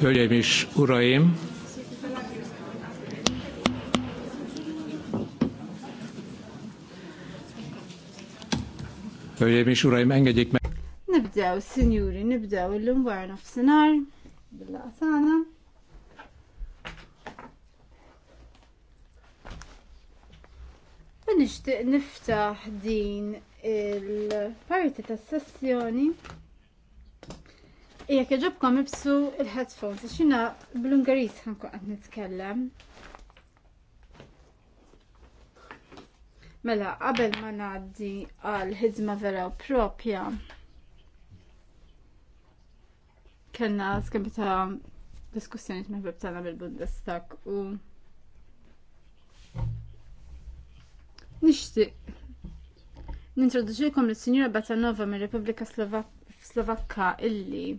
Hölgyeim és Uraim! Hölgyeim és Uraim, engedjék meg! Nibdew, sinjuri, nibdew illum wara nofsinhar bil-laqa tagħna. U nixtieq niftaħ din il-parti tas-sessjoni Jek iġobkom ibsu il-headphones, xina bl-Ungaris ħanku għad nitkellem. Mela, qabel ma naddi għal ħidma vera u propja. Kellna skemmi ta' diskussjoni ma' bibtana bil-Bundestag u nishtiq nintroduċilkom l signora Batanova mir-Repubblika Slovakka Slovakka illi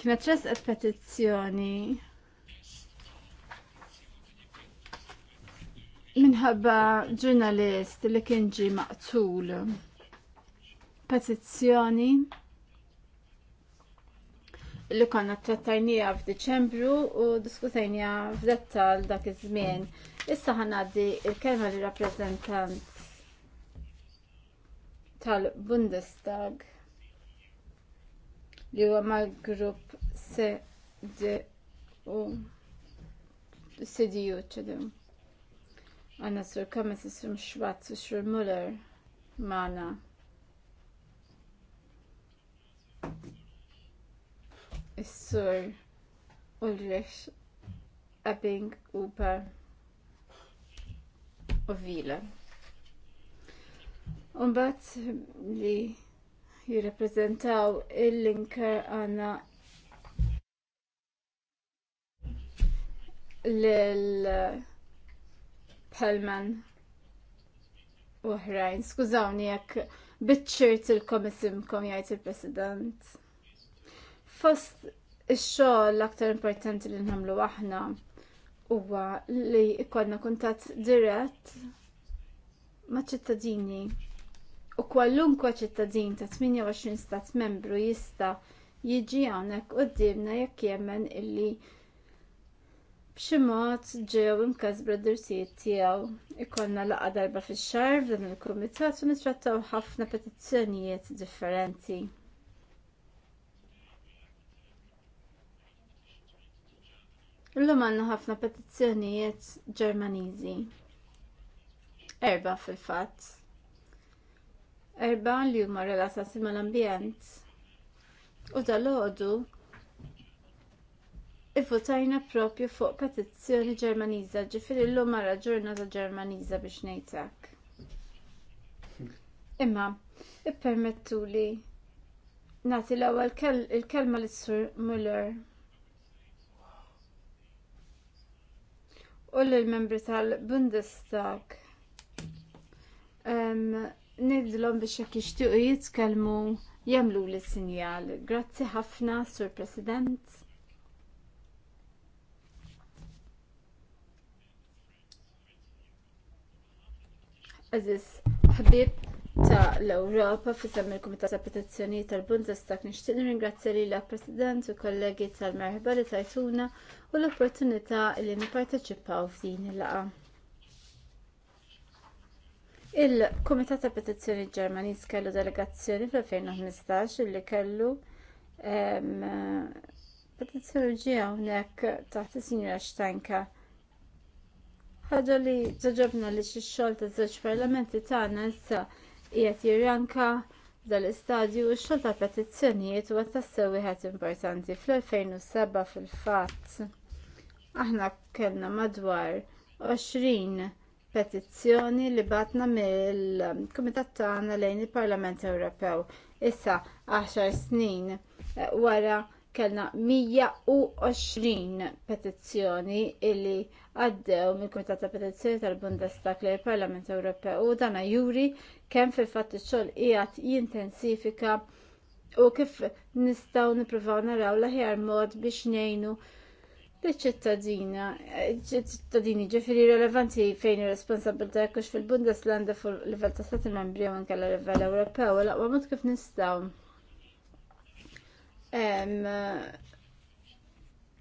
kienet resqet petizzjoni minħabba ġurnalist li kien ġi maqtul petizzjoni li konna trattajnija f'Diċembru u diskutajnija f'dettal dak iż-żmien. Issa ħanaddi il-kelma li rappreżentant tal-Bundestag li huwa mal-grupp CDU CDU ċedu. Għanna sur kamis sur xwat u sur Muller maħna. sur Ulrich Abing Upa u Vila. bat li jirrepreżentaw il-linker għandna l Palman uħrajn. Skużawni jekk bitċirt il-komissimkom jgħid il-President. Fost ix-xogħol l-aktar importanti li nħamlu aħna huwa li ikkonna kuntat dirett ma' ċittadini u kwalunkwe ċittadin ta' 28 stat membru jista' jiġi hawnhekk qudiemna jekk jemmen illi b'xi mod ġew imkasbra d-dirsijiet tiegħu. Ikollna laqgħa darba fix-xahar f'dan il-kumitat u nittrattaw ħafna petizzjonijiet differenti. Illum għandna ħafna petizzjonijiet Ġermaniżi. Erba' fil-fatt erba li huma relatati mal-ambjent. U dal-ħodu Ifutajna propju fuq petizzjoni Ġermaniża, ġifieri llum mara ġurnata Ġermaniża biex ngħidlek. Imma, ippermettuli nagħti l-ewwel il-kelma lis sur Muller. U lill membri tal-Bundestag nidlom biex jekk jixtiequ jitkellmu jagħmlu l sinjal. Grazzi ħafna, Sur President. Aziz, ħbib ta' l-Europa fissam il-Komitat ta' Petizzjoni tal-Bundestag nixtieq ringrazzja li l-President u kollegi tal-merħba li tajtuna u l-opportunità li nipparteċipaw f'din il-laqa. Il-Komitat ta' Petizzjoni Ġermaniż kellu delegazzjoni fl-2015 illi kellu petizzjoni ġie hawnhekk taħt is-Sinjura Steinka. Ħaġa li ġaġobna li xi xogħol ta' żewġ parlamenti tagħna issa qiegħed jirranka dal-istadju u x-xogħol ta' petizzjonijiet huwa tassew wieħed importanti fl-2007 fil-fatt. Aħna kellna madwar 20 petizzjoni li batna mill-Kumitat tagħna lejn il-Parlament Ewropew. Issa 10 snin eh, wara kellna 120 petizzjoni illi għaddew mill-Kumitat ta' Petizzjoni tal-Bundestag lejn il-Parlament Ewropew u dana juri kemm fil-fatt ix-xogħol qiegħed jintensifika u kif nistgħu nippruvaw naraw l-aħjar mod biex ngħinu l-ċittadina, ċittadini ġifiri relevanti fejn ir-responsabilta jekkux fil-Bundeslanda fuq livell ta' stati membri u anke livell Ewropew, u laqwa mod kif nistgħu.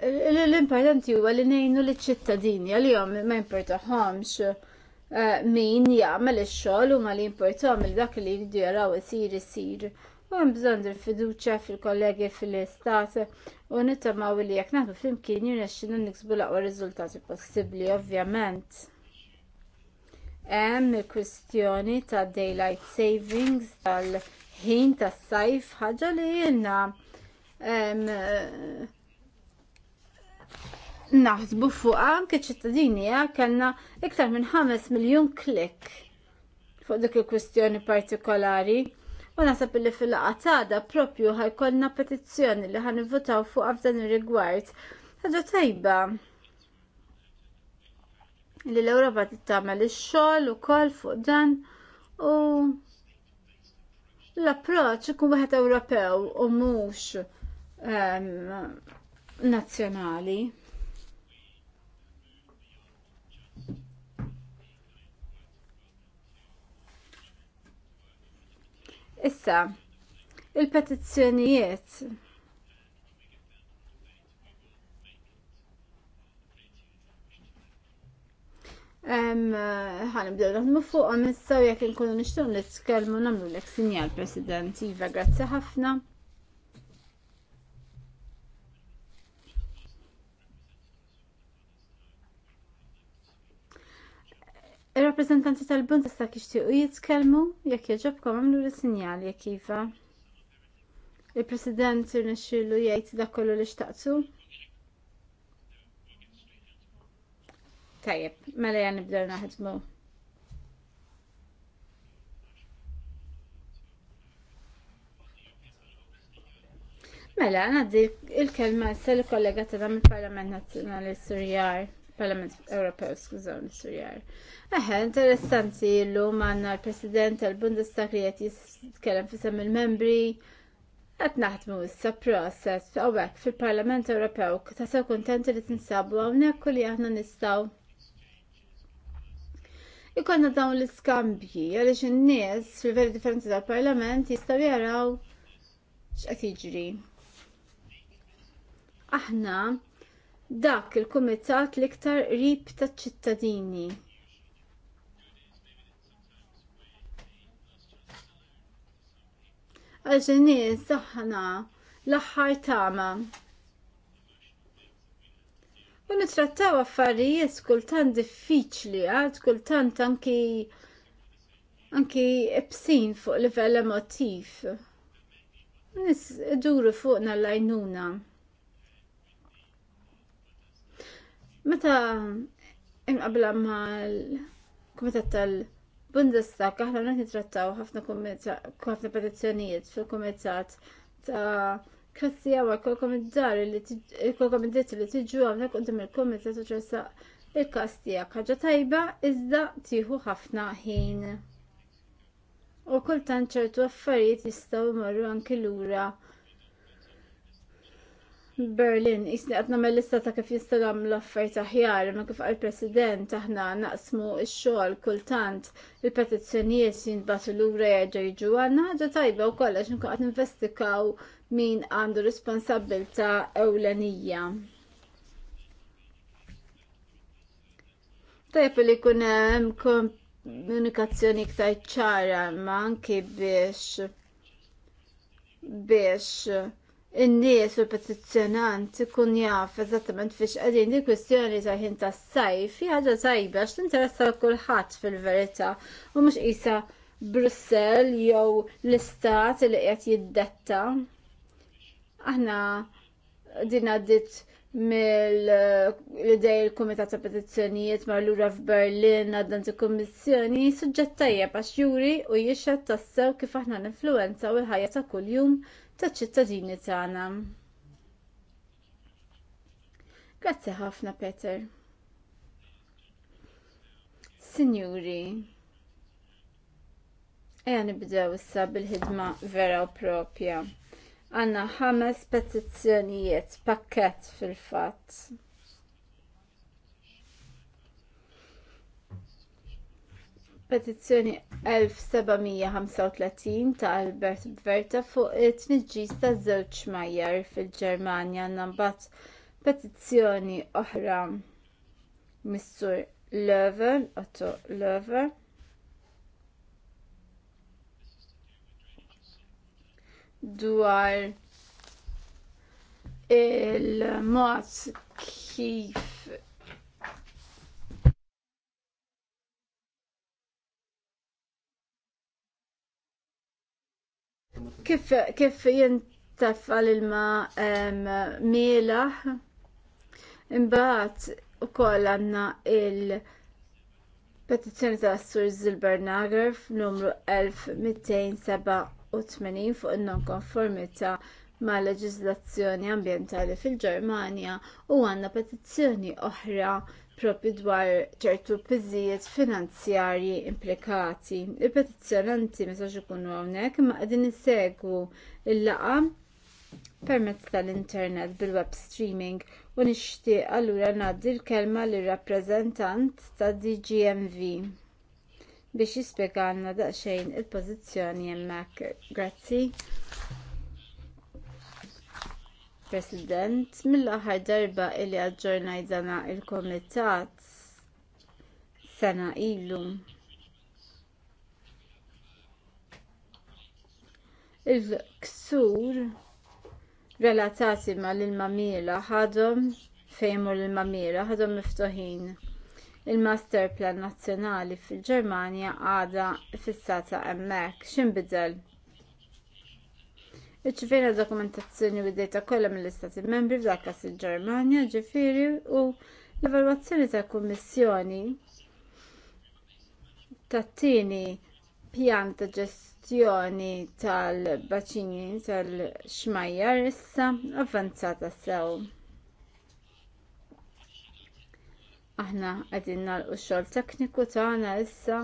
L-importanti huwa li ngħinu liċ ċittadini għalihom ma jimportaħomx eh, min jagħmel ix-xogħol u ma li jimportahom il dak li jridu jaraw isir isir u hemm bżonn il-fiduċja fil-kollegi fil-istat u nittamaw li jekk naħdu flimkien xinu niksbu l rizultati riżultati possibbli ovvjament. Hemm il-kwistjoni ta' daylight savings tal-ħin tas-sajf ħaġa li jenna naħsbu fuq anke ċittadini kellna iktar minn 5 miljun klik fuq dik il-kwistjoni partikolari U nasab li fil-qatada propju ħajkollna petizzjoni li ħan votaw fuq f'dan ir-rigward. Ħaġa' tajba li l-Ewropa tagħmel ix-xogħol ukoll fuq dan u l-approċċ ikun wieħed Ewropew u mhux ehm, nazzjonali. Issa, il-petizzjonijiet ibdew naħdmu fuqhom issa u jekk inkunu nixtiew nitkellmu nagħmlu lek sinjal President Iva, grazzi ħafna. Ir-rappreżentanti tal-Bund tista' tixtiequ jitkellmu jekk jaġobkom għamlu l-sinjal jekk iva. Il-President irnexxielu jgħid dak kollu li xtaqtu. Tajjeb, mela jgħan nibdew naħdmu. Mela, għaddi il-kelma s-sel kollega ta' dam il-Parlament Nazjonali Surjar. Parlament Ewropew, skużaw Surjar. Eħe, interessanti l-lum għanna l-President tal-Bundestag li għet jitkellem fissam il-membri għet naħdmu issa u għawek fil-Parlament Ewropew, tasaw kontenti li tinsabu għawnek u li għahna nistaw. Ikonna dawn l-iskambji għalix n-nies fil-veri differenti tal-Parlament jistaw jaraw x'qed jiġri. Aħna dak il-kumitat l-iktar qrib taċ ċittadini. Għalġeniz, saħna, l aħħar tama. U nitrattaw affarijiet kultant diffiċli, għad kultant anki anki ebsin fuq livell emotiv. Nis iduru fuqna l-għajnuna. Meta imqabla mal-Kumitat tal-Bundestag aħna qed nitrattaw ħafna ħafna petizzjonijiet fil-Kumitat ta' Kassija wa kolkom id li li tiġu hawnhekk qudiem il-Kumitat u il-każ tiegħek ħaġa tajba iżda tieħu ħafna ħin. U kultan ċertu affarijiet jistgħu jmorru anki lura Berlin, jisni għatna me lista ta' kif jistalam l ta' aħjar, ma kif għal-president aħna naqsmu il-xol kultant il-petizzjonijiet jintbatu l-ura jġu għanna ġa tajba u kolla nkun għat investikaw min għandu responsabilta ewlenija. Tajb li kun hemm komunikazzjoni ktaj ċara ma anki biex biex in-nies u l-petizzjonant ikun jaf eżattament fiex qegħdin di kwistjoni ta' ħin tas-sajf hija ħaġa tajba għax tinteressa kulħadd fil-verità u mhux qisha Brussell jew l-istat li qed jiddetta. Aħna din għaddit mill-idej il-Kumitat ta' Petizzjonijiet marlura f'Berlin għaddan il-Kummissjoni suġġett tajjeb għax juri u jixxed tassew kif aħna n-influenza u l-ħajja ta' kuljum taċ ċittadini tagħna. Grazzi ħafna Peter. Signuri, eja nibdew issa bil-ħidma vera u propja. Għanna ħames petizzjonijiet, pakket fil-fatt. Petizzjoni 1735 ta' Albert Verta fuq it-tniġġis ta' żewġ majjar fil-Ġermanja nambat petizzjoni oħra Mr. Löwen, Otto Löwen. dwar il-mod kif Kif, kif jintafa l-ilma mielaħ, imbaħt u koll għanna il- Petizzjoni ta' Sur Zilbernager f'numru 1287 fuq il-nonkonformita ma' leġiżlazzjoni ambjentali fil-Ġermanja u għandna petizzjoni oħra propju dwar ċertu pizzijiet finanzjarji implikati. Il-petizzjonanti saġu ikunu hawnhekk imma qegħdin insegwu il-laqa permezz tal-internet bil-web streaming u nixtieq allura ngħaddi l-kelma lir rappreżentant ta' DGMV biex jispjegana daqsxejn il-pożizzjoni hemmhekk. Grazzi. President, mill-aħħar darba illi aġġornajdana il-Komitat sena ilu. Il-ksur relatati ma l-mamira ħadhom fejmu l-mamira ħadhom miftuħin. Il-Master Plan Nazzjonali fil-Ġermanja għada fissata emmek. Xinbidel? Iċċivejna dokumentazzjoni u d-data kollha mill-Istati Membri f'dak każ il-Ġermanja, ġifieri u l-evalwazzjoni ta' kummissjoni tat-tieni pjan ta' ġestjoni tal-baċini tal-xmajjar issa avvanzata sew. Aħna qegħdin nagħlqu x-xogħol tekniku tagħna issa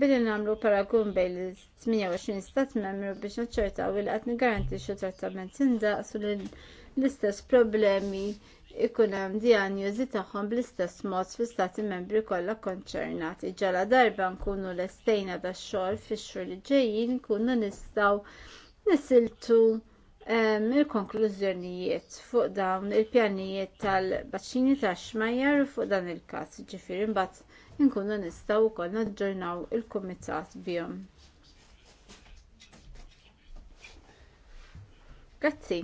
billi nagħmlu paragun bejn l-28 stat membru biex naċċertaw il qed nigarantixxu trattament indaqsu l-istess problemi ikun hemm dijanjosi tagħhom bl-istess mod fl-istati membri kollha konċernati. Ġala darba nkunu lestejna dax-xogħol fix-xhur li ġejjin nkunu nistgħu nisiltu ehm, il-konklużjonijiet fuq dawn il-pjanijiet tal-baċċini tax-xmajjar u fuq dan il-każ, ġifieri mbagħad nkunu nistgħu wkoll naġġornaw il-kumitat bihom. Grazzi.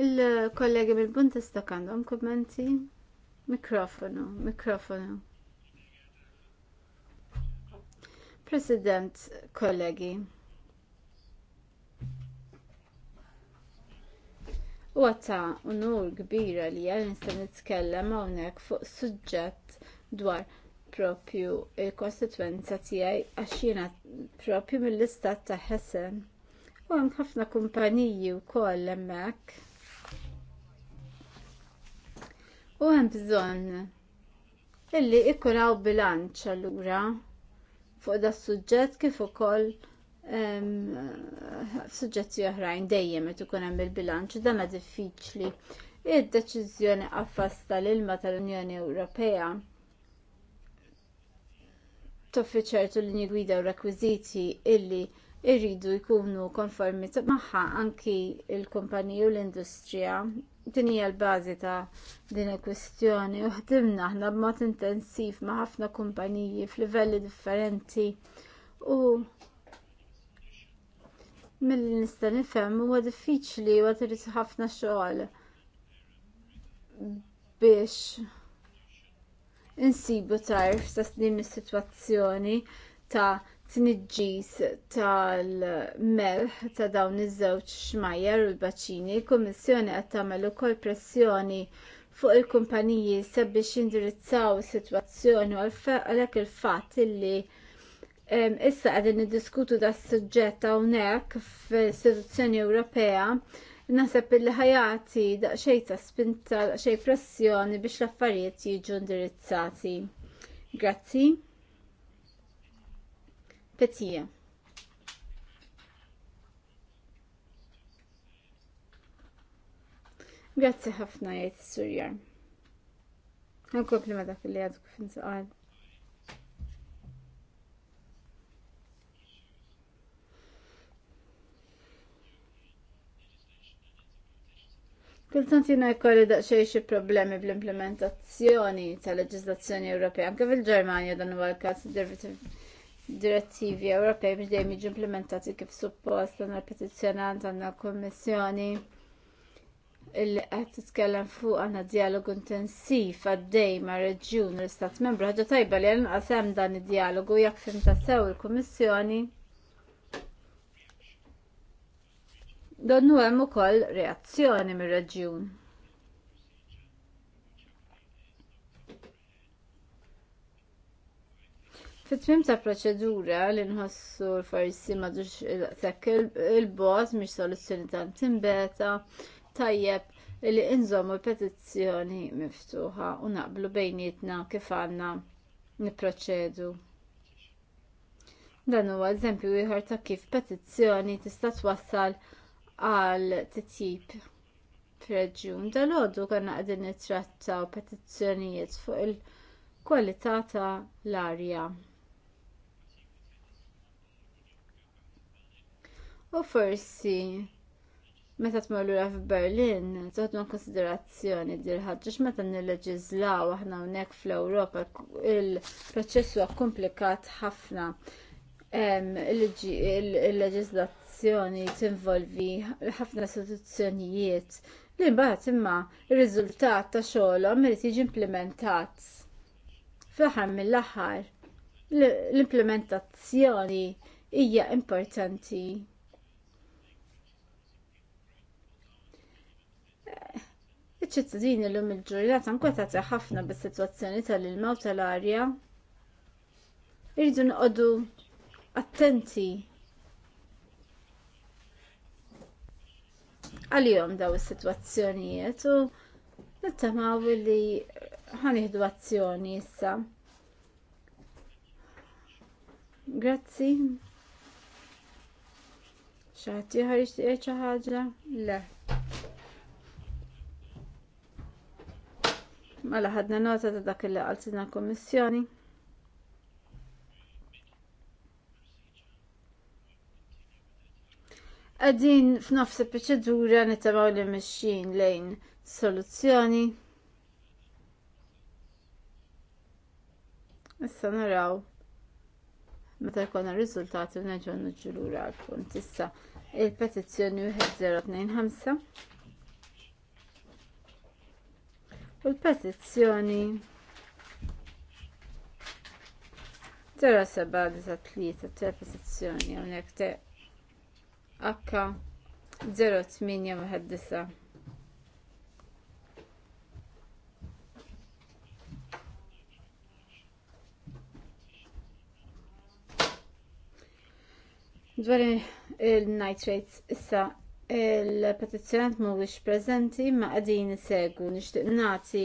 Il-kollegi mill-Bundestag għandhom kummenti? Mikrofonu, mikrofonu. President, kollegi, U ta' unur kbira li għal nista' nitkellem hawnhekk fuq suġġett dwar propju il-kostituenza tiegħi għax jiena propju mill-istat ta' Ħesen. U hemm ħafna kumpaniji wkoll hemmhekk. U hemm bżonn illi ikun hawn bilanċ allura fuq da' suġġett kif ukoll f'suġġetti oħrajn dejjem qed ikun hemm il-bilanċ dan diffiċli. Id-deċiżjoni qaffas tal-ilma tal-Unjoni Ewropea toffi ċertu linji gwida u rekwiżiti illi irridu jkunu konformi magħha anki l kumpaniji u l-industrija. Din hija l-bażi ta' din il-kwistjoni u ħdimna aħna b'mod intensiv ma' ħafna kumpaniji f'livelli differenti u mill nista' nifhem huwa diffiċli u għad ħafna xogħol biex insibu tarf ta' din is-sitwazzjoni ta' tniġġis tal-melħ ta' dawn iż-żewġ xmajjar u l-baċini, il-Kummissjoni qed tagħmel ukoll pressjoni fuq il-kumpaniji sabiex jindirizzaw is-sitwazzjoni u għalhekk il-fatt illi issa għadin niddiskutu da s-sujġett hawnhekk fl-istituzzjoni Ewropea Nasab li ħajati xej ta' spinta, xej pressjoni biex l-affarijiet jiġu indirizzati. Grazzi. Petija. Grazzi ħafna jgħid s-surjar. Għan komplimenta li għadu kif Kultant jina jkolli daqxej xi problemi bl-implementazzjoni tal-leġislazzjoni Ewropea. Anke fil-Ġermanja dan huwa l-każ direttivi Ewropej biex dejjem jiġu implementati kif suppost għandna petizzjonant għandna kummissjoni illi qed titkellem fuq għandna dialog intensiv għaddej ma' reġjun l-Istat Membru ħaġa tajba li għal hemm dan id-dialogu jekk fim sew il-Kummissjoni donnu hemm ukoll reazzjoni mir-reġjun. Fit-tmim ta' proċedura li nħossu forsi madux sekk il boss miex soluzzjoni ta' timbeta tajjeb li inżommu petizzjoni miftuħa u naqblu bejnietna kif għanna niproċedu. Dan huwa eżempju ieħor ta' kif petizzjoni tista' twassal għal titjib fir-reġjun. Dalodu konna qegħdin nittrattaw petizzjonijiet fuq il-kwalità tal-arja. U forsi meta tmorru f'Berlin, toħdu konsiderazzjoni dir ħaġġiex meta nilleġislaw aħna hawnhekk fl-Ewropa il-proċess huwa komplikat ħafna il-leġiżlazzjoni kwistjoni tinvolvi ħafna situazzjonijiet li mbagħad imma r-riżultat ta' xogħolhom irid jiġi implementat. Fl-aħħar mill-aħħar l-implementazzjoni hija importanti. Iċ-ċittadini llum il-ġurnata nkwetati ħafna bis-sitwazzjoni tal-ilma u tal-arja. Irridu noqogħdu attenti għalihom daw is-sitwazzjonijiet u nittamaw li ħanieħdu azzjoni issa. Grazzi. Xaħti jħar jishtiq ħaġa? Le. Mela ħadna nota ta' dak il-għaltina kommissjoni. għadin f'nofs il-proċedura nittamaw li mxin lejn soluzzjoni. Issa naraw meta jkun r-riżultati neġgħu niġġu għal punt Issa il-petizzjoni 1025 u l-petizzjoni 0793 tal-petizzjoni hawnhekk H 0819 Dwar il-nitrates issa il-petizzjonant mhuwiex preżenti ma qegħdin isegwu nixtieq nagħti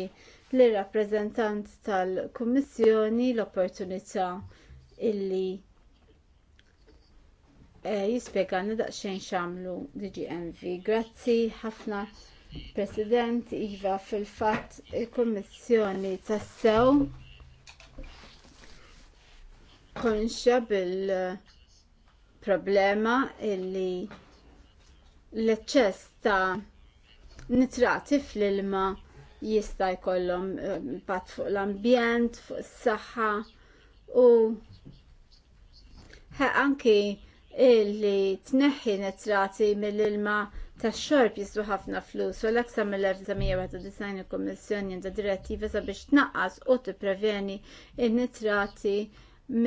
lir rappreżentant tal-Kummissjoni l-opportunità illi E, jispjegana daqsxejn xamlu DGMV. Grazzi ħafna President Iva fil-fatt il-Kummissjoni tassew konxa bil-problema illi l-eċċess ta' nitrati fl-ilma jista' jkollhom e, impatt fuq l-ambjent, fuq is-saħħa u anki illi tneħħi nitrati mill-ilma tax-xorb jiswa ħafna flus u l-aksa mill-1991 il-Kommissjoni għandha direttiva sabiex tnaqqas u tippreveni n-nitrati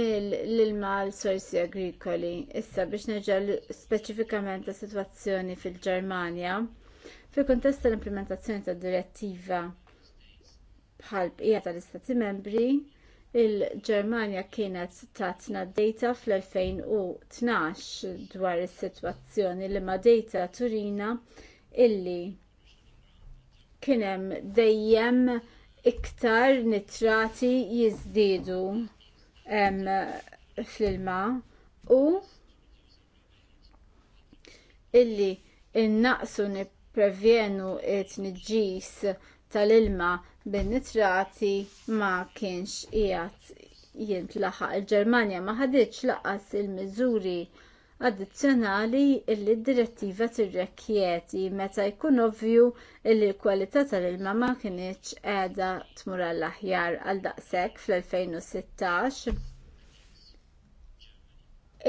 mill-ilma l-sorsi agrikoli. Issa biex neġel speċifikament la situazzjoni fil-Ġermanja. Fil-kontest tal-implementazzjoni tad direttiva bħal bqija tal-Istati membri, Il-Ġermanja kienet tatna data fl-2012 dwar is-sitwazzjoni li ma data turina illi kien hemm dejjem iktar nitrati jiżdiedu fl-ilma u illi innaqsu nipprevenu t tniġġis tal-ilma bin-nitrati ma kienx qiegħed jintlaħaq il-Ġermanja ma ħadiċ laqas il-miżuri addizzjonali li d-direttiva tirrekjedi meta jkun ovvju li l-kwalità tal-ilma ma kinitx qiegħda tmur għall-aħjar għal daqshekk fl-2016.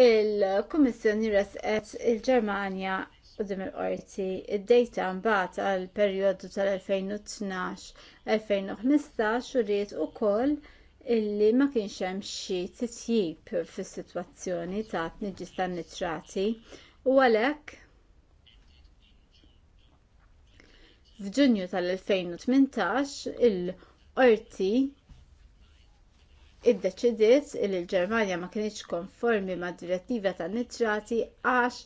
Il-Kummissjoni resqet il-Ġermanja quddiem il-qorti id-dejta mbagħad għal perjodu tal-2012-2015 u ukoll illi ma kienx hemm xi titjib fis-sitwazzjoni ta' tniġġis tan-nitrati u għalhekk f'Ġunju tal-2018 il-qorti ddeċidiet li l-Ġermanja ma kinitx konformi mad direttiva tan-nitrati għax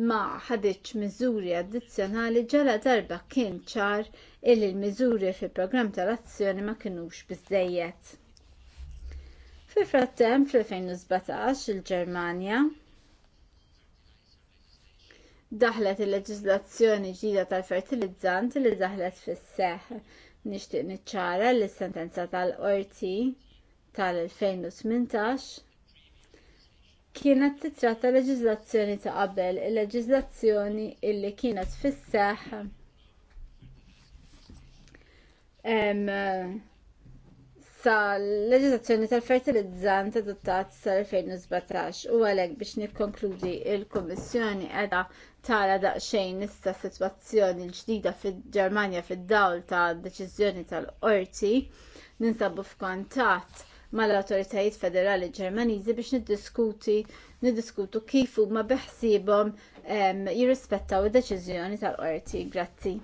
ma ħadiċ miżuri addizzjonali ġara darba kien ċar illi l-miżuri fil-programm tal-azzjoni ma kinux biżżejjed. Fi frattem fl-2017 il-Ġermanja daħlet il-leġiżlazzjoni ġdida tal-fertilizzant li daħlet fis seħħ Nixtieq niċċara li s sentenza tal-qorti tal-2018 kienet titratta leġiżlazzjoni ta' qabel, il-leġiżlazzjoni illi kienet fisseħ sa leġiżlazzjoni tal-fertilizzant adottat sal-2017 u għalhekk biex nikkonkludi l kummissjoni qiegħda tara daqsxejn issa sitwazzjoni l-ġdida fil-Ġermanja fid-dawl ta' deċiżjoni tal-qorti ninsabu f'kontatt mal-autoritajiet federali ġermaniżi biex niddiskuti niddiskutu kif huma beħsiebhom jirrispettaw id-deċiżjoni tal-qorti. Grazzi.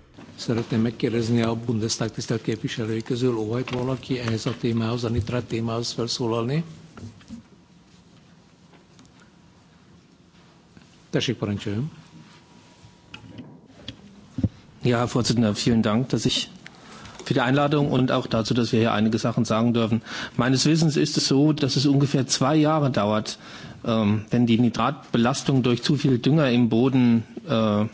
Szeretném megkérdezni a Bundestag tisztelt képviselői közül, óhajt valaki ehhez a témához, a nitrát témához felszólalni? Tessék, parancsoljon. Ja, Herr Vorsitzender, vielen Dank, dass ich für die Einladung und auch dazu, dass wir hier einige Sachen sagen dürfen. Meines Wissens ist es so, dass es ungefähr zwei Jahre dauert, ähm, wenn die Nitratbelastung durch zu viel Dünger im Boden äh,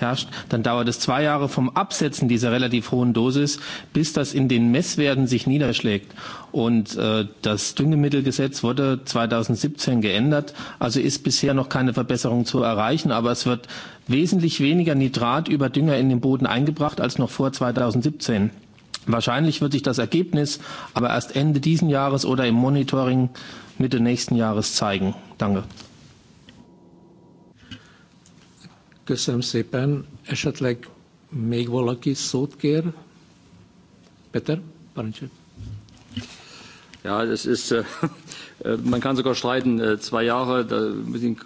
herrscht, dann dauert es zwei Jahre vom Absetzen dieser relativ hohen Dosis, bis das in den Messwerten sich niederschlägt. Und äh, das Düngemittelgesetz wurde 2017 geändert, also ist bisher noch keine Verbesserung zu erreichen, aber es wird wesentlich weniger Nitrat über Dünger in den Boden eingebracht als noch vor 2017. Wahrscheinlich wird sich das Ergebnis aber erst Ende diesen Jahres oder im Monitoring Mitte nächsten Jahres zeigen. Danke. Köszönöm szépen. Esetleg még valaki szót kér? Peter, parancsolj. Ja, das ist, äh, äh, man kann sogar streiten, äh, zwei Jahre, da muss ich den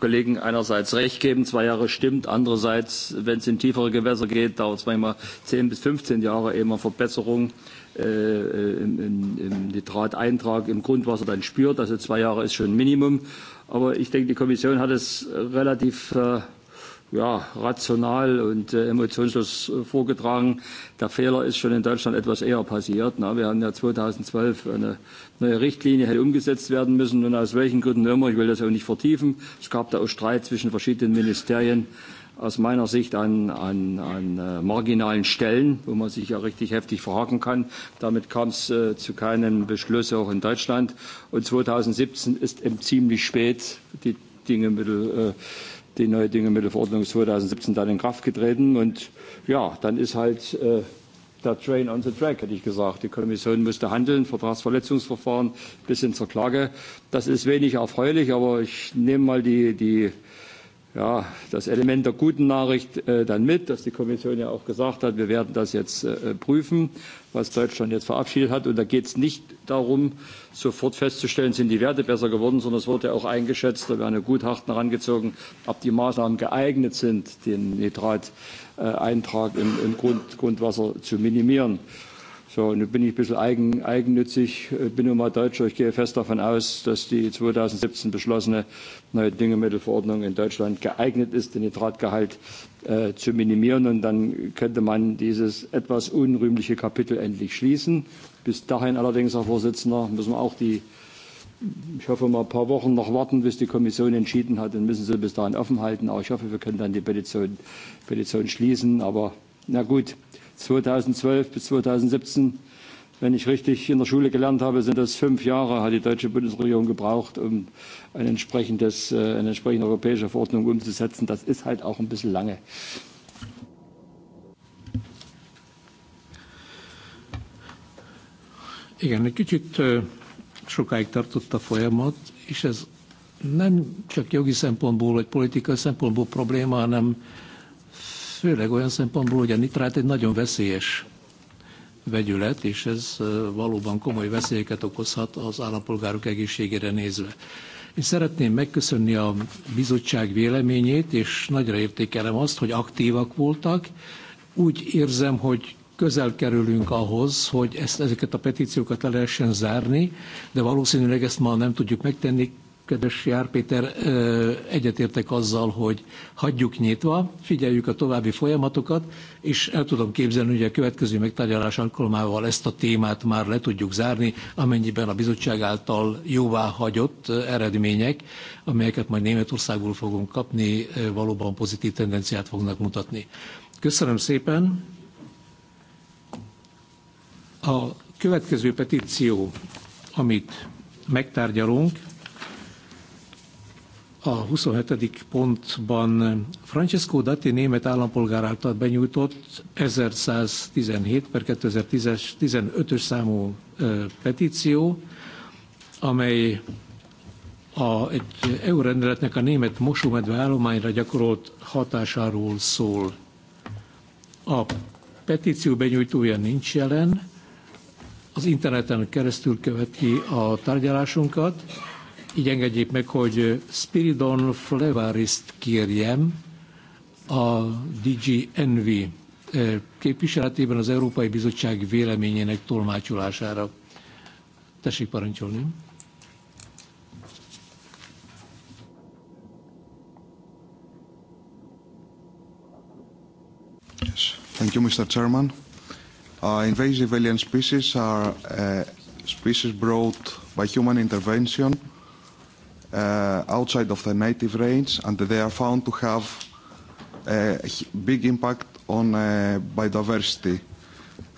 Kollegen einerseits recht geben, zwei Jahre stimmt, andererseits, wenn es in tiefere Gewässer geht, dauert es manchmal 10 bis 15 Jahre immer Verbesserung im, im, im Nitrateintrag im Grundwasser dann spürt. Also zwei Jahre ist schon ein Minimum. Aber ich denke, die Kommission hat es relativ äh, ja, rational und äh, emotionslos äh, vorgetragen. Der Fehler ist schon in Deutschland etwas eher passiert. Na, wir haben ja 2012 eine neue Richtlinie, hätte umgesetzt werden müssen. Und aus welchen Gründen immer, ich will das auch nicht vertiefen. Es gab da auch Streit zwischen verschiedenen Ministerien aus meiner Sicht an, an, an äh, marginalen Stellen, wo man sich ja richtig heftig verhaken kann. Damit kam es äh, zu keinem Beschluss auch in Deutschland. Und 2017 ist eben ziemlich spät die Dinge mittel. Äh, die neue Düngemittelverordnung 2017 dann in Kraft getreten. Und ja, dann ist halt äh, der Train on the Track, hätte ich gesagt. Die Kommission musste handeln, Vertragsverletzungsverfahren bis hin zur Klage. Das ist wenig erfreulich, aber ich nehme mal die, die ja, das Element der guten Nachricht äh, dann mit, dass die Kommission ja auch gesagt hat, wir werden das jetzt äh, äh prüfen, was Deutschland jetzt verabschiedet hat. Und da geht es nicht darum, sofort festzustellen, sind die Werte besser geworden, sondern es wurde ja auch eingeschätzt, da werden Gutachten herangezogen, ob die Maßnahmen geeignet sind, den Nitrateintrag äh, im, im Grund, Grundwasser zu minimieren. So, nun bin ich ein bisschen eigen, eigennützig, äh, bin nun mal Deutscher. Ich gehe fest davon aus, dass die 2017 beschlossene neue Düngemittelverordnung in Deutschland geeignet ist, den Nitratgehalt äh, zu minimieren. Und dann könnte man dieses etwas unrühmliche Kapitel endlich schließen. Bis dahin allerdings, Herr Vorsitzender, müssen wir auch die, ich hoffe mal ein paar Wochen noch warten, bis die Kommission entschieden hat. Dann müssen Sie bis dahin offen halten. Aber ich hoffe, wir können dann die Petition, Petition schließen. Aber na gut. 2012 bis 2017. Wenn ich richtig in der Schule gelernt habe, sind das fünf Jahre, hat die deutsche Bundesregierung gebraucht, um ein entsprechendes, äh, eine entsprechende europäische Verordnung umzusetzen. Das ist halt auch ein bisschen lange. Igen, egy kicsit sokáig tartott a folyamat, és ez nem csak jogi szempontból, vagy politikai szempontból probléma, hanem főleg olyan szempontból, hogy a nitrát egy nagyon veszélyes vegyület, és ez valóban komoly veszélyeket okozhat az állampolgárok egészségére nézve. Én szeretném megköszönni a bizottság véleményét, és nagyra értékelem azt, hogy aktívak voltak. Úgy érzem, hogy közel kerülünk ahhoz, hogy ezt, ezeket a petíciókat le lehessen zárni, de valószínűleg ezt ma nem tudjuk megtenni, Kedves Jár Péter, egyetértek azzal, hogy hagyjuk nyitva, figyeljük a további folyamatokat, és el tudom képzelni, hogy a következő megtárgyalás alkalmával ezt a témát már le tudjuk zárni, amennyiben a bizottság által jóvá hagyott eredmények, amelyeket majd Németországból fogunk kapni, valóban pozitív tendenciát fognak mutatni. Köszönöm szépen! A következő petíció, amit megtárgyalunk, A 27. pontban Francesco Dati német állampolgár által benyújtott 1117 per 2015-ös számú petíció, amely a, egy EU rendeletnek a német mosómedve állományra gyakorolt hatásáról szól. A petíció benyújtója nincs jelen, az interneten keresztül követi a tárgyalásunkat, Így engedjék meg, hogy Spiridon Flevarist kérjem a DG Envy eh, képviseletében az Európai Bizottság véleményének tolmácsolására. Tessék parancsolni. Yes. Thank you, Mr. Chairman. Uh, invasive alien species are uh, species brought by human intervention uh, outside of the native range and they are found to have a big impact on uh, biodiversity.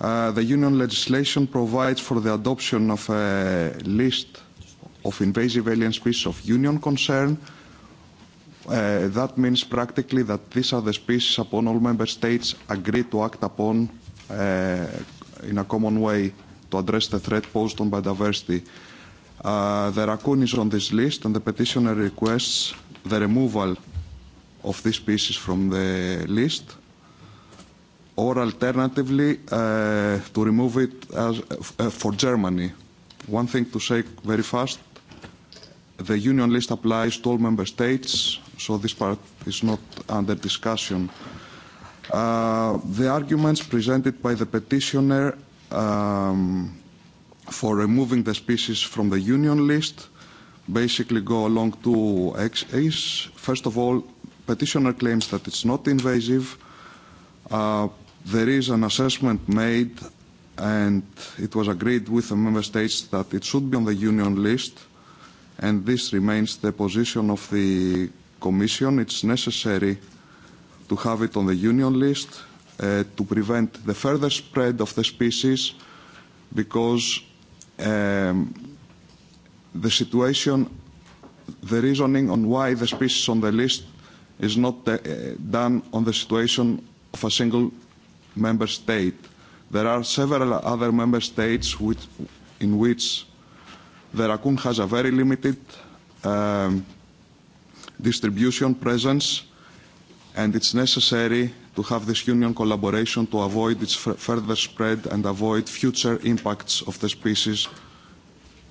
Uh, the union legislation provides for the adoption of a list of invasive alien species of union concern. Uh, that means practically that these are the species upon all member states agree to act upon uh, in a common way to address the threat posed on biodiversity. Uh, Uh, the raccoon is on this list and the petitioner requests the removal of this species from the list or alternatively uh, to remove it as, uh, for Germany. One thing to say very fast, the union list applies to all member states, so this part is not under discussion. Uh, the arguments presented by the petitioner um, for removing the species from the union list basically go along two axes. First of all, petitioner claims that it's not invasive. Uh, there is an assessment made and it was agreed with the member states that it should be on the union list and this remains the position of the commission. It's necessary to have it on the union list uh, to prevent the further spread of the species because um, the situation, the reasoning on why the species on the list is not uh, done on the situation of a single member state. There are several other member states which, in which the raccoon has a very limited um, distribution presence and it's necessary to have this union collaboration to avoid its further spread and avoid future impacts of the species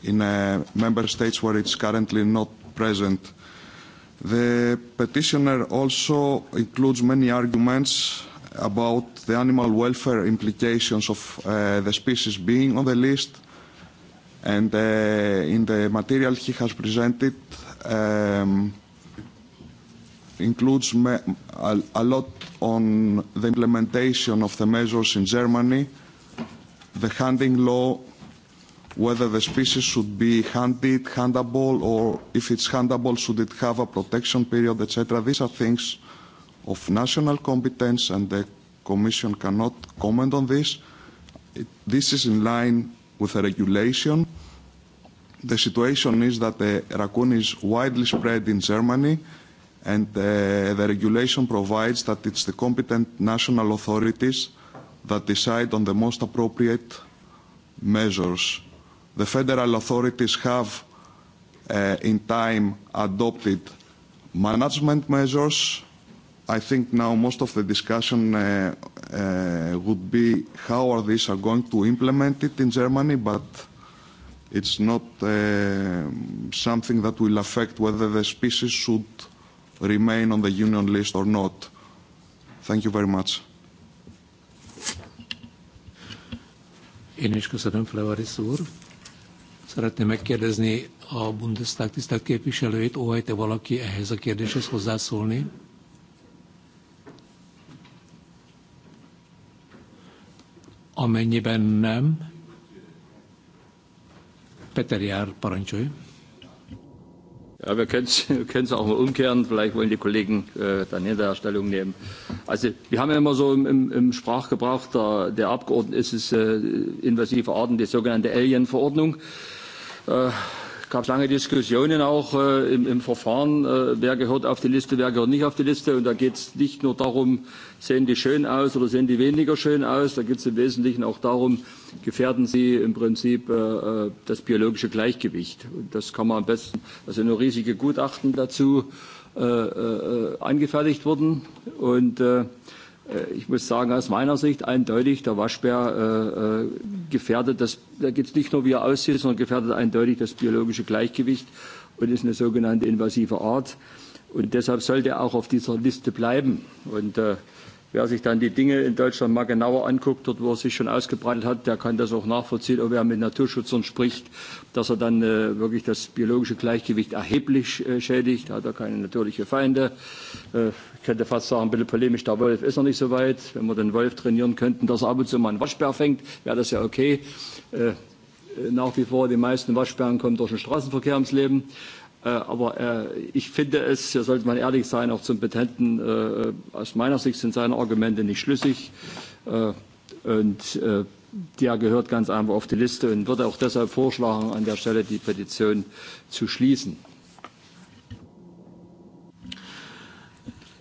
in uh, member states where it's currently not present. The petitioner also includes many arguments about the animal welfare implications of uh, the species being on the list and uh, in the material he has presented um, includes me a, a lot on the implementation of the measures in Germany, the hunting law, whether the species should be hunted, huntable, or if it's huntable, should it have a protection period, etc. These are things of national competence, and the Commission cannot comment on this. It, this is in line with the regulation. The situation is that the raccoon is widely spread in Germany And uh, the regulation provides that it's the competent national authorities that decide on the most appropriate measures. The federal authorities have uh, in time adopted management measures. I think now most of the discussion uh, uh, would be how are these are going to implement it in Germany, but it's not uh, something that will affect whether the species should remain on the union list or not. Thank you very much. Én is köszönöm, Flevaris úr. Szeretném megkérdezni a Bundestag tisztelt képviselőjét, óhajt-e valaki ehhez a kérdéshez hozzászólni? Amennyiben nem, Peter Jár parancsolj. Ja, wir können es auch mal umkehren, vielleicht wollen die Kollegen äh, dann hinterher Stellung nehmen. Also wir haben ja immer so im, im, im Sprachgebrauch der, der Abgeordneten ist es äh, invasive Arten, die sogenannte Alien-Verordnung. Äh, gab lange Diskussionen auch äh, im, im Verfahren, äh, wer gehört auf die Liste, wer gehört nicht auf die Liste. Und da geht es nicht nur darum, sehen die schön aus oder sehen die weniger schön aus, da geht es im Wesentlichen auch darum, äh, gefährden sie im Prinzip äh, äh das biologische Gleichgewicht. Und das kann man am besten, also nur riesige Gutachten dazu äh, äh, angefertigt wurden. Und äh, äh ich muss sagen, aus meiner Sicht eindeutig, der Waschbär äh, äh gefährdet das, da geht es nicht nur, wie er aussieht, sondern gefährdet eindeutig das biologische Gleichgewicht und ist eine sogenannte invasive Art. Und deshalb sollte er auch auf dieser Liste bleiben. Und äh, Wer sich dann die Dinge in Deutschland mal genauer anguckt, dort wo es er sich schon ausgebreitet hat, der kann das auch nachvollziehen. Und wer mit Naturschützern spricht, dass er dann äh, wirklich das biologische Gleichgewicht erheblich äh, schädigt, hat er keine natürlichen Feinde. Äh, ich könnte fast sagen, ein bisschen polemisch, der Wolf ist noch nicht so weit. Wenn wir den Wolf trainieren könnten, dass er ab und zu mal einen Waschbär fängt, wäre das ja okay. Äh, äh nach wie vor die meisten Waschbären kommen durch den Straßenverkehr ums Leben. Äh, aber äh, ich finde es, hier sollte man ehrlich sein, auch zum Petenten, äh, aus meiner Sicht sind seine Argumente nicht schlüssig. und der gehört ganz einfach auf die Liste und würde auch deshalb vorschlagen, an der Stelle die Petition zu schließen.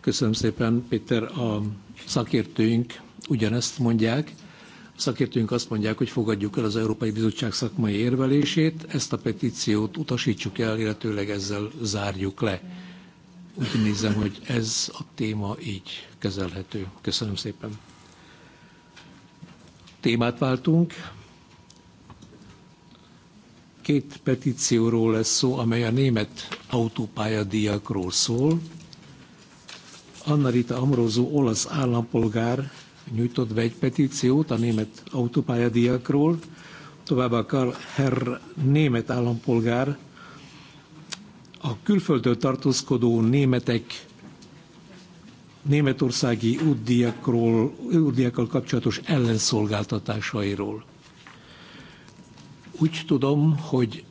Köszönöm szépen, Peter, a szakértőink ugyanezt mondják szakértőink azt mondják, hogy fogadjuk el az Európai Bizottság szakmai érvelését, ezt a petíciót utasítsuk el, illetőleg ezzel zárjuk le. Úgy nézem, hogy ez a téma így kezelhető. Köszönöm szépen. Témát váltunk. Két petícióról lesz szó, amely a német autópályadíjakról szól. Anna Rita Amrozó olasz állampolgár nyújtott be egy petíciót a német autópályadíjakról, továbbá Herr német állampolgár a külföldön tartózkodó németek németországi útdiakról, útdiakkal kapcsolatos ellenszolgáltatásairól. Úgy tudom, hogy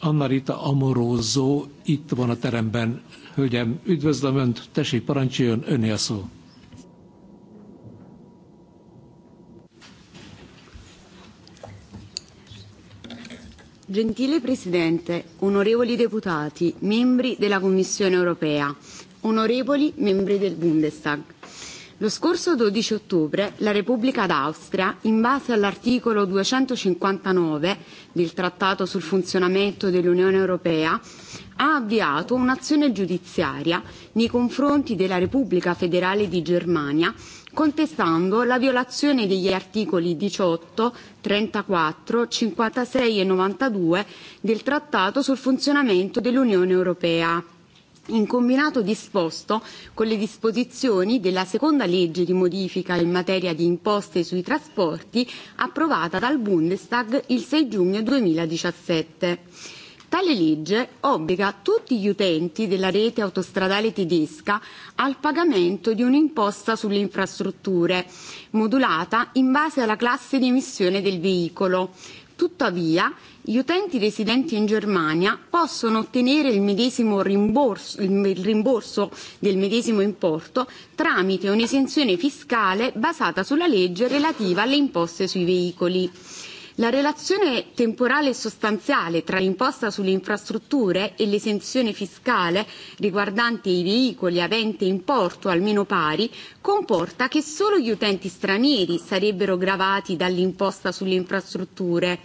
Anna Rita Amorózó itt van a teremben. Hölgyem, üdvözlöm Önt, tessék parancsoljon, öné a szó. Gentile Presidente, onorevoli deputati, membri della Commissione europea, onorevoli membri del Bundestag. Lo scorso 12 ottobre la Repubblica d'Austria, in base all'articolo 259 del Trattato sul funzionamento dell'Unione Europea, ha avviato un'azione giudiziaria nei confronti della Repubblica federale di Germania contestando la violazione degli articoli 18, 34, 56 e 92 del Trattato sul funzionamento dell'Unione Europea in combinato disposto con le disposizioni della seconda legge di modifica in materia di imposte sui trasporti approvata dal Bundestag il 6 giugno 2017. Tale legge obbliga tutti gli utenti della rete autostradale tedesca al pagamento di un'imposta sulle infrastrutture, modulata in base alla classe di emissione del veicolo. Tuttavia, gli utenti residenti in Germania possono ottenere il medesimo rimborso, il rimborso del medesimo importo tramite un'esenzione fiscale basata sulla legge relativa alle imposte sui veicoli. La relazione temporale e sostanziale tra l'imposta sulle infrastrutture e l'esenzione fiscale riguardante i veicoli aventi importo almeno pari comporta che solo gli utenti stranieri sarebbero gravati dall'imposta sulle infrastrutture.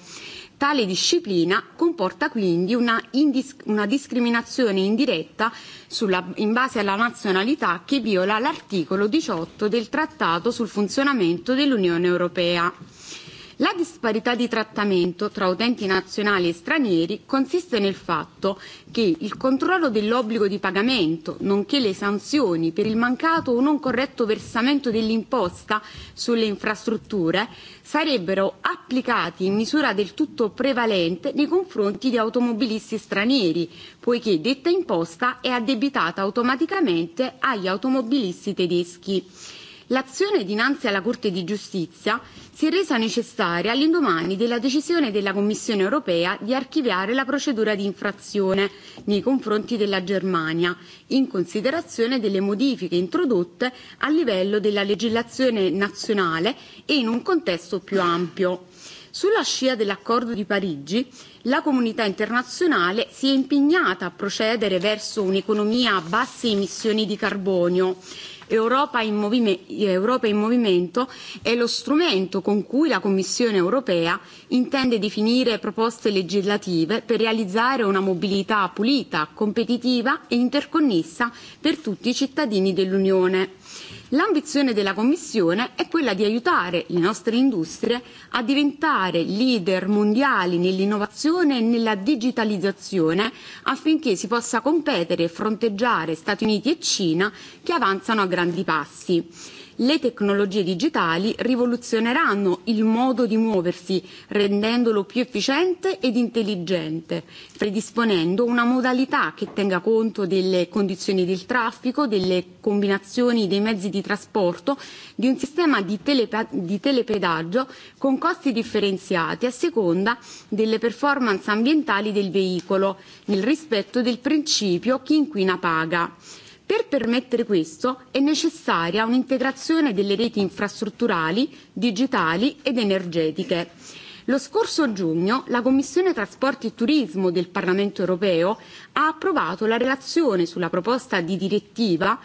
Tale disciplina comporta quindi una, indis- una discriminazione indiretta sulla, in base alla nazionalità che viola l'articolo 18 del Trattato sul funzionamento dell'Unione Europea. La disparità di trattamento tra utenti nazionali e stranieri consiste nel fatto che il controllo dell'obbligo di pagamento, nonché le sanzioni per il mancato o non corretto versamento dell'imposta sulle infrastrutture sarebbero applicati in misura del tutto prevalente nei confronti di automobilisti stranieri, poiché detta imposta è addebitata automaticamente agli automobilisti tedeschi. L'azione dinanzi alla Corte di giustizia si è resa necessaria all'indomani della decisione della Commissione europea di archiviare la procedura di infrazione nei confronti della Germania, in considerazione delle modifiche introdotte a livello della legislazione nazionale e in un contesto più ampio. Sulla scia dell'accordo di Parigi, la comunità internazionale si è impegnata a procedere verso un'economia a basse emissioni di carbonio Europa in, Europa in Movimento è lo strumento con cui la Commissione europea intende definire proposte legislative per realizzare una mobilità pulita, competitiva e interconnessa per tutti i cittadini dell'Unione. L'ambizione della Commissione è quella di aiutare le nostre industrie a diventare leader mondiali nell'innovazione e nella digitalizzazione affinché si possa competere e fronteggiare Stati Uniti e Cina che avanzano a grandi passi. Le tecnologie digitali rivoluzioneranno il modo di muoversi, rendendolo più efficiente ed intelligente, predisponendo una modalità che tenga conto delle condizioni del traffico, delle combinazioni dei mezzi di trasporto, di un sistema di, telepa- di telepedaggio con costi differenziati a seconda delle performance ambientali del veicolo, nel rispetto del principio chi inquina paga. Per permettere questo è necessaria un'integrazione delle reti infrastrutturali, digitali ed energetiche. Lo scorso giugno la Commissione Trasporti e Turismo del Parlamento europeo ha approvato la relazione sulla proposta di direttiva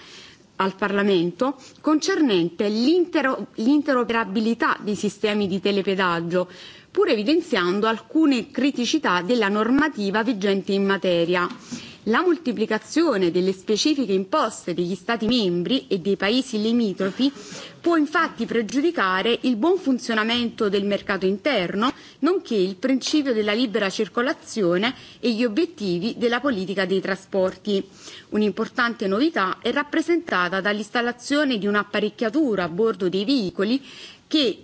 al Parlamento concernente l'interoperabilità dei sistemi di telepedaggio, pur evidenziando alcune criticità della normativa vigente in materia. La moltiplicazione delle specifiche imposte degli Stati membri e dei paesi limitrofi può infatti pregiudicare il buon funzionamento del mercato interno, nonché il principio della libera circolazione e gli obiettivi della politica dei trasporti. Un'importante novità è rappresentata dall'installazione di un'apparecchiatura a bordo dei veicoli che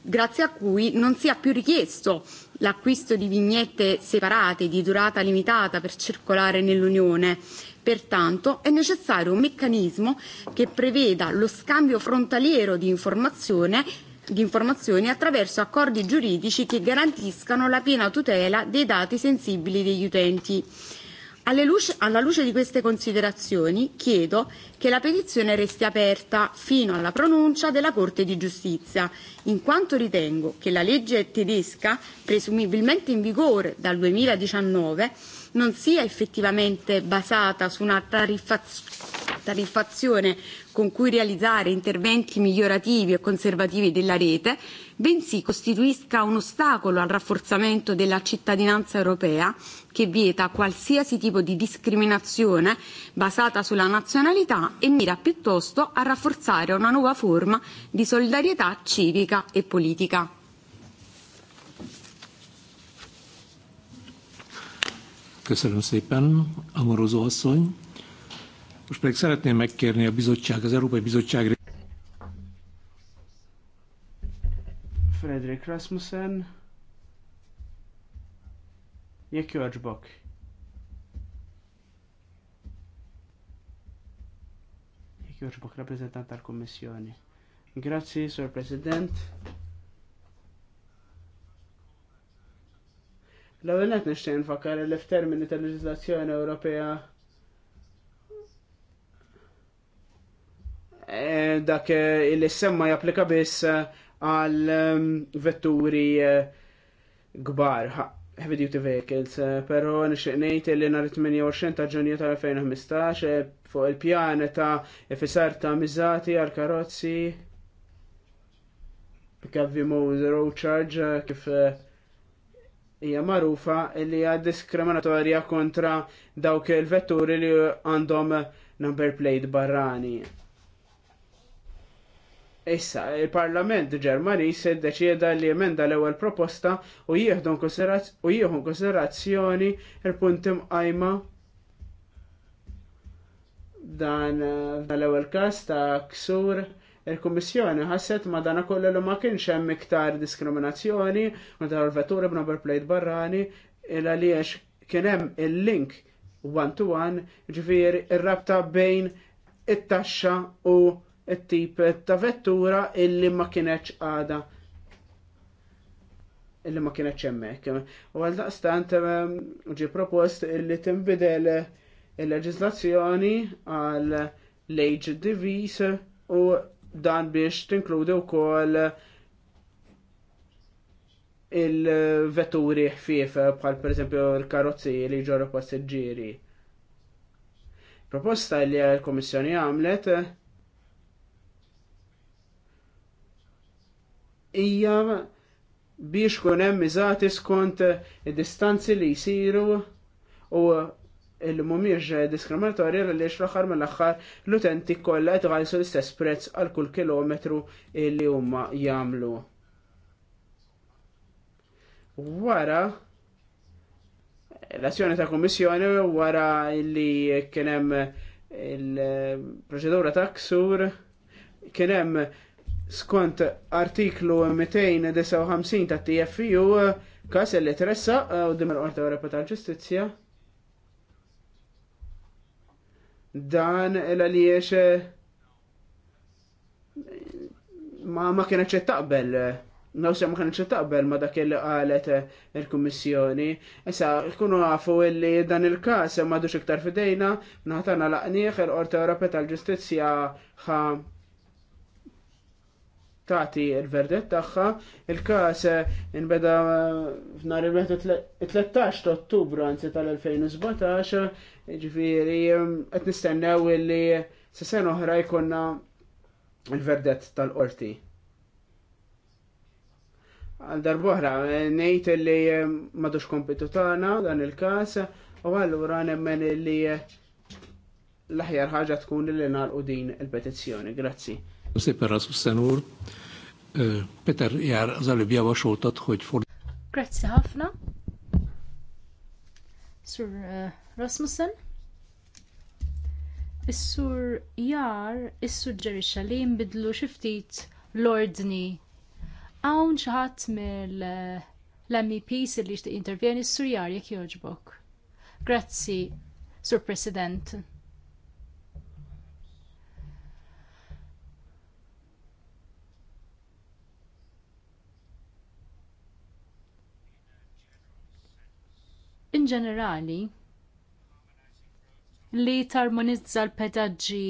grazie a cui non sia più richiesto l'acquisto di vignette separate di durata limitata per circolare nell'Unione. Pertanto è necessario un meccanismo che preveda lo scambio frontaliero di informazione di informazioni attraverso accordi giuridici che garantiscano la piena tutela dei dati sensibili degli utenti luce, alla luce di queste considerazioni chiedo che la petizione resti aperta fino alla pronuncia della Corte di Giustizia, in quanto ritengo che la legge tedesca, presumibilmente in vigore dal 2019, non sia effettivamente basata su una tariffazione con cui realizzare interventi migliorativi e conservativi della rete, bensì costituisca un ostacolo al rafforzamento della cittadinanza europea che vieta qualsiasi tipo di discriminazione basata sulla nazionalità e mira piuttosto a rafforzare una nuova forma di solidarietà civica e politica. Köszönöm szépen, Amorozó asszony. Most pedig szeretném megkérni a bizottság, az Európai Bizottság... Fredrik Rasmussen, jekk joġbok. Jekk joġbok rappresentant tal-Kommissjoni. Grazzi, Sir President. L-għonet nishtin fakar l-ftermini tal-leġislazzjoni Ewropea Eh, dak eh, il-semma japplika biss eh, għal ehm, vetturi gbar, heavy duty vehicles, pero nixqnejt li nhar 28 ta' ġunju tal-2015 fuq il-pjan ta' ifisar ta' mizzati għal karozzi pikavvi mowzer road charge kif hija magħrufa li hija diskriminatorja kontra dawk il-vetturi li għandhom number plate barrani. Issa, il-Parlament se ddeċieda li emenda l-ewwel proposta u jieħdu jieħu konsiderazzjoni il-punti mqajma dan l-ewwel każ ta' ksur il-Kummissjoni ħasset ma dana kollu ma kienx hemm iktar diskriminazzjoni ma dar il-vetturi b'number plate barrani il għaliex kien hemm il-link one to one ġifieri ir-rabta bejn it-taxxa u it tip ta' vettura illi ma kienieċ għada illi ma kienieċ emmek. U għal daqstant ehm, ġi propost illi timbidel il-leġizlazzjoni għal l-age u dan biex tinkludi u koll il-vetturi ħfif bħal per esempio il-karozzi li ġorru passeġġieri. Proposta li l-Komissjoni għamlet hija biex kun hemm miżati skont id-distanzi li jsiru u illi mhumiex diskriminatorji għaliex l aħħar mill-aħħar l-utenti kollha qed l-istess prezz għal kull kilometru li huma jagħmlu. Wara l-azzjoni ta' kummissjoni wara li kien hemm il-proċedura ta' ksur kien hemm skont artiklu 259 e ta' TFU eh, kas e li tressa eh, u dim orta qorta Ewropa tal-Ġustizzja. Dan e l-għaliex eh, ma ma kien taqbel se ma kienet taqbel ma dak li qalet il-Kummissjoni. Issa kunu għafu li dan il-każ dux iktar fidejna, naħtana laqnieħ il-Qorta Ewropea tal-Ġustizzja ħa tagħti l verdet tagħha. Il-każ inbeda f'nar il-13 ta' Ottubru anzi tal-2017, ġifiri qed nistennew li se sen oħra jkollna il-verdett tal-qorti. Għal darbohra, nejt li madux kompitu tagħna dan il-każ, u allura nemmen li l-aħjar ħaġa tkun li nagħlqu din il-petizzjoni. Grazzi szépen Rasmussen úr. Peter Jár az előbb javasoltad, hogy for... Grazie ħafna. Sur uh, Rasmussen. Is-sur Jar issuġġerixxa li jinbidlu xi ftit l-ordni. Hawn xi ħadd mill-MEPs li jixtieq intervjeni s-sur Jar jek jogħġbok. Grazie, Sur President. in ġenerali li tarmonizza l-pedaġġi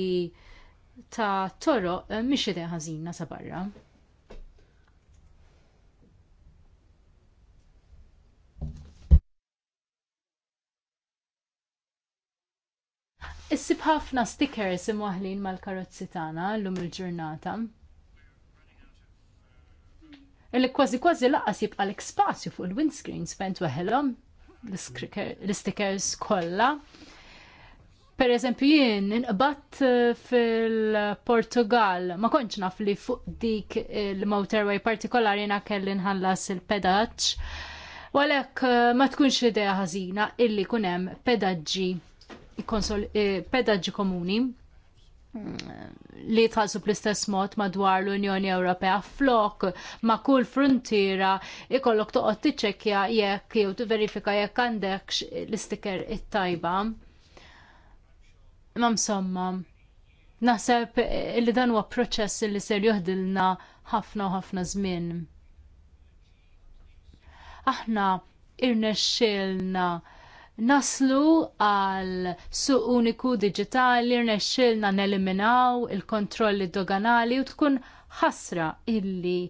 ta' toro eh, mhix idea ħażina sa barra. Issib ħafna stickers imwaħlin mal-karozzi tagħna llum il-ġurnata. Illi kważi kważi laqqas jibqa' l spazju fuq il-windscreen spent weħelhom l-stickers kollha. Per eżempju jien inqbat eh, fil-Portugal ma kontx naf li fuq dik il-motorway eh, partikolari jiena kelli nħallas il-pedaġġ. Walek eh, ma tkunx l idea ħażina illi kunem hemm pedaġġi pedaġġi komuni li tħallsu bl-istess mod madwar l-Unjoni Ewropea flok ma' kull frontiera ikollok toqgħod tiċċekkja jekk jew tiverifika jekk għandekx l-istiker it-tajba. Ma' msomma, naħseb li dan huwa proċess li ser joħdilna ħafna u ħafna żmien. Aħna irnexxielna naslu għal suq uniku digitali rnexxilna neliminaw il-kontrolli doganali u tkun ħasra illi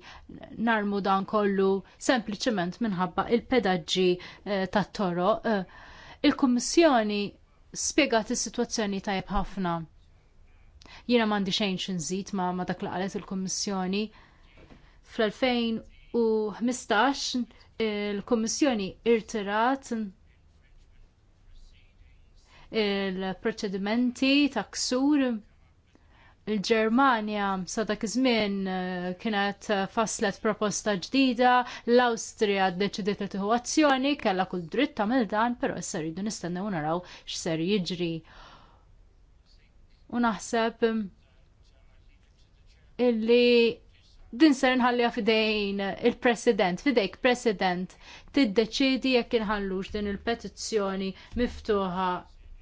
narmu dan kollu sempliċement minħabba il-pedaġġi eh, tat toroq eh, Il-Kummissjoni spiegat is-sitwazzjoni tajb ħafna. Jiena m'għandi xejn xinżid ma, ma dak laqalet il-Kummissjoni. Fl-2015 il-Kummissjoni irtirat il-proċedimenti ta' ksur. Il-Ġermanja sa dak iż-żmien eh, kienet eh, faslet proposta ġdida, l-Awstrija ddeċidiet li tieħu azzjoni, kellha kull dritt tagħmel dan, però issa rridu nistennew naraw x'ser jiġri. U naħseb mm, illi din ser nħallija fidejn il-president, fidejk president, tiddeċidi jekk inħallux din il-petizzjoni miftuħa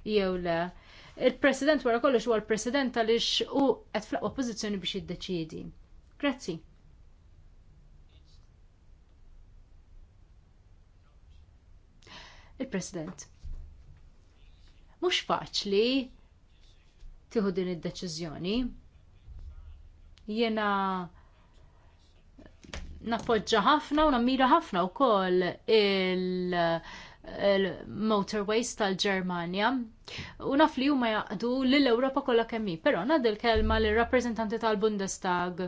jew le. Il-President wara kollox huwa l-President għaliex hu qed fl oppożizzjoni biex jiddeċiedi. Grazzi. Il-President. Mhux faċli tieħu din id-deċiżjoni. Jiena nappoġġa ħafna u nammira ħafna wkoll il- il-motorways tal-Ġermanja u naf li huma jaqdu lill-Ewropa kollha kemm hi, però ngħaddi l-kelma lir-rappreżentanti tal-Bundestag.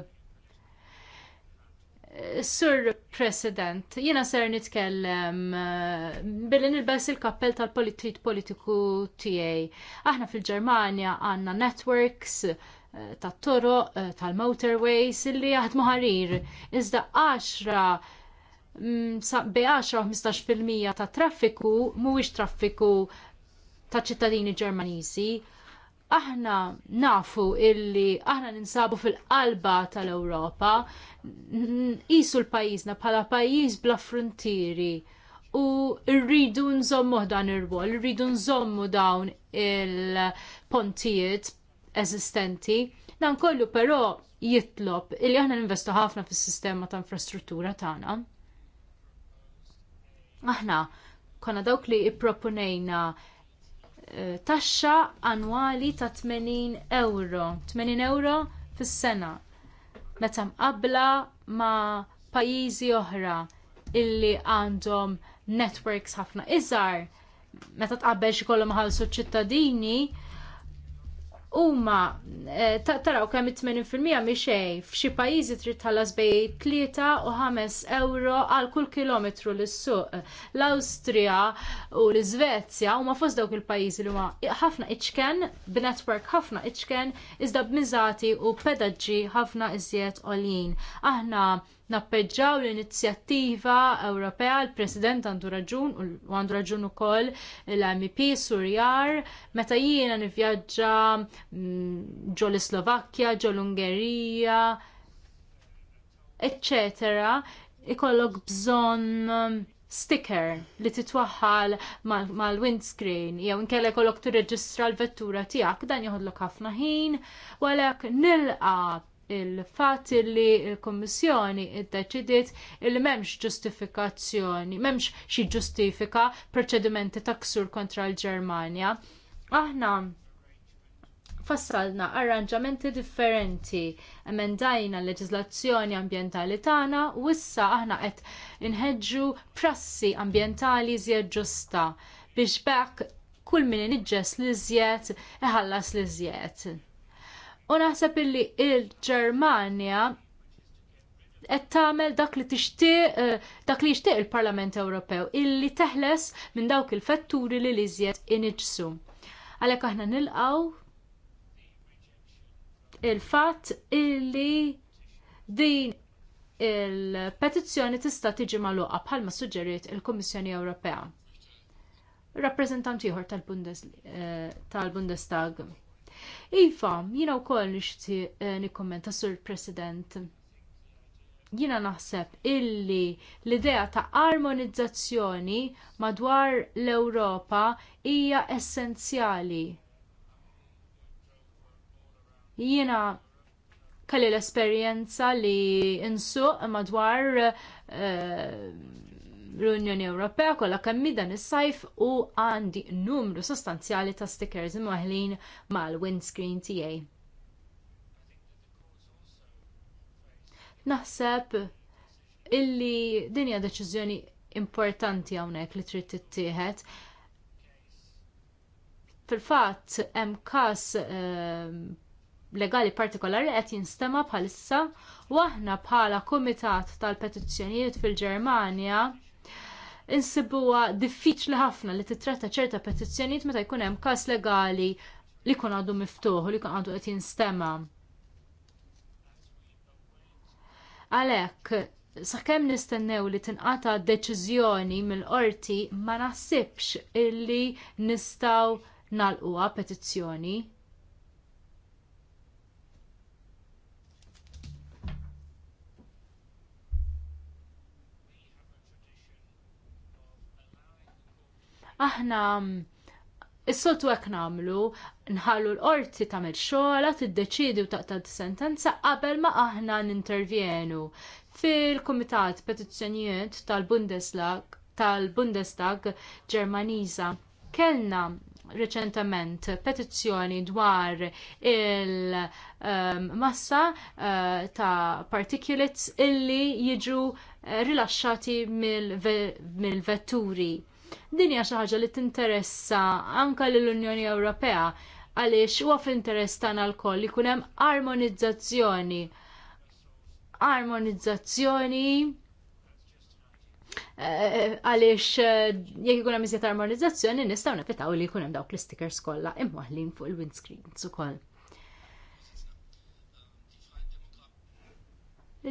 Sur President, jiena ser nitkellem eh, billi nilbes il-kappell tal-politit politiku tiegħi. Aħna fil-Ġermanja għandna networks eh, tat toroq eh, tal-motorways illi jaħdmu ħarir. Iżda 10 bi 10-15% ta' traffiku mhuwiex traffiku ta' ċittadini Ġermaniżi. Aħna nafu illi aħna ninsabu fil-qalba tal-Ewropa, isu l-pajjiżna bħala pajjiż bla frontieri u rridu nżommu dan ir-rwol, rridu nżommu dawn il-pontijiet eżistenti. Dan kollu però jitlob illi aħna ninvestu ħafna fis-sistema ta' infrastruttura tagħna. Aħna konna dawk li ipproponejna eh, taxxa annwali ta' 80 euro, 80 euro fis-sena. Meta mqabbla ma' pajjiżi oħra illi għandhom networks ħafna iżgħar meta tqabbel xi kollha maħallsu ċittadini huma eh, taraw kemm it-80% mi xejn f'xi pajjiżi trid tħallas bejn 3 u 5 euro għal kull kilometru lis suq L-Awstrija u l-Iżvezja huma fost dawk il-pajjiżi li huma ħafna iċken, b'netwerk ħafna iċken, iżda b'miżati u pedaġġi ħafna iżjed għoljin. Aħna nappeġġaw l-inizjattiva Ewropea, l-President għandu raġun u għandu raġun ukoll l-MP Surjar meta jiena nivvjaġġa mm, ġol Slovakkja, ġol Ungerija, eccetera, ikollok bżonn mm, sticker li titwaħħal mal-windscreen jew inkella jkollok tirreġistra l-vettura tiegħek dan joħodlok ħafna ħin u għalhekk nilqa' il-fat li l-Kommissjoni id-deċidiet li m'hemmx ġustifikazzjoni, m'hemmx xi ġustifika proċedimenti ta' ksur kontra l-Ġermanja. Aħna fassalna arranġamenti differenti, emendajna l-leġiżlazzjoni ambjentali tagħna u issa aħna qed inħeġġu prassi ambjentali żjed ġusta biex bekk kull min iniġġes li żjed iħallas li żjed U naħseb illi il-Ġermanja qed tagħmel dak li tixtieq eh, dak li jixtieq il-Parlament Ewropew illi teħles minn dawk il-fetturi li liżjed iniġsu. Għalhekk aħna nilqaw il-fatt illi din il-petizzjoni tista' tiġi magħluqa bħalma suġġeriet il-Kummissjoni Ewropea. Rappreżentant ieħor eh, tal-Bundestag. tal bundestag Iva, jiena wkoll nixtieq eh, nikkommenta sur President. Jiena naħseb illi l-idea ta' armonizzazzjoni madwar l-Ewropa hija essenzjali. Jiena kelli l-esperjenza li insuq madwar uh, l-Unjoni Ewropea kollha kemm dan is-sajf u għandi numru sostanzjali ta' stickers imwaħlin mal-windscreen tiegħi. Naħseb illi din hija deċiżjoni importanti hawnhekk li trid tittieħed. Fil-fatt hemm każ ehm, legali partikolari qed jinstema bħalissa u aħna bħala kumitat tal-petizzjonijiet fil-Ġermanja insibuha diffiċli ħafna li titratta ċerta petizzjonijiet meta jkun hemm każ legali li jkun għandu miftuħ u li jkun għandu qed jinstema. Għalhekk, sakemm nistennew li tinqata deċiżjoni mill-qorti ma naħsibx illi nistgħu nagħlquha petizzjoni Aħna mm, Is-soltu hekk nagħmlu, nħallu l-qorti ta' xogħla t-deċidi u taqtad sentenza qabel ma aħna n-intervjenu. Fil-Kumitat Petizzjonijiet tal-Bundestag tal-Bundestag Ġermaniża kellna reċentament petizzjoni dwar il-massa ehm, eh, ta' particulates illi jiġu eh, rilaxxati mill-vetturi. Din hija xi ħaġa li tinteressa anke lill-Unjoni Ewropea għaliex huwa fl-interess tagħna lkoll li jkun hemm armonizzazzjoni. Armonizzazzjoni eh, għaliex eh, jekk ikun hemm iżjed armonizzazzjoni nistgħu nefitaw li jkun hemm dawk l istickers kollha imwaħlin fuq il-windscreens ukoll.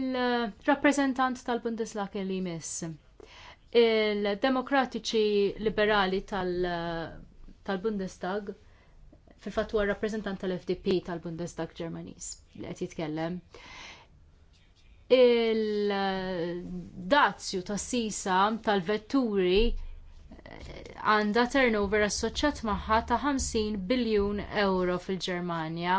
Il-rappresentant eh, tal-Bundeslag li jmiss il-demokratiċi liberali tal-Bundestag fil fil huwa rappresentant tal-FDP tal-Bundestag Ġermanis li qed jitkellem. Il-dazju tas sisa tal-vetturi għandha turnover assoċjat magħha ta' 50 biljun euro fil-Ġermanja.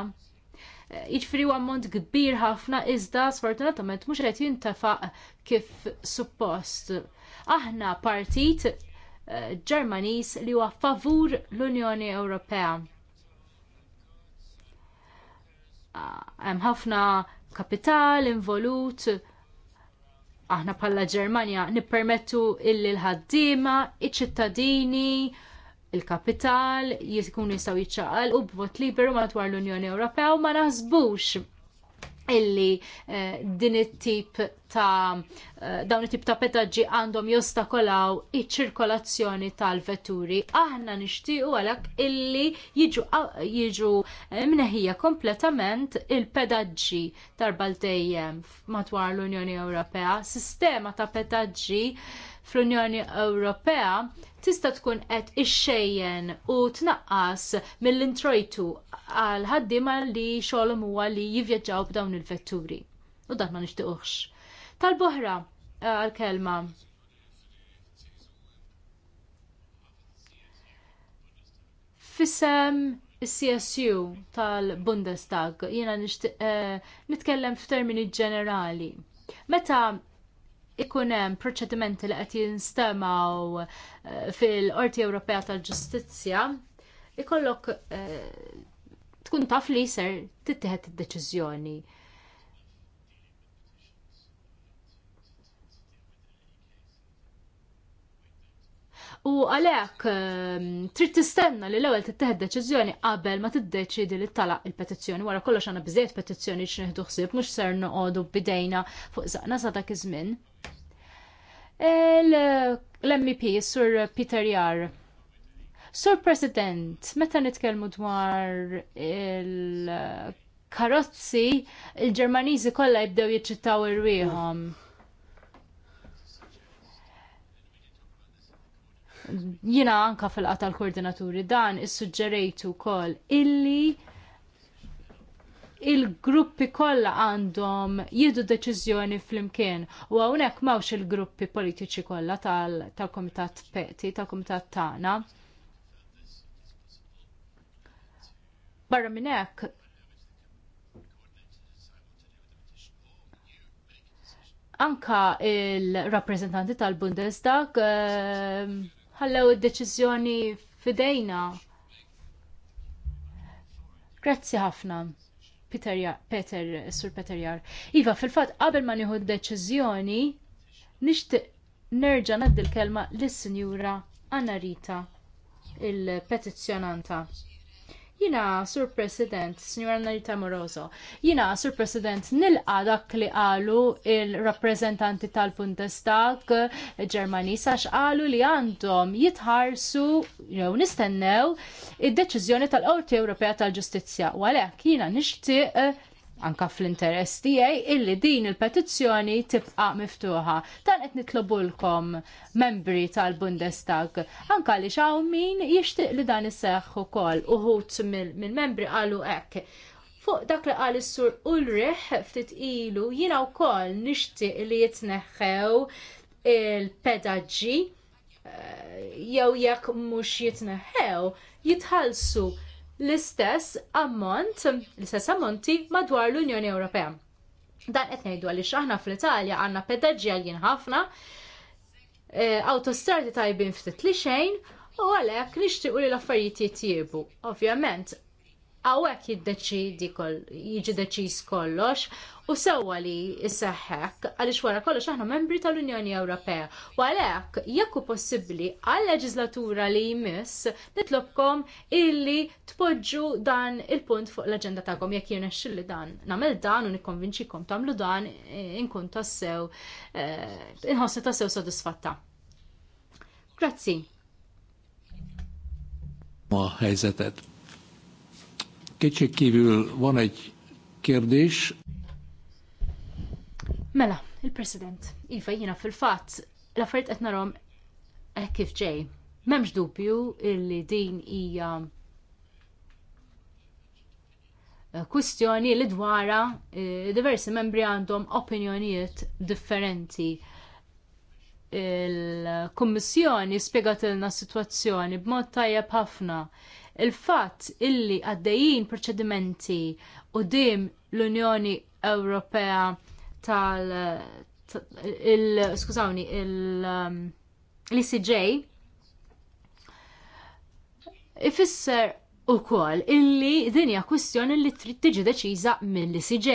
Jiġifieri huwa ammont kbir ħafna iżda sfortunatament mhux qed jintefaq kif suppost Aħna partit eh, Ġermaniż li huwa favur l-Unjoni Ewropea. Ah, hemm ħafna kapital involut aħna bħala Ġermanja nippermettu lil ħaddiema iċ-ċittadini, il-kapital jkunu jistgħu jiċċaqal u b'vot liberu madwar l-Unjoni Ewropea u ma naħsbux illi eh, din it-tip ta' eh, dawn it-tip ta' petaġġi għandhom jostakolaw iċ-ċirkolazzjoni tal-vetturi. Aħna nixtiequ għalhekk illi jiġu jiġu eh, mneħija kompletament il-pedaġġi dejjem matwar l-Unjoni Ewropea. Sistema ta' petaġġi fl-Unjoni Ewropea tista' tkun qed ixxejjen u tnaqqas mill-introjtu għal ħaddiema li xogħolhom huwa li jivvjaġġaw b'dawn il-vetturi. U dan ma nixtiequx. Tal-boħra eh, għal-kelma. Fisem is-CSU tal-Bundestag jiena nixtieq eh, nitkellem f'termini ġenerali. Meta ikun hemm proċedimenti li qed jinstemaw eh, fil-Qorti Ewropea tal-Ġustizzja, ikollok eh, tkun taf li ser tittieħed id-deċiżjoni. u għalhekk ehm, trid tistenna li l-ewwel tittieħed deċiżjoni qabel ma tiddeċidi li talaq il-petizzjoni wara kollox għandna biżejjed petizzjoni x'nieħdu ħsieb mhux ser noqogħdu bidejna fuq żaqna sa dak iż-żmien. L-MEP, Sur Peter Jar, Sur President, meta nitkellmu dwar il-karozzi, il-Ġermaniżi kollha jibdew jiċċittaw irwieħhom. Jina anka fil-qata l-koordinaturi dan is-suġġerejtu kol illi il-gruppi kollha għandhom deċizjoni deċiżjoni flimkien u hawnhekk m'hawnx il-gruppi politiċi kollha tal-Kumitat tal Peti, tal-Kumitat tagħna. Barra minn hekk anka il-rappreżentanti tal-Bundestag uh, ħallew id-deċiżjoni fidejna. Grazzi ħafna. Peter, Peter, Sur Peter Jar. Iva, fil-fat, qabel ma nieħu d-deċiżjoni, nixtieq nerġa' naddi l-kelma lis-Sinjura Anna Rita, il-petizzjonanta. Jina, Sur President, Signora Narita Moroso, jina, Sur President, nilqa dak li qalu il-rappresentanti tal tal-Puntestak-Ġermani, għax qalu li għandhom jitħarsu jew nistennew id-deċiżjoni tal-Qorti Ewropea tal-Ġustizzja. Walek, jina nixtieq anka fl-interess tiegħi illi din il-petizzjoni tibqa' miftuħa. Dan qed nitlobulkom membri tal-Bundestag anka li xaw min jixtieq li dan iseħħ ukoll uħut mill-membri mil qalu hekk. Fuq dak li qal is-sur Ulrich ftit ilu jiena wkoll nixtieq li jitneħħew il-pedaġġi eh, jew jekk mhux jitneħħew jitħallsu l-istess ammont, l-istess ammonti madwar l-Unjoni Ewropea. Dan qed ngħidu għaliex aħna fl-Italja għandna pedaġġi għaljin ħafna, e, autostradi tajbin ftit li xejn, u għalhekk nixtiequ li l-affarijiet jitjiebu. Ovvjament, għawek jiddeċidi jiġi deċiż kollox u sewwa li jissaħħek għaliex wara kollox aħna membri tal-Unjoni Ewropea u għalhekk jekk hu possibbli għal leġislatura li jmiss nitlobkom illi tpoġġu dan il-punt fuq l-aġenda tagħkom jekk li dan. Nagħmel dan u nikkonvinċikom tagħmlu dan e, inkun tassew e, inħossi tassew sodisfatta. Grazzi. Ma kétségkívül van egy kérdés. Mela, il-President, Iva jina fil-fat, l-affert qed narhom hekk eh, kif ġej. M'hemmx dubju illi din hija eh, kwistjoni li dwara eh, diversi membri għandhom opinjonijiet differenti. Il-Kummissjoni spiegatilna s-sitwazzjoni b'mod tajjeb ħafna il-fatt illi għaddejjin proċedimenti quddiem l-Unjoni Ewropea tal il skużawni l-ICJ um, ifisser ukoll illi din hija kwistjoni li trid tiġi deċiża mill-ICJ.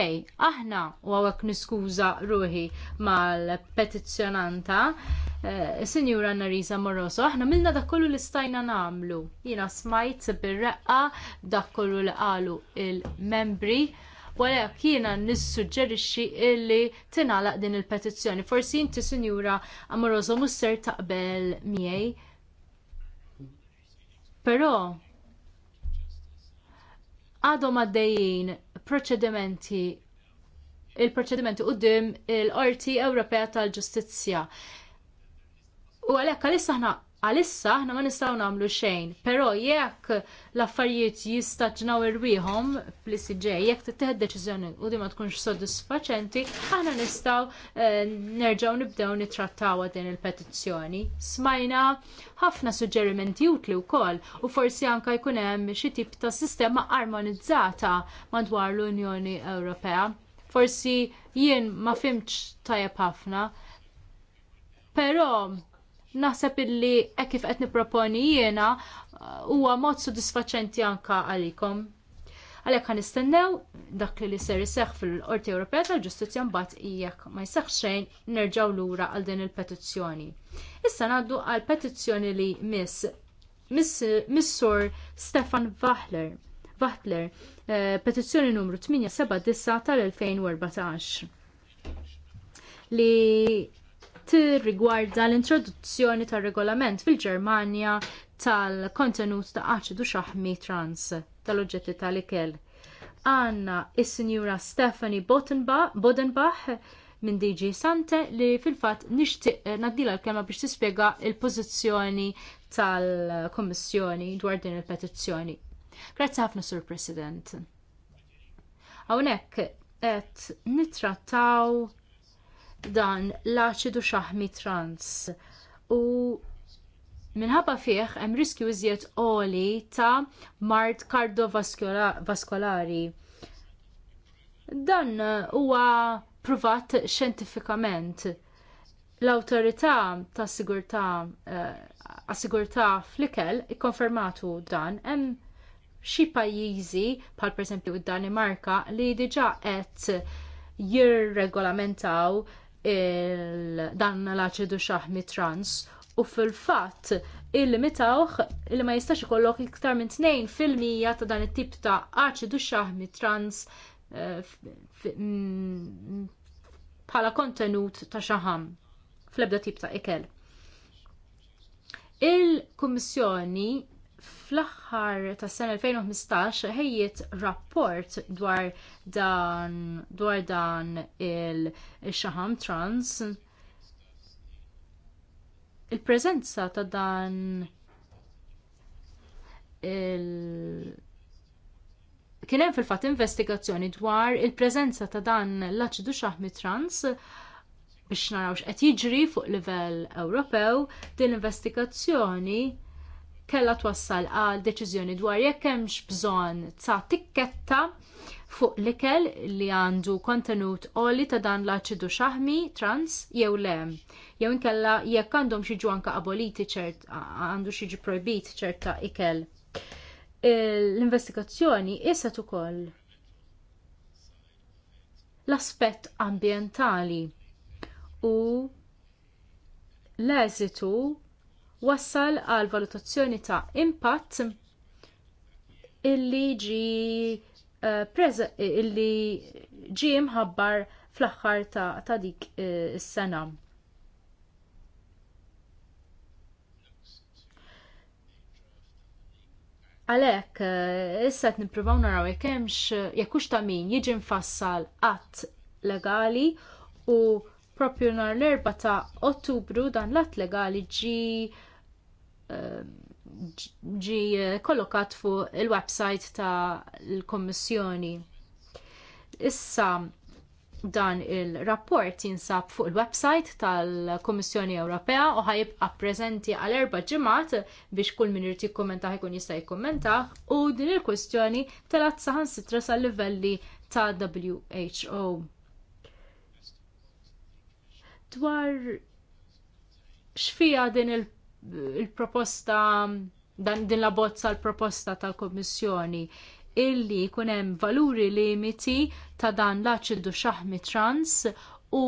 Aħna u hawnhekk niskuża ruħi mal-petizzjonanta Eh, Sinjura Narisa Moroso, aħna milna dak kollu li stajna nagħmlu. Jiena smajt bir-reqqa dak kollu li qalu il-membri għalhekk jiena nissuġġerixxi illi tingħalaq din il-petizzjoni. Forsi inti Sinjura Amoroso musser taqbel miegħi. Però għadhom għaddejjin proċedimenti il-proċedimenti quddiem il-Qorti Ewropea tal-Ġustizzja. U għalhekk għalissa aħna għalissa ħna ma nistgħu nagħmlu xejn, però jekk l-affarijiet jistaġnaw irwieħhom plissi ġej, jekk t-teħed deċiżjoni u di ma tkunx sodisfaċenti, aħna nistgħu eh, nerġgħu nibdew nitrattaw din il-petizzjoni. Smajna ħafna suġġerimenti utli wkoll u forsi anke jkun hemm xi tip ta' sistema armonizzata madwar l-Unjoni Ewropea. Forsi jien ma fimx tajjeb ħafna, però naħseb illi hekk kif qed nipproponi jiena uh, huwa mod sodisfaċenti anke għalikom. Għalhekk ħan nistennew dak li ser iseħħ fil-Qorti Ewropea tal-Ġustizzja mbagħad jekk ma jseħħ xejn nerġgħu lura għal din il-petizzjoni. Issa ngħaddu għal petizzjoni li miss Missur Stefan Vahler. Wachler, eh, petizzjoni numru 879 tal-2014 li tirrigwarda l-introduzzjoni tar regolament fil-Ġermanja tal-kontenut ta' aċidu xaħmi trans tal-oġġetti tal-ikel. Għanna is-sinjura Stephanie Bodenbach minn DG Sante li fil-fat nixtieq eh, naddila l-kelma biex tispjega il-pożizzjoni tal-Kommissjoni dwar din il-petizzjoni. Grazzi ħafna, Sur President. Hawnhekk qed nittrattaw dan l-aċidu xaħmi trans u minħabba fih hemm riskju iżjed għoli ta' mart kardiovaskolari. Dan huwa pruvat xjentifikament. L-awtorità tas sigurtà eh, għas fl-ikel ikkonfermatu dan hemm xi pajjiżi bħal pereżempju d-Danimarka li diġà qed jirregolamentaw dan l-aċidu xaħmi trans u fil-fatt il-limitawħ li ma jistax ikollok iktar minn 2% ta' dan it-tip ta' aċidu xaħmi trans eh, mm, bħala kontenut ta' xaħam fl-ebda tip ta' ikel. Il-Kummissjoni fl-aħħar ta' sena 2015 ħejjiet rapport dwar dan dwar dan il-xaham trans il-preżenza ta' dan il- Kien hemm fil-fatt investigazzjoni dwar il-preżenza ta' dan l-aċidu xaħmi trans biex narawx qed jiġri fuq livell Ewropew din l-investigazzjoni kellha twassal għal deċiżjoni dwar jekk hemmx bżonn ta' tikketta fuq l-ikel li għandu kontenut oli ta' dan l-aċidu xaħmi trans jew le. Jew inkella jekk għandhom xi anka aboliti ċert għandu xi projbit ċerta ikel. L-investigazzjoni isset ukoll l-aspett ambjentali u l-eżitu wassal għal valutazzjoni ta' impatt illi ġi uh, illi ġi mħabbar fl-aħħar ta, ta', dik uh, is-sena. Għalek, eh, issa qed nippruvaw naraw jekk hemmx jekk hux ta' min jiġi mfassal att legali u propju nhar l-erba ta' Ottubru dan l-att legali ġie ġi kollokat fuq il-website ta' l-Kommissjoni. Issa dan il-rapport jinsab fuq il-website tal-Kommissjoni Ewropea u ħajibqa' preżenti għal erba' ġimgħat biex kull min irid jikkumenta ħajkun jista' jikkumenta u din il-kwestjoni telat saħansitra sal-livelli ta' WHO. Dwar x'fija din il- il-proposta dan din la bozza l-proposta tal-Kommissjoni illi jkun hemm valuri limiti ta' dan l-aċildu xaħmi trans u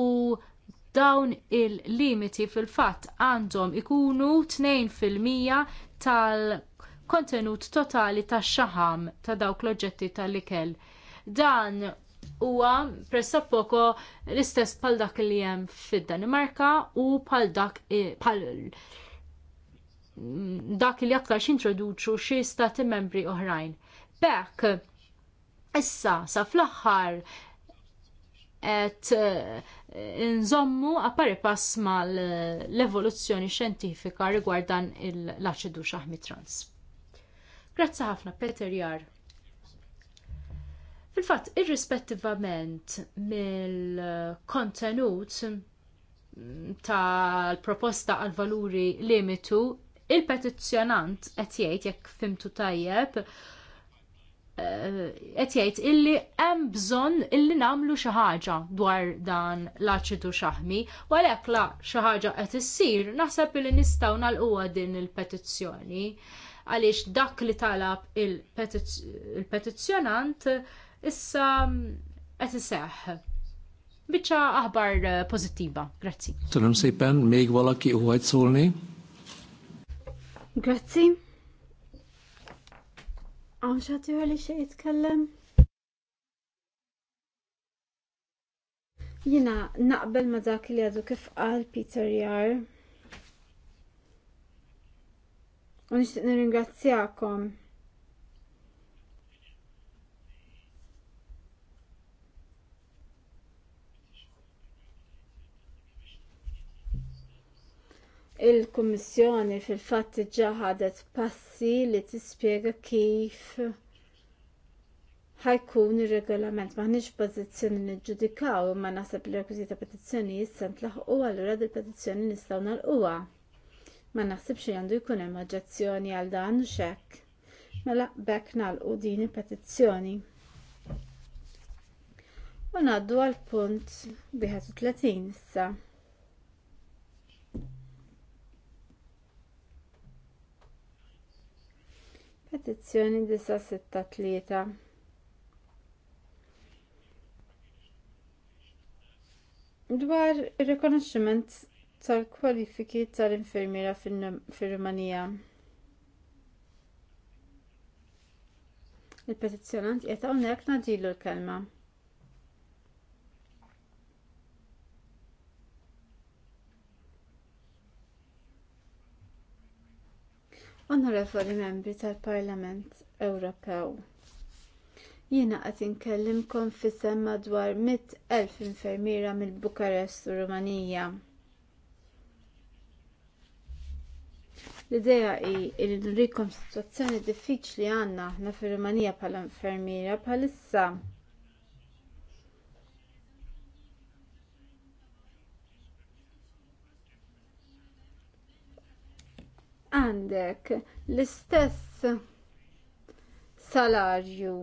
dawn il-limiti fil-fatt għandhom ikunu 2% tal-kontenut totali tax xaħam ta' dawk l-oġġetti tal-ikel. Dan huwa pressappoco l-istess bħal dak li hemm fid-Danimarka u bħal dak dak li aktar xintroduċu xi stati membri oħrajn. Bekk, issa sa fl-aħħar qed eh, nżommu appari pass mal l-evoluzzjoni xjentifika rigwardan l-aċidu xaħmi trans. Grazzi ħafna, Peter Jar. Fil-fatt, irrispettivament mill-kontenut tal proposta għal valuri limitu Il-petizzjonant qed jgħid jekk fimtu tajjeb eh, qed jgħid illi hemm bżonn illi nagħmlu xi ħaġa dwar dan l-aċidu xaħmi, u għalhekk la xi ħaġa qed issir naħseb illi nistgħu nagħlquha din il-petizzjoni għaliex dak li talab il-petizzjonant issa qed iseħħ. Biċċa aħbar eh, pożittiva, grazzi. Tulim sejpen, mig u għajt Grazzi. Għam xatiħu li xie jitkellem? Jina naqbel ma dak li għadu kif qal Peter Jar. U nixtieq nirringrazzjakom. Il-Kummissjoni fil-fatt diġà ħadet passi li tispjega kif ħajkun ir-regolament maħniex pożizzjoni niġġudikaw imma naħseb li rekwiżiti ta' petizzjoni issa ntlaħqu allura dil petizzjoni nistgħu nagħlquha. Ma naħsibx li għandu jkun hemm oġġezzjoni għal dan u xekk. Mela bekk nagħlqu din il-petizzjoni. U ngħaddu għal punt 31 issa. Petizzjoni 963. Dwar ir-rikonoxximent tal-kwalifiki tal-infermiera fir-Rumanija. Il-petizzjonant qed hawnhekk nadilu l-kelma. Onorevoli membri tal-Parlament Ewropew. Jiena qed inkellimkom fisem madwar 100,000 infermiera mill-Bukarest u Rumanija. L-idea hi li nurikom sitwazzjoni diffiċli għandna aħna fir-Rumanija bħala infermiera bħalissa. għandek l-istess salarju,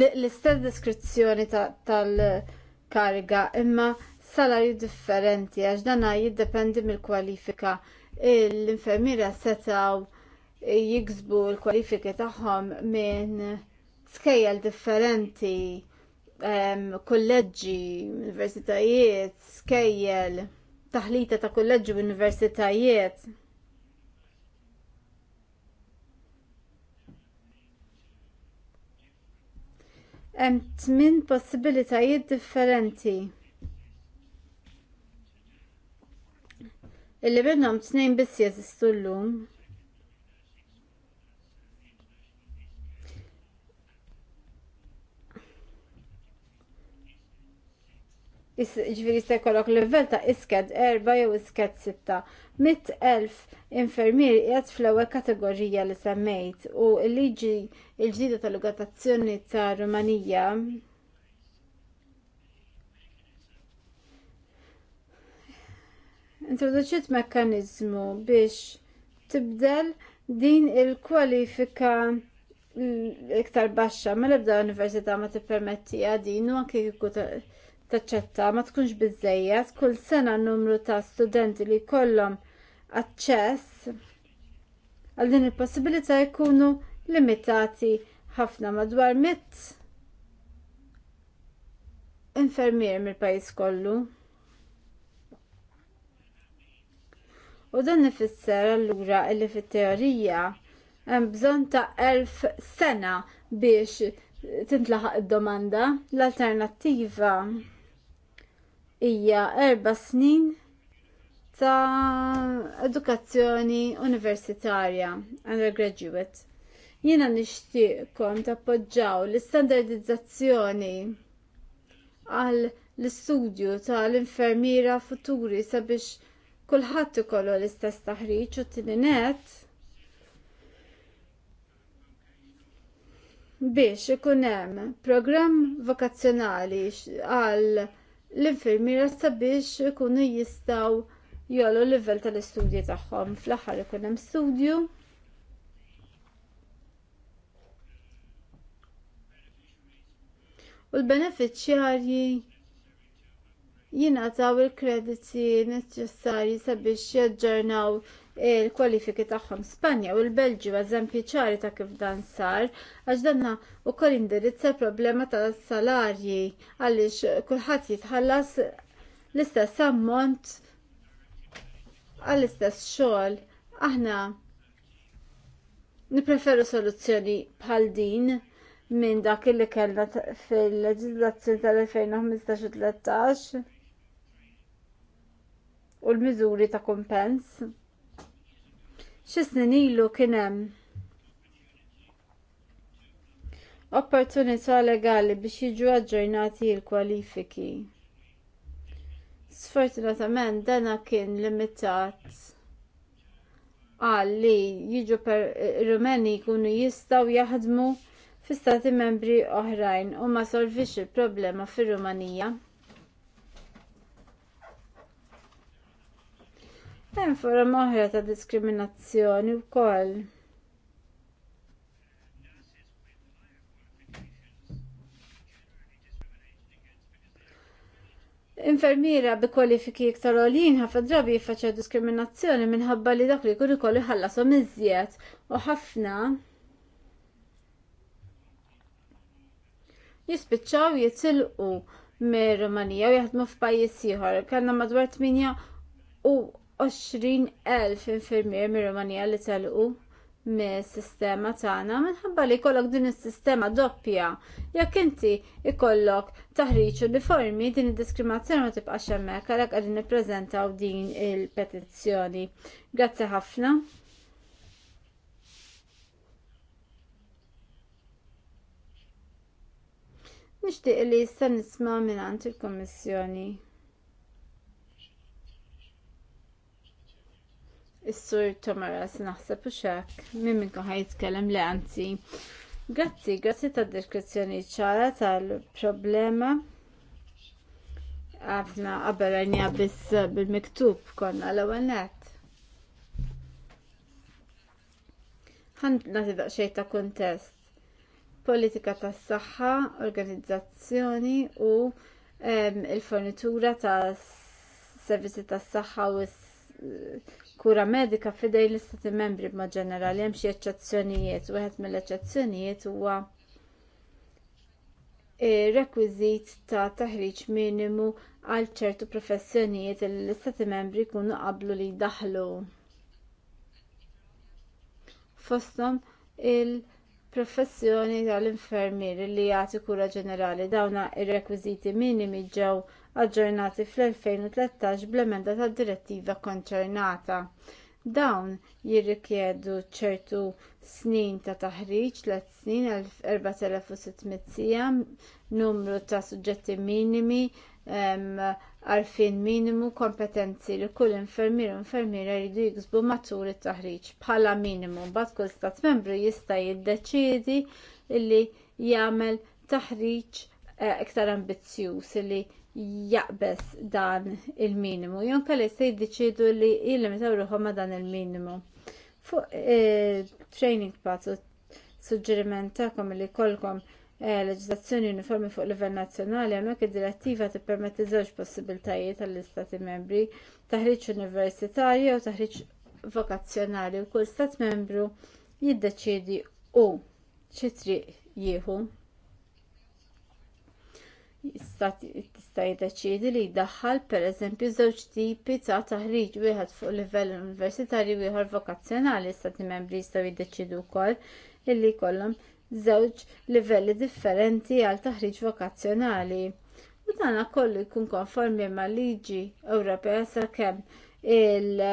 l-istess deskrizzjoni tal-kariga, imma salarju differenti, għax dana jiddependi mill-kwalifika. L-infermiera setaw jiksbu l-kwalifiki tagħhom minn skejjel differenti, kolleġġi, universitajiet, skejjel, taħlita ta' kolleġġi u universitajiet. hemm tmien possibilitajiet differenti. Illi minnhom tnejn biss jeżistu llum. ġviri se kollok level ta' isked erba jew isked sitta. Mit elf infermieri jgħat fl-ewwel kategorija li semmejt u l-liġi l-ġdida tal-lugatazzjoni ta' Rumanija introduċiet mekkaniżmu biex tibdel din il-kwalifika iktar baxxa mela ebda università ma tippermettija din u anke kieku taċċetta ma tkunx biżżejjed kull sena n numru ta' studenti li jkollhom aċċess għal din il-possibilità jkunu limitati ħafna madwar mitt infermier mill-pajjiż kollu. U dan ifisser allura li fit-teorija hemm bżonn ta' elf sena biex tintlaħaq id-domanda l-alternattiva hija erba' snin ta' edukazzjoni universitarja undergraduate. Jiena nixtieqkom tappoġġaw l-istandardizzazzjoni għal l-istudju tal-infermiera futuri sabiex kulħadd ikollu l-istess taħriġ u tininet biex ikun hemm programm vokazzjonali għal l-infirmiera sabiex ikunu jistgħu jollu l-livell tal-istudji tagħhom fl-aħħar ikun hemm studju. U l-beneficjarji jingħataw il-krediti neċessarji sabiex jaġġornaw il-kwalifiki tagħhom Spanja u l-Belġju eżempji ċari ta' kif dan sar, għax danna wkoll indirizza problema ta' salarji għaliex kulħadd jitħallas l-istess ammont għall-istess xogħol. Aħna nipreferu soluzzjoni bħal din minn dak li kellna fil-leġizlazzjoni tal-2015-13 u l-miżuri ta' kumpens xisnin ilu kienem opportunità legali biex jiġu aġġornati l-kwalifiki. Sfortunatament dana kien limitat għal li jiġu per rumeni jkunu jistaw jaħdmu fi stati membri oħrajn u ma solvix il-problema fir-Rumanija. Hemm forma oħra ta' diskriminazzjoni wkoll. Infermiera bi kwalifiki iktar għolin ħafna drabi jiffaċċja diskriminazzjoni minħabba li dak li jkun ikollu ħallasom iżjed u ħafna jispiċċaw jitilqu mir-Rumanija u jaħdmu f'pajjiż ieħor. Kellna madwar 8 u 20,000 infirmier mir Romania li telqu mis-sistema tagħna minħabba li jkollok din is-sistema doppja. Jekk inti ikollok taħriġ uniformi din id-diskriminazzjoni ma tibqax hemmhekk għalhekk qegħdin nippreżentaw din il-petizzjoni. Grazzi ħafna. Nixtieq li issa nisma' mingħand il-Kummissjoni. Is-sur Tomaras naħseb u xek, minn minn ħaj jitkellem li anzi. Grazzi, grazzi ta' deskrizzjoni ċara tal-problema. Għafna qabel għajnija biss bil-miktub konna l-ewwel Għan Ħand nagħti ta' kuntest. Politika tas-saħħa, organizzazzjoni u ehm, il-fornitura ta' servizzi tas-saħħa u kura medika fidej l-istati membri ma' ġenerali hemm xi eċċezzjonijiet. Wieħed mill-eċċezzjonijiet huwa rekwiżit ta' taħriġ minimu għal ċertu professjonijiet li l-istati membri jkunu qablu li jdaħħlu. Fosthom il-professjoni tal infermier li jagħti kura ġenerali dawna ir-rekwiżiti minimi ġew aġġornati fl-2013 bl-emenda tad direttiva konċernata. Dawn jirrikjedu ċertu snin ta' taħriġ, 3 snin, 4600 numru ta' suġġetti minimi, għarfien minimu, kompetenzi li kull infermier u infermiera jridu jiksbu matul it-taħriġ bħala minimu. Bad kull stat membru jista' jiddeċiedi li jagħmel taħriġ eh, iktar ambizzjuż li jaqbes dan il-minimu. Jonka li se jiddeċidu li jillimitaw ruħom ma dan il-minimu. Fuq eh, training pass u suġġerimentakom li kolkom eh, leġislazzjoni uniformi fuq livell nazzjonali għamek id-direttiva tippermetti żewġ possibiltajiet għall-istati membri taħriġ universitarju u taħriġ vokazzjonali u kull stat membru jiddeċiedi u xi triq jieħu tista' jiddeċiedi li jdaħħal pereżempju żewġ tipi ta' taħriġ wieħed fuq livell universitarju ieħor vokazzjonali stati membri jistgħu jiddeċiedu wkoll illi jkollhom żewġ livelli differenti għal taħriġ vokazzjonali. U dan kollu jkun konformi mal liġi Ewropea sakemm il-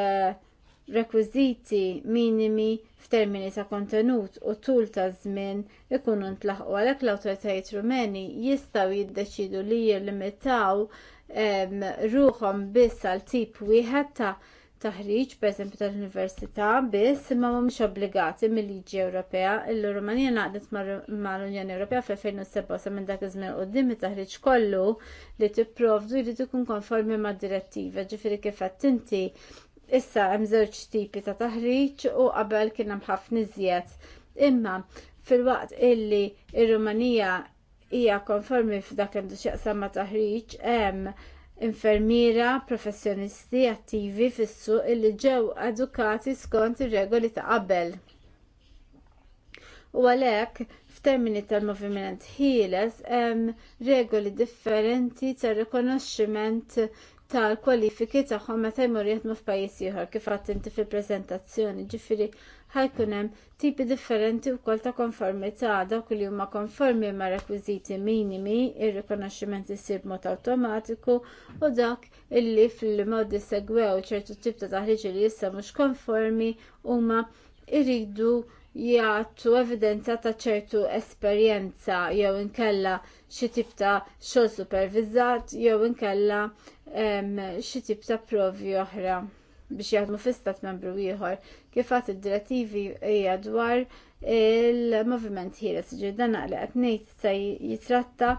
rekwiżiti minimi f'termini ta' kontenut u tul ta' żmien ikunu ntlaħqu għalhekk l-awtoritajiet rumeni jistgħu jiddeċidu li jillimitaw ruhom biss għal tip wieħed ta' taħriġ pereżempju tal-università biss imma mhumiex obbligati mill-liġi Ewropea. Il-Rumanija naqdet mal-Unjoni Ewropea fl-2007 sa minn dak iż-żmien quddiem it-taħriġ kollu li tipprovdu jrid ikun konformi mad-direttiva, ġifieri kif qed inti Issa hemm żewġ tipi ta' taħriġ u qabel kien hemm ħafna iżjed. Imma fil-waqt illi ir-Rumanija hija konformi f'dak għandu x'jaqsam ma' taħriġ hemm infermiera professjonisti attivi fis-suq illi ġew edukati skont ir-regoli ta' qabel. U għalhekk f'termini tal-moviment ħieles hemm regoli differenti tar-rikonoxximent tal-kwalifiki tagħhom meta jmur jaħdmu f'pajjiż ieħor kif qatt inti fil-preżentazzjoni, ġifieri ħajkun hemm tipi differenti wkoll ta' konformità dawk li huma konformi ma' rekwiżiti minimi, ir-rikonoxximent isir mod awtomatiku u dak illi fil-modi segwew ċertu tip ta' taħriġ li issa mhux konformi huma jridu jgħatu evidenza ta' ċertu esperjenza jew inkella xi tip ta' xogħol supervizzat jew inkella xi tip ta' provi oħra biex jaħdmu fl-istat membru ieħor kif għat id-direttivi hija dwar il-moviment ħieles ġi dan li qed ngħid se jitratta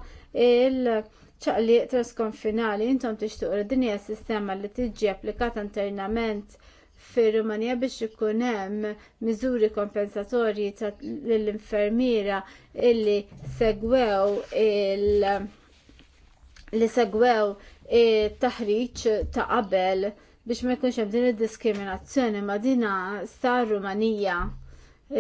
il- ċaqliq trasconfinali intom tixtuq din hija sistema li tiġi applikata internament fir-Rumanija biex ikun hemm miżuri kompensatorji lill-infermiera illi segwew il- li segwew taħriġ ta' qabel biex ma jkunx hemm din id-diskriminazzjoni ma dina sta' Rumanija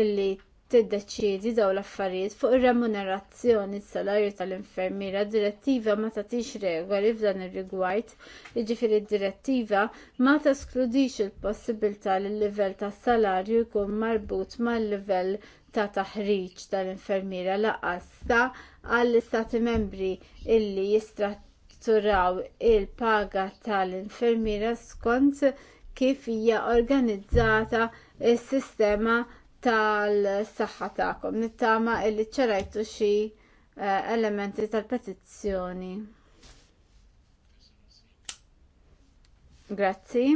illi tiddeċiedi daw l-affarijiet fuq ir-remunerazzjoni s-salarju tal-infermiera direttiva ma tagħtix regoli f'dan ir-rigward, jiġifieri d-direttiva ma teskludix il-possibilità li l-livell tas-salarju jkun marbut mal-livell ta' taħriġ tal-infermiera laqas għall-istati membri illi jistratturaw il-paga tal-infermiera skont kif hija organizzata s-sistema tal-saħħa tagħkom. Nittama illi ċerajtu xi eh, elementi tal-petizzjoni. Grazzi.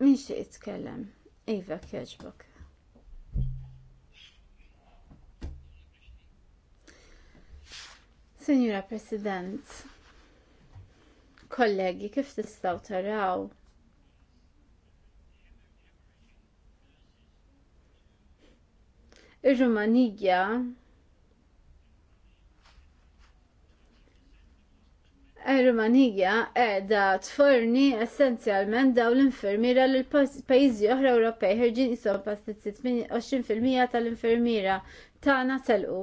Min xie jitkellem? Iva kjaġbok. Signora President, Kollegi, kif tistgħu taraw? Ir-Rumanija Ir-Rumanija qiegħda tforni essenzjalment dawn l-infermiera l pajjiżi oħra Ewropej ħirġin isom pass 20% tal-infermiera tagħna telqu.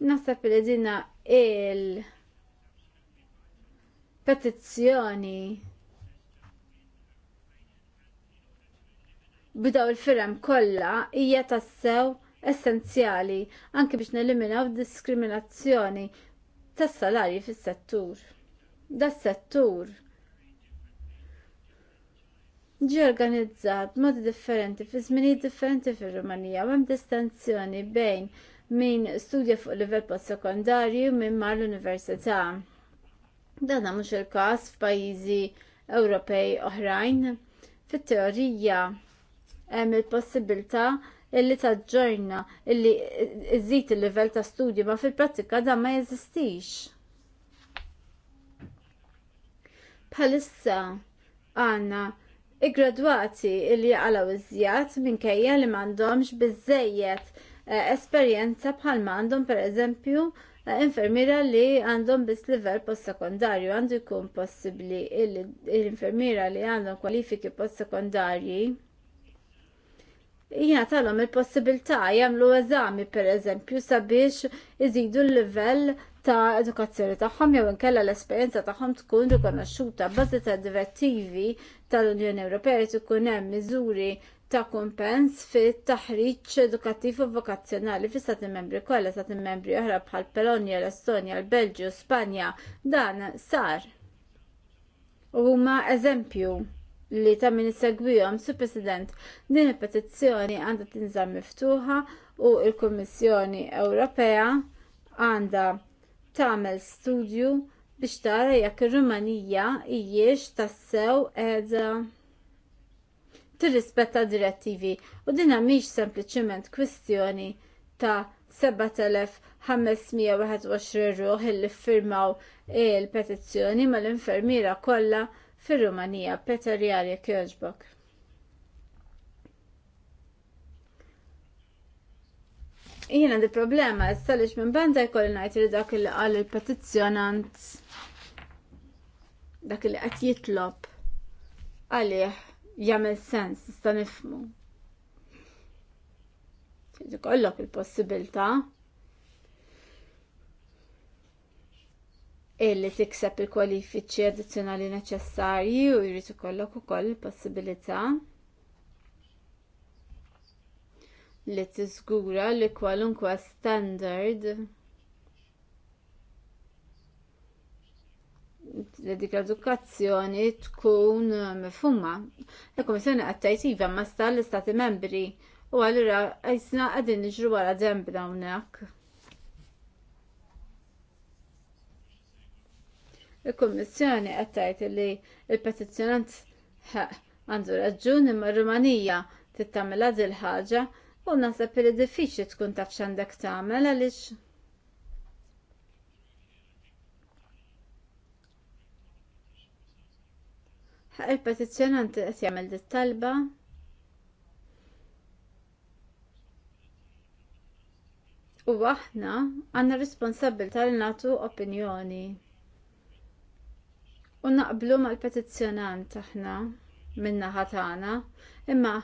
Nasab li dinna il- petizzjoni b'daw il-firem kollha hija tassew essenzjali anke biex neliminaw diskriminazzjoni tas-salarji fis-settur. Das settur ġi organizzat modi differenti fi żminijiet differenti fir-Rumanija u hemm distinzjoni bejn min studja fuq livell post-sekondarju minn mar l-università. Dan mhux il-każ f'pajjiżi Ewropej oħrajn. Fit-teorija hemm il-possibilità illi taġġorna illi iżid il-livell ta' studju ma fil-prattika dan ma jeżistix. Bħalissa għandna igradwati illi għalaw iżjat minkejja li m'għandhomx biżżejjed Eh, esperjenza bħalma għandhom pereżempju eh, infermiera li għandhom biss livell post-sekondarju għandu jkun possibbli l-infermiera li għandhom kwalifiki post-sekondarji jina talom il-possibilità jagħmlu eżami pereżempju sabiex iżidu l-livell ta' edukazzjoni tagħhom jew inkella l-esperjenza tagħhom tkun rikonoxxuta b'bażi ta' direttivi tal-Unjoni Ewropea li tkun hemm miżuri ta' kumpens fit taħriġ edukattiv u vokazzjonali fi stati membri kollha stati membri oħra bħal Polonja, l-Estonja, l-Belġju, Spanja dan sar. U huma eżempju li ta' min segwijom su President din il-petizzjoni għandha tinżam miftuħa u il-Kummissjoni Ewropea għandha tagħmel studju biex tara jekk ir-Rumanija hijiex tassew qiegħda tirrispetta direttivi u din mhix sempliċement kwistjoni ta' 7521 ruħ li firmaw il-petizzjoni mal-infermiera kollha fir-Rumanija Peter Jarje jogħġbok. Jiena di problema, s-salix minn banda jkolli najt li dak li għal il-petizzjonant, dak li għat jitlob għalih jagħmel sens tista' nifmu. Kollok il-possibilità illi tikseb il-kwalifiċi addizzjonali neċessarji u jrid ikollok ukoll il-possibilità li tiżgura li kwalunkwe standard dik l-edukazzjoni tkun mifhuma. Il-Kummissjoni qed tgħid iva ma sta l-Istati Membri u allura qisna qegħdin iġru wara demb hawnhekk. Il-Kummissjoni qed tgħid li l-petizzjonant għandu raġun imma r-Rumanija tittamela dil ħaġa u naħseb li diffiċli tkun taf x'għandek tagħmel għaliex ħaq il-petizzjonanti qed jagħmel dit-talba u aħna għandna responsabilità li nagħtu opinjoni. U naqblu mal-petizzjonant aħna min-naħa tagħna, imma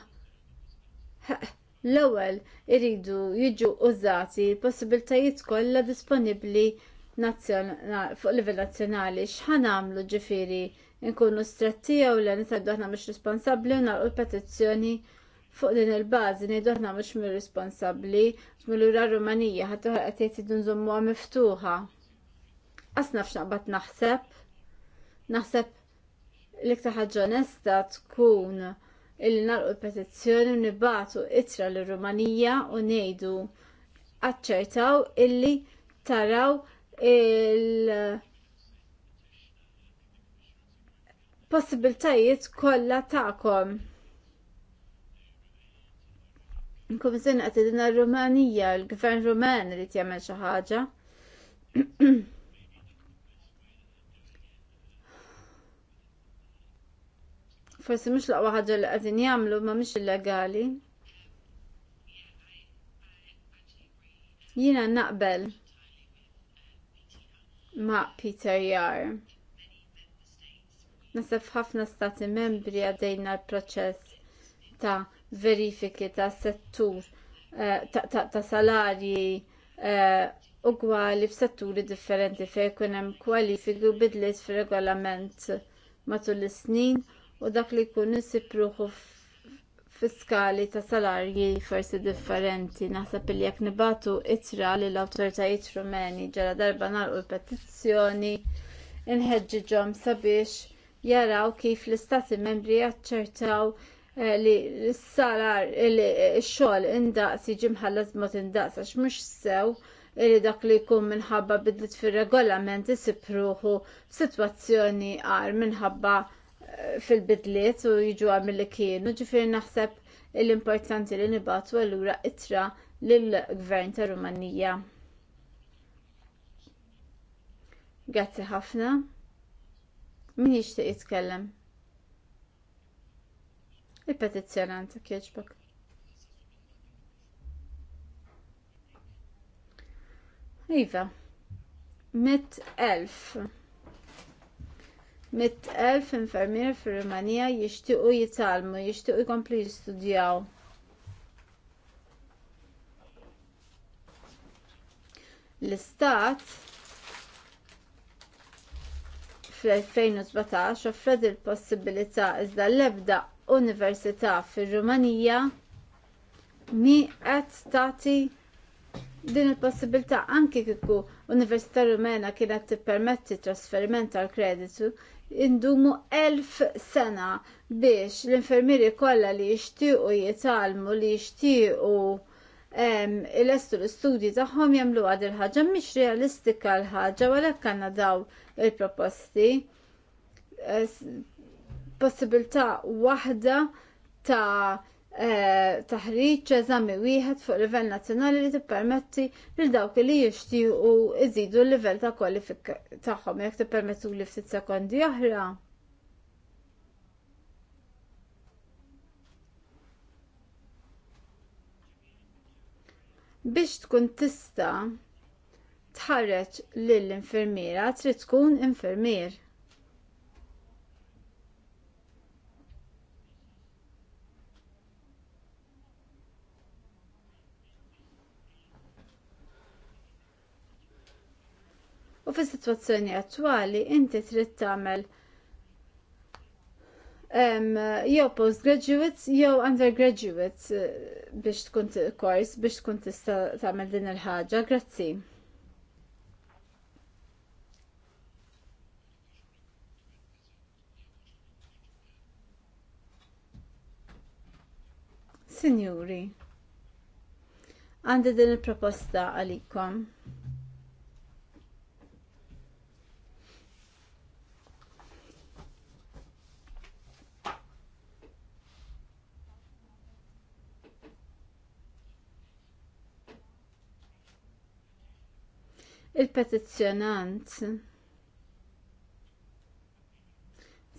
l-ewwel iridu jiġu użati l-possibiltajiet kollha disponibbli fuq livell nazzjonali x'ħan għamlu ġifieri nkunu stretti jew l nitaddu aħna mhux responsabbli u nagħlqu l-petizzjoni fuq din il-bażi ngħidu aħna mhux mir responsabbli mill r Rumanija ħadd qed jgħid idu nżommuha miftuħa. nafx naqbad naħseb. Naħseb l-iktar ħaġa onesta tkun illi narqu l-petizzjoni u nibatu itra l rumanija u ngħidu aċċertaw illi taraw il- possibiltajiet kollha tagħkom. Nkomżin qed idina r-Rumanija, l-Gvern Ruman li jagħmel xi ħaġa. Forsi mhux laqwa ħaġa li qegħdin jagħmlu ma mhix illegali. Jiena naqbel ma' Peter Jar. Nasab ħafna stati membri għaddejna l-proċess ta' verifiki ta' settur eh, ta', ta, ta salarji eh, ugwali f'setturi differenti fejn ikun hemm kwalifiki u bidliet fir-regolament matul is-snin u dak li jkun nisipruħu fiskali ta' salarji forsi differenti. Naħseb li jekk nibatu itra lill awtoritajiet rumeni ġara darba nagħlqu l-petizzjoni inħeġġiġhom sabiex jaraw kif l-istati membri jaċċertaw eh, li s-salar x xol indaqs jiġi mħallas mod indaqs għax mhux sew li dak li jkun minħabba bidlet fir-regolament isib sitwazzjoni agħar għar minħabba eh, fil-bidliet u jiġu għar mill kienu ġifieri naħseb l-importanti li nibatu allura ittra lill-Gvern ta' Rumanija. Grazzi ħafna. Min jixtieq jitkellem? Il-petizzjonant kieġbok. Iva, mit elf. Mit elf infermier fir Rumanija jixtiequ jitalmu, jixtiequ jkompli jistudjaw. L-istat fl-2017 offred il-possibilità iżda l-ebda università fir-Rumanija mi qed tagħti din il-possibilità anke kieku Università Rumena kienet tippermetti t trasferiment tal kreditu indumu elf sena biex l-infermieri kollha li jixtiequ jitalmu li jixtiequ il-estu l-istudji tagħhom jamlu għad il-ħaġa mhix realistika l-ħaġa għalhekk għandna daw il-proposti. Possibilità waħda ta' e, taħriġ eżami wieħed fuq livell nazzjonali li tippermetti lil dawk li jixtiequ iżidu l-livell ta' kwalifika tagħhom jekk tippermettu li ftit sekondi oħra. biex tkun tista tħarreġ lill-infermiera trid tkun infermier. U fis-sitwazzjoni attwali inti trid tagħmel jew postgraduates jew undergraduates eh, biex tkun kors biex tkun tista' tagħmel din il-ħaġa. Grazzi. Signori, għandi din il-proposta għalikom. Il-petizzjonant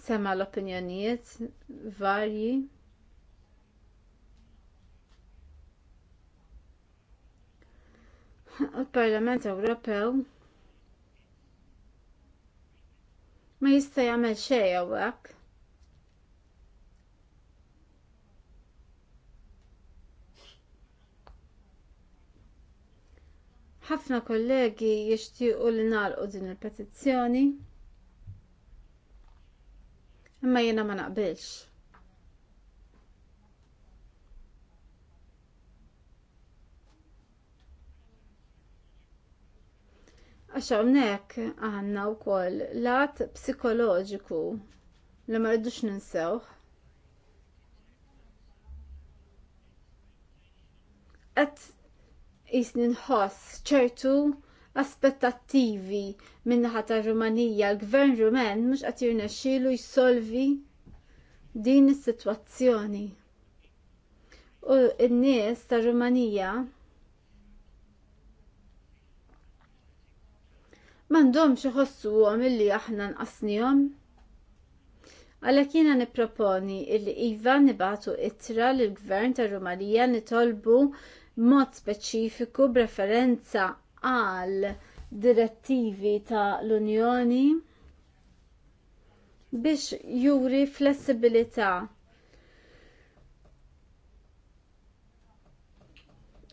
sema l-opinjonijiet varji il-Parlament Ewropew ma jista' jagħmel xejn hawnhekk. ħafna kollegi jixtiequ li nagħlqu din il-petizzjoni. Imma jiena ma naqbilx. Għax hawnhekk għandna wkoll lat psikoloġiku li ma rridux ninsewh. Qed jisni nħoss ċertu aspettattivi minnaħa ta' Rumanija. L-gvern rumen mux għatir nexilu jissolvi din is-sitwazzjoni. U n-nies ta' Rumanija M'għandhomx iħossu għom illi aħna nqasnihom. Għalhekk jiena nipproponi li iva nibatu ittra lill gvern tar Rumanija nitolbu mod speċifiku b'referenza għal direttivi ta' l-Unjoni biex juri flessibilità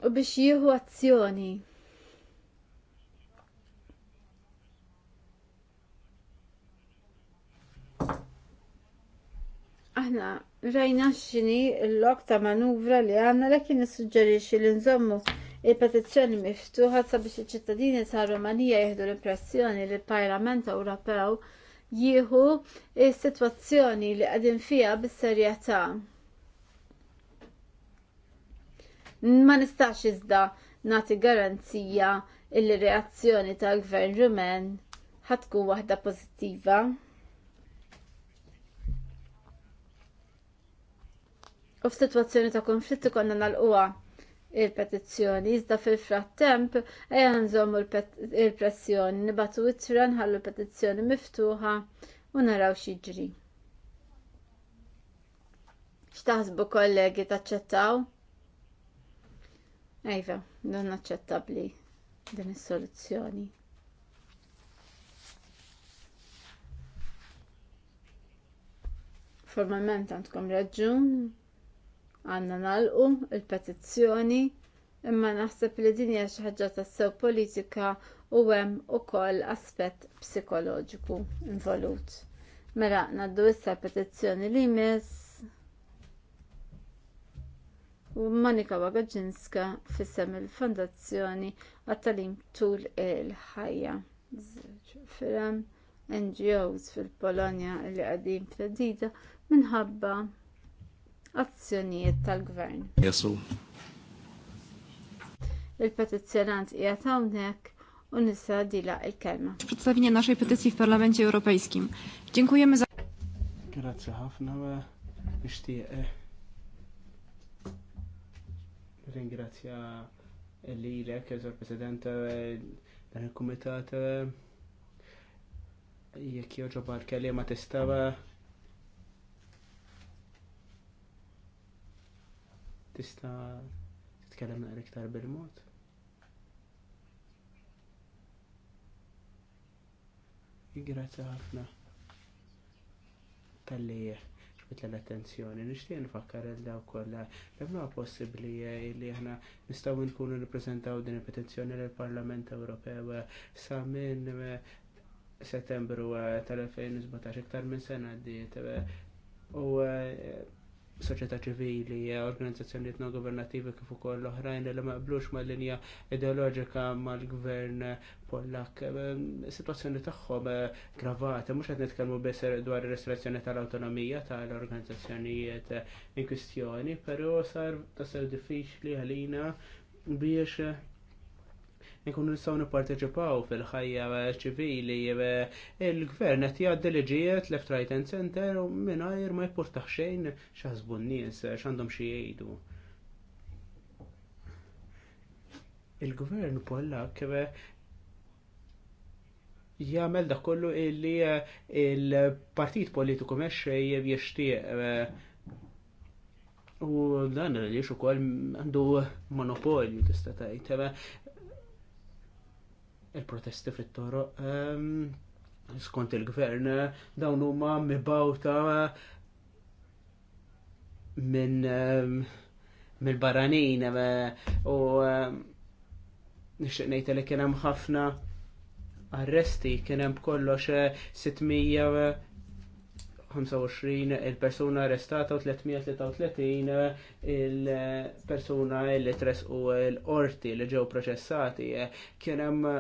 u biex jieħu azzjoni. aħna rajna xini l-lok ta' manuvra li għandna lekin nissuġġerixxi li nżommu il-petizzjoni miftuħa sabiex iċ-ċittadini ta' Rumanija jieħdu l-impressjoni li l-Parlament Ewropew jieħu is-sitwazzjoni li qegħdin fiha bis-serjetà. Ma nistax iżda nagħti garanzija il-reazzjoni tal-Gvern Rumen ħatkun waħda pożittiva. u f'sitwazzjoni ta' konflitt konna nagħlquha il-petizzjoni, iżda fil-frattemp ejja nżommu il-pressjoni, nibatu it-tra nħallu petizzjoni miftuħa u naraw x'jiġri. X'taħsbu kollegi taċċettaw? Ejva, non aċċettabbli din is-soluzzjoni. Formalment għandkom raġun, għanna nagħlqu il-petizzjoni imma naħseb li din hija xi ħaġa tassew politika u hemm ukoll aspett psikoloġiku involut. Mela ngħaddu issa petizzjoni li jmiss u Monika Wagaġinska fissem il-Fondazzjoni għat-talim tul il-ħajja. Firem NGOs fil-Polonja li għadin fedida minħabba azzjonijiet tal-gvern. Jesu. il petizjonant qiegħed hawnhekk u nisa dila il-kelma. Przedstawienie naszej petycji w Parlamencie Europejskim. Dziękujemy za... Grazie ħafna, nixtieq. Eh, Ringrazja li lek, eżor President, eh, dan il-Kumitat jekk joġob kelli ma tistaba eh, tista titkellem naqra iktar bil-mod. Grazzi ħafna tal-li ġbit l-attenzjoni. Nishtiq nfakkar il-daw kolla. Lebna possibli eh, li aħna nistaw nkunu nippreżentaw din il petenzjoni l-Parlament Ewropew eh, sa minn eh, settembru tal-2017 iktar minn sena di u soċjetà ċivili, organizzazzjonijiet non governattivi kif ukoll oħrajn li ma qblux mal-linja ideoloġika mal-gvern Pollak. Ehm, situazzjoni tagħhom eh, gravata, mhux qed nitkellmu biss dwar ir-restrizzjoni tal-awtonomija tal-organizzazzjonijiet in kwistjoni, però sar tassew diffiċli għalina biex nikunu nistgħu nipparteċipaw fil-ħajja ċivili eh, il-gvern qed jgħaddi liġijiet left right and center u mingħajr ma jipportax xejn x'ħasbu nies eh, x'għandhom xi jgħidu. Il-gvern Pollak eh, jgħamel da kollu illi il-partit politiku mexxej jixtieq U dan li xukol għandu monopolju tista tajt il-protesti fit toro ehm, skont il-gvern dawn huma mibawta minn ehm, mill-baranin ehm, u nixtieq ngħid li kien hemm ħafna arresti kien hemm kollox 625 eh, il-persuna arrestata u 333 eh, il-persuna li tresqu l-qorti li ġew proċessati eh, kien hemm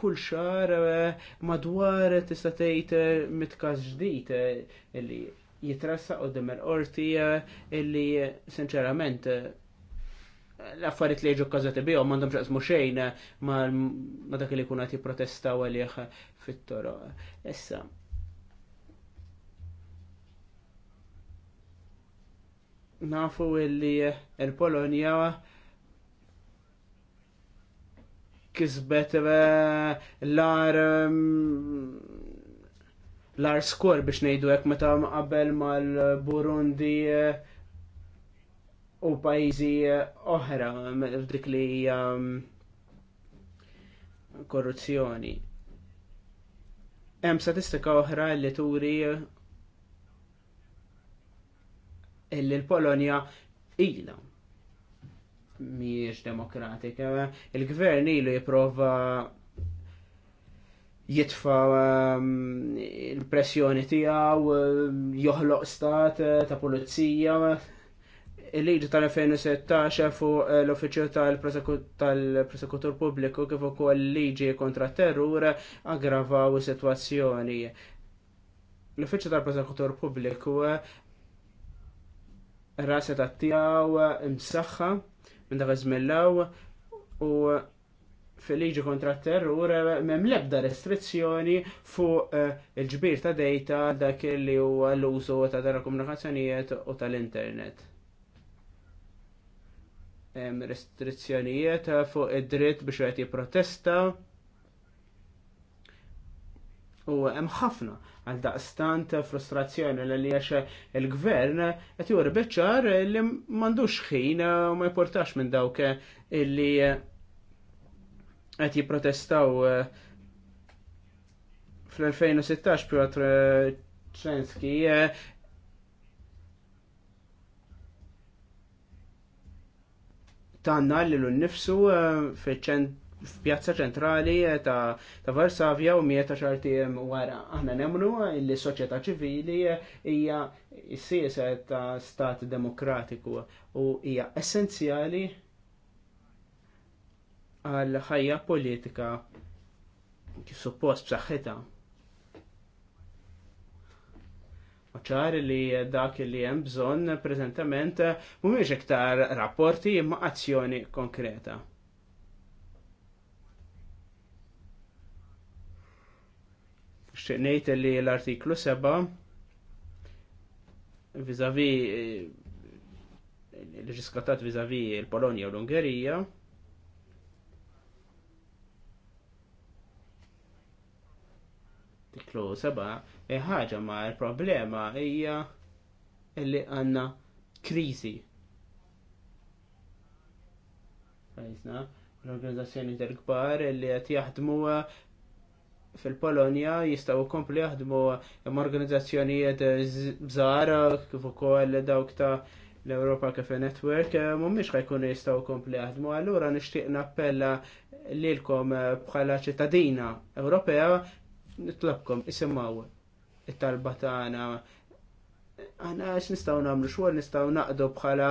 kull xar eh, madwar eh, tista' tgħid eh, mitkaż ġdid illi jitrassa u demer orti illi sinċerament l-affarijiet li jiġu kkażati bihom m'għandhom xaqsmu xejn ma dak li jkun qed jipprotestaw għalih fit toro Issa. Nafu illi l-Polonja kisbet eh, l-ar mm, l-ar skor biex nejdu jek meta qabel mal-Burundi eh, u pajzi eh, oħra dik li mm, korruzzjoni. Hemm statistika oħra li turi illi l-Polonja ilha miex demokratika. Il-gvern ilu jiprofa jitfa um, il-pressjoni tijaw, um, joħloq stat eh, ta' pulizija. Il-liġi tal-2016 fuq eh, l uffiċċju tal-Prosekutur Pubbliku kif ukoll liġi kontra terror aggravaw is-sitwazzjoni. l uffiċċju tal-Prosekutur Pubbliku rraset ta' tijaw minn dak iżmillaw u fil-liġi kontra terror m'hemm l-ebda restrizzjoni fuq eh, il-ġbir ta' data dak li huwa l-użu ta' telekomunikazzjonijiet u tal-internet. Hemm restrizzjonijiet fuq id-dritt biex għet jiprotesta u hemm ħafna għal daqstant frustrazzjoni l li għax il-gvern għet jur beċar li mandux ħin u ma jportax minn dawk illi għet jiprotestaw fl-2016 Piotr Czensky tanna li l-nifsu fil-ċent f'pjazza ċentrali ta', ta Varsavja u mieta xarti wara. Aħna nemnu li soċjetà ċivili hija s-siesa ta' stat demokratiku u hija essenzjali għal ħajja politika kif suppost b'saħħitha. ċar li dak li hemm bżonn preżentament mhumiex iktar rapporti imma azzjoni konkreta. xenejt li l-artiklu 7 vizavi eh, l-ġiskatat vizavi l polonja u l-Ungerija artiklu 7 e ħaġa ma il-problema hija li għanna krizi l-organizzazzjoni tal-kbar li għat jaħdmu fil-Polonja jistaw kompli jaħdmu hemm organizzazzjonijiet bżara kif ukoll dawk ta' l-Europa Cafe Network eh, mhumiex ħajkun jistgħu kompli jaħdmu. Allura nixtieq nappella lilkom eh, bħala ċittadina Ewropea nitlobkom isimgħu it-talba tagħna għana għax nistaw namlu xogħol nistaw naqdu bħala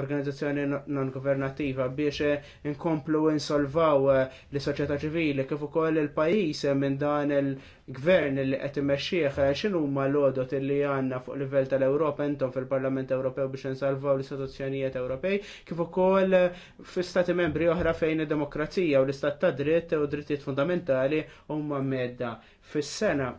organizzazzjoni non-governativa biex eh, inkomplu insolvaw eh, li soċjetà ċivili kif ukoll il-pajjiż eh, minn dan il-gvern li qed imexxih x'inhu huma l-għodot li għandna fuq livell tal-Ewropa intom fil-Parlament Ewropew biex insalvaw l-istituzzjonijiet Ewropej kif ukoll fl-istati membri oħra fejn id-demokrazija u l-istat ta' dritt u drittijiet fundamentali huma medda fis-sena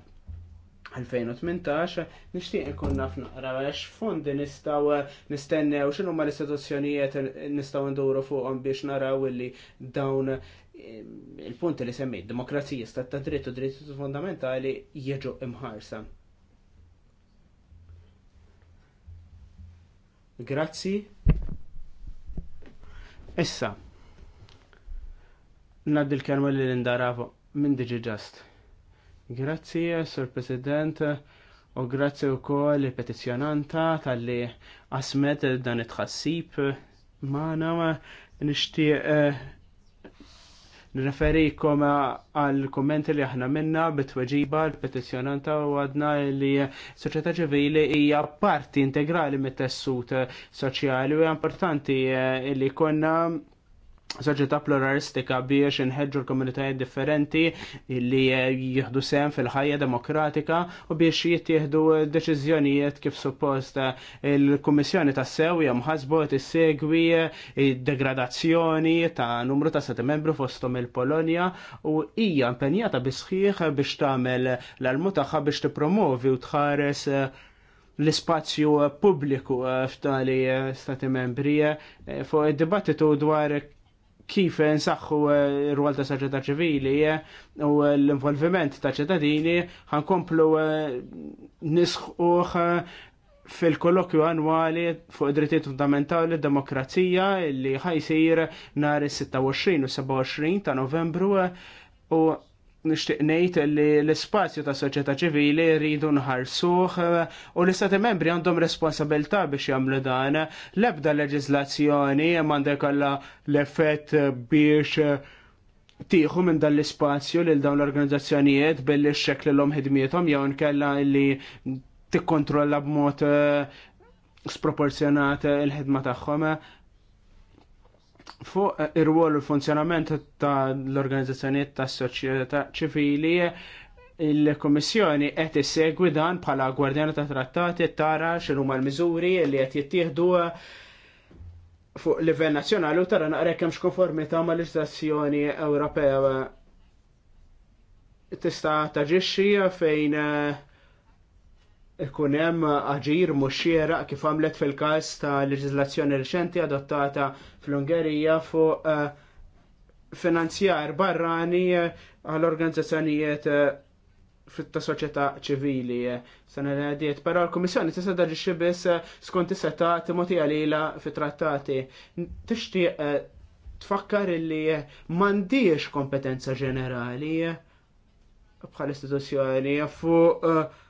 2018 nixtieq ikun naf naqra għax fondi nistgħu nistennew x'inhu ma l-istituzzjonijiet nistgħu nduru fuqhom biex naraw illi dawn il-punti li semmejt demokrazija stat ta' dritt u dritt fundamentali jiġu imħarsa. Grazzi. Issa. Naddi kelma li l indarafu minn diġi ġast. Grazzi, Sur President, u grazzi u koll petizjonanta tal-li asmet dan it-ħassib nishti eh, nreferi kom għal kommenti li aħna minna bitweġiba l-petizjonanta u għadna li soċjetà ċivili hija parti integrali mit-tessut soċjali u importanti eh, li konna soċjetà pluralistika biex inħeġġu l-komunitajiet differenti li jieħdu sem fil-ħajja demokratika u biex jittieħdu deċiżjonijiet kif suppost il-Kummissjoni tas sew jew ħasbot issegwi degradazzjoni ta' numru ta' seta' membru fostom il-Polonja u hija impenjata bisħiħ biex tagħmel l-almu tagħha biex tippromovi u tħares l-ispazju pubbliku f'tali stati membri fuq id-dibattitu dwar kif eh, nsaħħu eh, r-rwal ta' soċjetà ċivili eh, u l-involviment ta' ċittadini ħankomplu nisħuħ fil-kollokju annwali fuq id-drittijiet fundamentali demokrazija li ħajsir nhar is-26 u 27 ta' Novembru u nishtiq ngħid li l-ispazju ta' soċjetà ċivili rridu nħarsuh eh, u l-istati membri għandhom responsabilità biex jagħmlu dan. L-ebda leġiżlazzjoni m'għandha kollha l-effett biex eh, tieħu minn dan l-ispazju lil dawn l-organizzazzjonijiet billi xekli l-om ħidmietom jew nkella li tikkontrolla b'mod eh, sproporzjonat il-ħidma tagħhom fuq ir ruol u funzjonament ta' l-organizzazzjoniet ta' soċjetà ċivili il komissjoni qed issegwi dan bħala gwardjana ta' trattati tara x'huma l-miżuri li qed jittieħdu fuq livell nazzjonali u tara naqra kemm x'konformità ma' leġislazzjoni Ewropea tista' taġixxi fejn ikun hemm aġir mhux xieraq kif għamlet fil-każ ta' leġiżlazzjoni reċenti adottata fl-Ungerija fuq eh, finanzjar barrani eh, għall-organizzazzjonijiet eh, ta' soċjetà ċivili sena li għadiet. Però l-Kummissjoni tista' daġi biss skont is-seta timoti għalila fit-trattati. Tixtieq tfakkar illi m'għandix kompetenza ġenerali bħal istituzzjoni fuq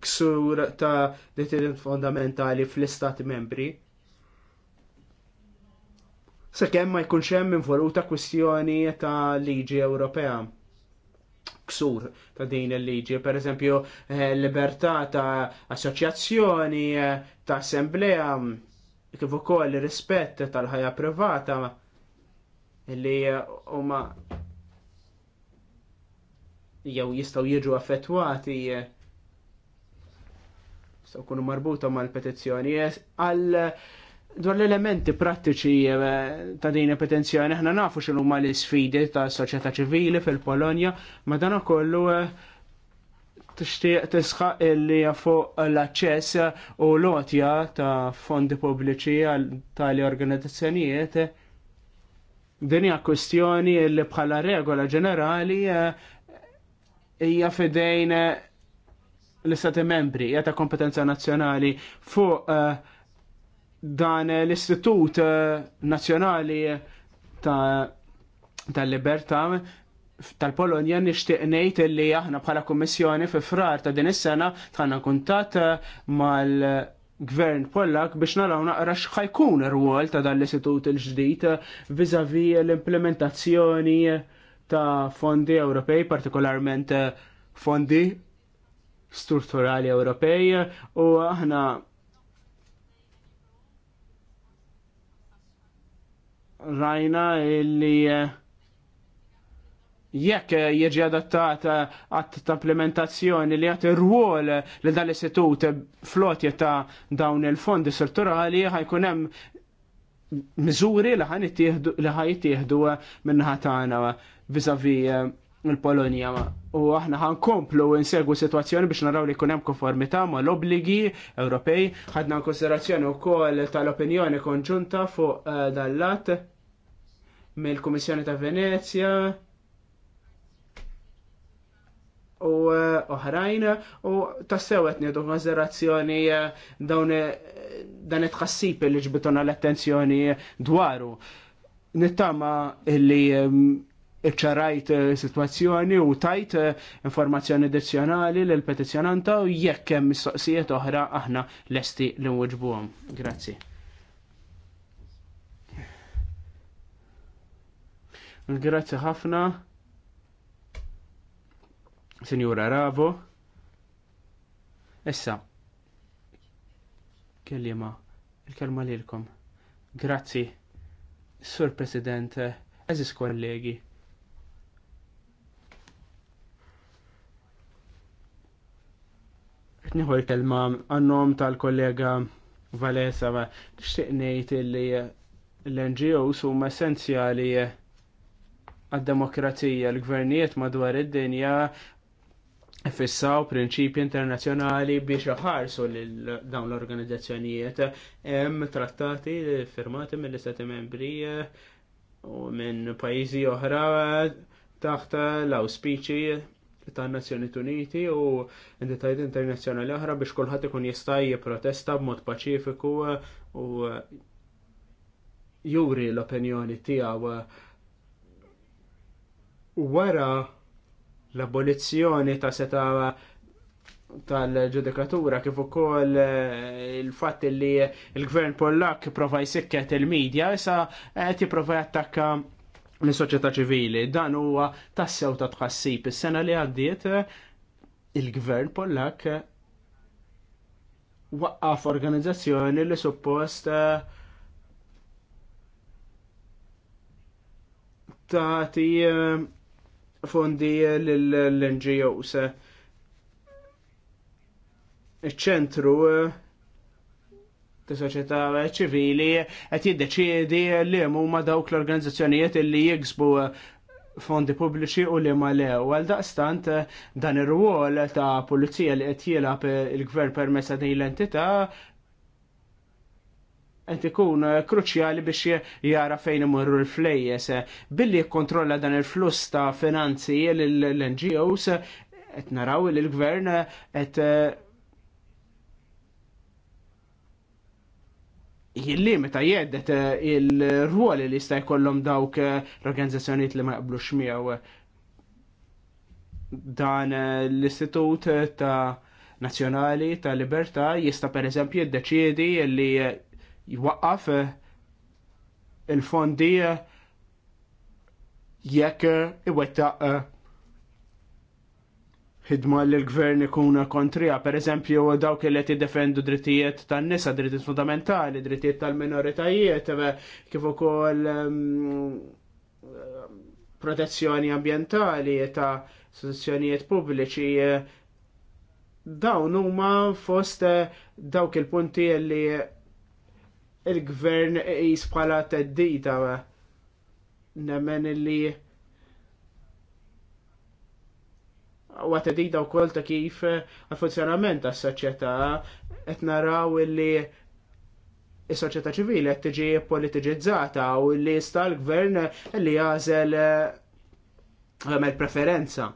ksur ta' detenut fondamentali fl-istati membri. Sakemm ma jkunx hemm involuta kwistjoni ta' liġi Ewropea. Ksur ta' din il-liġi, per eżempju, eh, libertà ta' assoċjazzjoni, eh, ta' assemblea, kif ukoll rispett tal-ħajja privata li eh, huma jew jistgħu jiġu affettwati jistgħu kunu marbuta mal-petizzjoni għal dwar l-elementi prattiċi eh, ta' din il-petenzjoni aħna nafu xinu ma l-isfidi ta' soċjetà ċivili fil-Polonja, ma dan kollu eh, tixtieq tisħaq illi fuq l-aċċess u lotja ta' fondi pubbliċi tal organizzazzjonijiet din hija illi li bħala regola ġenerali eh, hija fidejn l-istati membri hija ta' kompetenza nazzjonali fuq eh, dan l-Istitut eh, Nazzjonali tal-Libertà tal-Polonja nixtieq ngħid li aħna bħala Kummissjoni fi frar ta' din is-sena tħanna kuntatt eh, mal-Gvern Pollak biex naraw naqra x'ħajkun ir-rwol ta' dan l-istitut il-ġdid viżavi l-implementazzjoni ta' fondi Ewropej, partikolarment fondi strutturali Ewropej u aħna rajna illi jekk jiġi adattat għat ta' implementazzjoni li għat ir-rwol li dal-istitut flotja ta' dawn il-fondi strutturali ħajkun hemm miżuri li ħajtieħdu vis vis-a-vis il-Polonja. U aħna ħan komplu insegwu situazzjoni biex naraw li kunem konformità ma l-obligi Ewropej. ħadna konsiderazzjoni u koll tal-opinjoni konġunta fuq eh, dal-lat mill-Komissjoni ta' Venezia u eh, oħrajn u tassewet nieħdu konsiderazzjoni eh, dawn dan it-tħassib li ġbitona l-attenzjoni dwaru. Nittama illi ċarajt eh, situazzjoni u tajt eh, informazzjoni addizzjonali l petizzjonanta u jekk hemm mistoqsijiet oħra aħna lesti li nwiġbuhom. Grazzi. Grazzi ħafna. Sinjura Ravo. Issa. Kellima. Il-kelma lilkom. Grazzi. Sur President, eh, eżis kollegi. Nieħu kelma għannom tal-kollega Valesa, ma nixtieq ngħid li l-NGOs huma essenzjali għad-demokrazija, l-gvernijiet madwar id-dinja fissaw prinċipji internazzjonali biex iħarsu lil dawn l-organizzazzjonijiet. Hemm trattati firmati mill-Istati Membri u minn pajjiżi oħra taħt l-awspiċi ta' Nazzjonijiet Uniti u entitajiet internazzjonali oħra biex kulħadd ikun jista' jipprotesta b'mod paċifiku uh, u uh, juri l-opinjoni tiegħu uh, wara l-abolizzjoni ta' seta tal-ġudikatura kif ukoll il-fatt li l-gvern Pollak prova jsikket il-medja issa qed jipprova jattakka l-soċjetà ċivili. Dan huwa tassew ta' tħassib. Is-sena li għaddiet il-gvern Pollak waqqaf organizzazzjoni li suppost tagħti eh, fondi lill ngos iċ-ċentru eh, ta' soċjetà ċivili qed jiddeċiedi li huma dawk l-organizzazzjonijiet li jiksbu fondi pubbliċi u li ma lew. Għal daqstant dan ir-rwol ta' pulizija li qed jilgħab il-gvern permezz din l-entità qed ikun kruċjali biex jara fejn imorru l-flejjes. Billi jikkontrolla dan il-fluss ta' finanzi l-NGOs qed naraw li l-gvern qed jillimita jeddet eh, il-ruol li jista' jkollhom dawk eh, l-organizzazzjonijiet li ma jqblux miegħu dan eh, l-Istitut ta' Nazzjonali ta' Libertà jista' pereżempju jiddeċiedi li jwaqqaf il-fondi jekk iwettaq ħidma li l-gvern ikuna kontrija, per eżempju, dawk li qed jiddefendu drittijiet tan-nisa, drittijiet fundamentali, drittijiet tal-minoritajiet, eh, kif ukoll ehm, ehm, protezzjoni ambjentali ta' istituzzjonijiet pubbliċi eh, dawn huma fost eh, dawk il-punti li il-gvern jisbħala teddita nemmen li u edik daw kol ta' kif eh, għal-funzjonament ta' s-soċieta qed naraw li s soċjetà ċivili qed tiġi politiġizzata u li sta l-gvern li jażel eh, għamel preferenza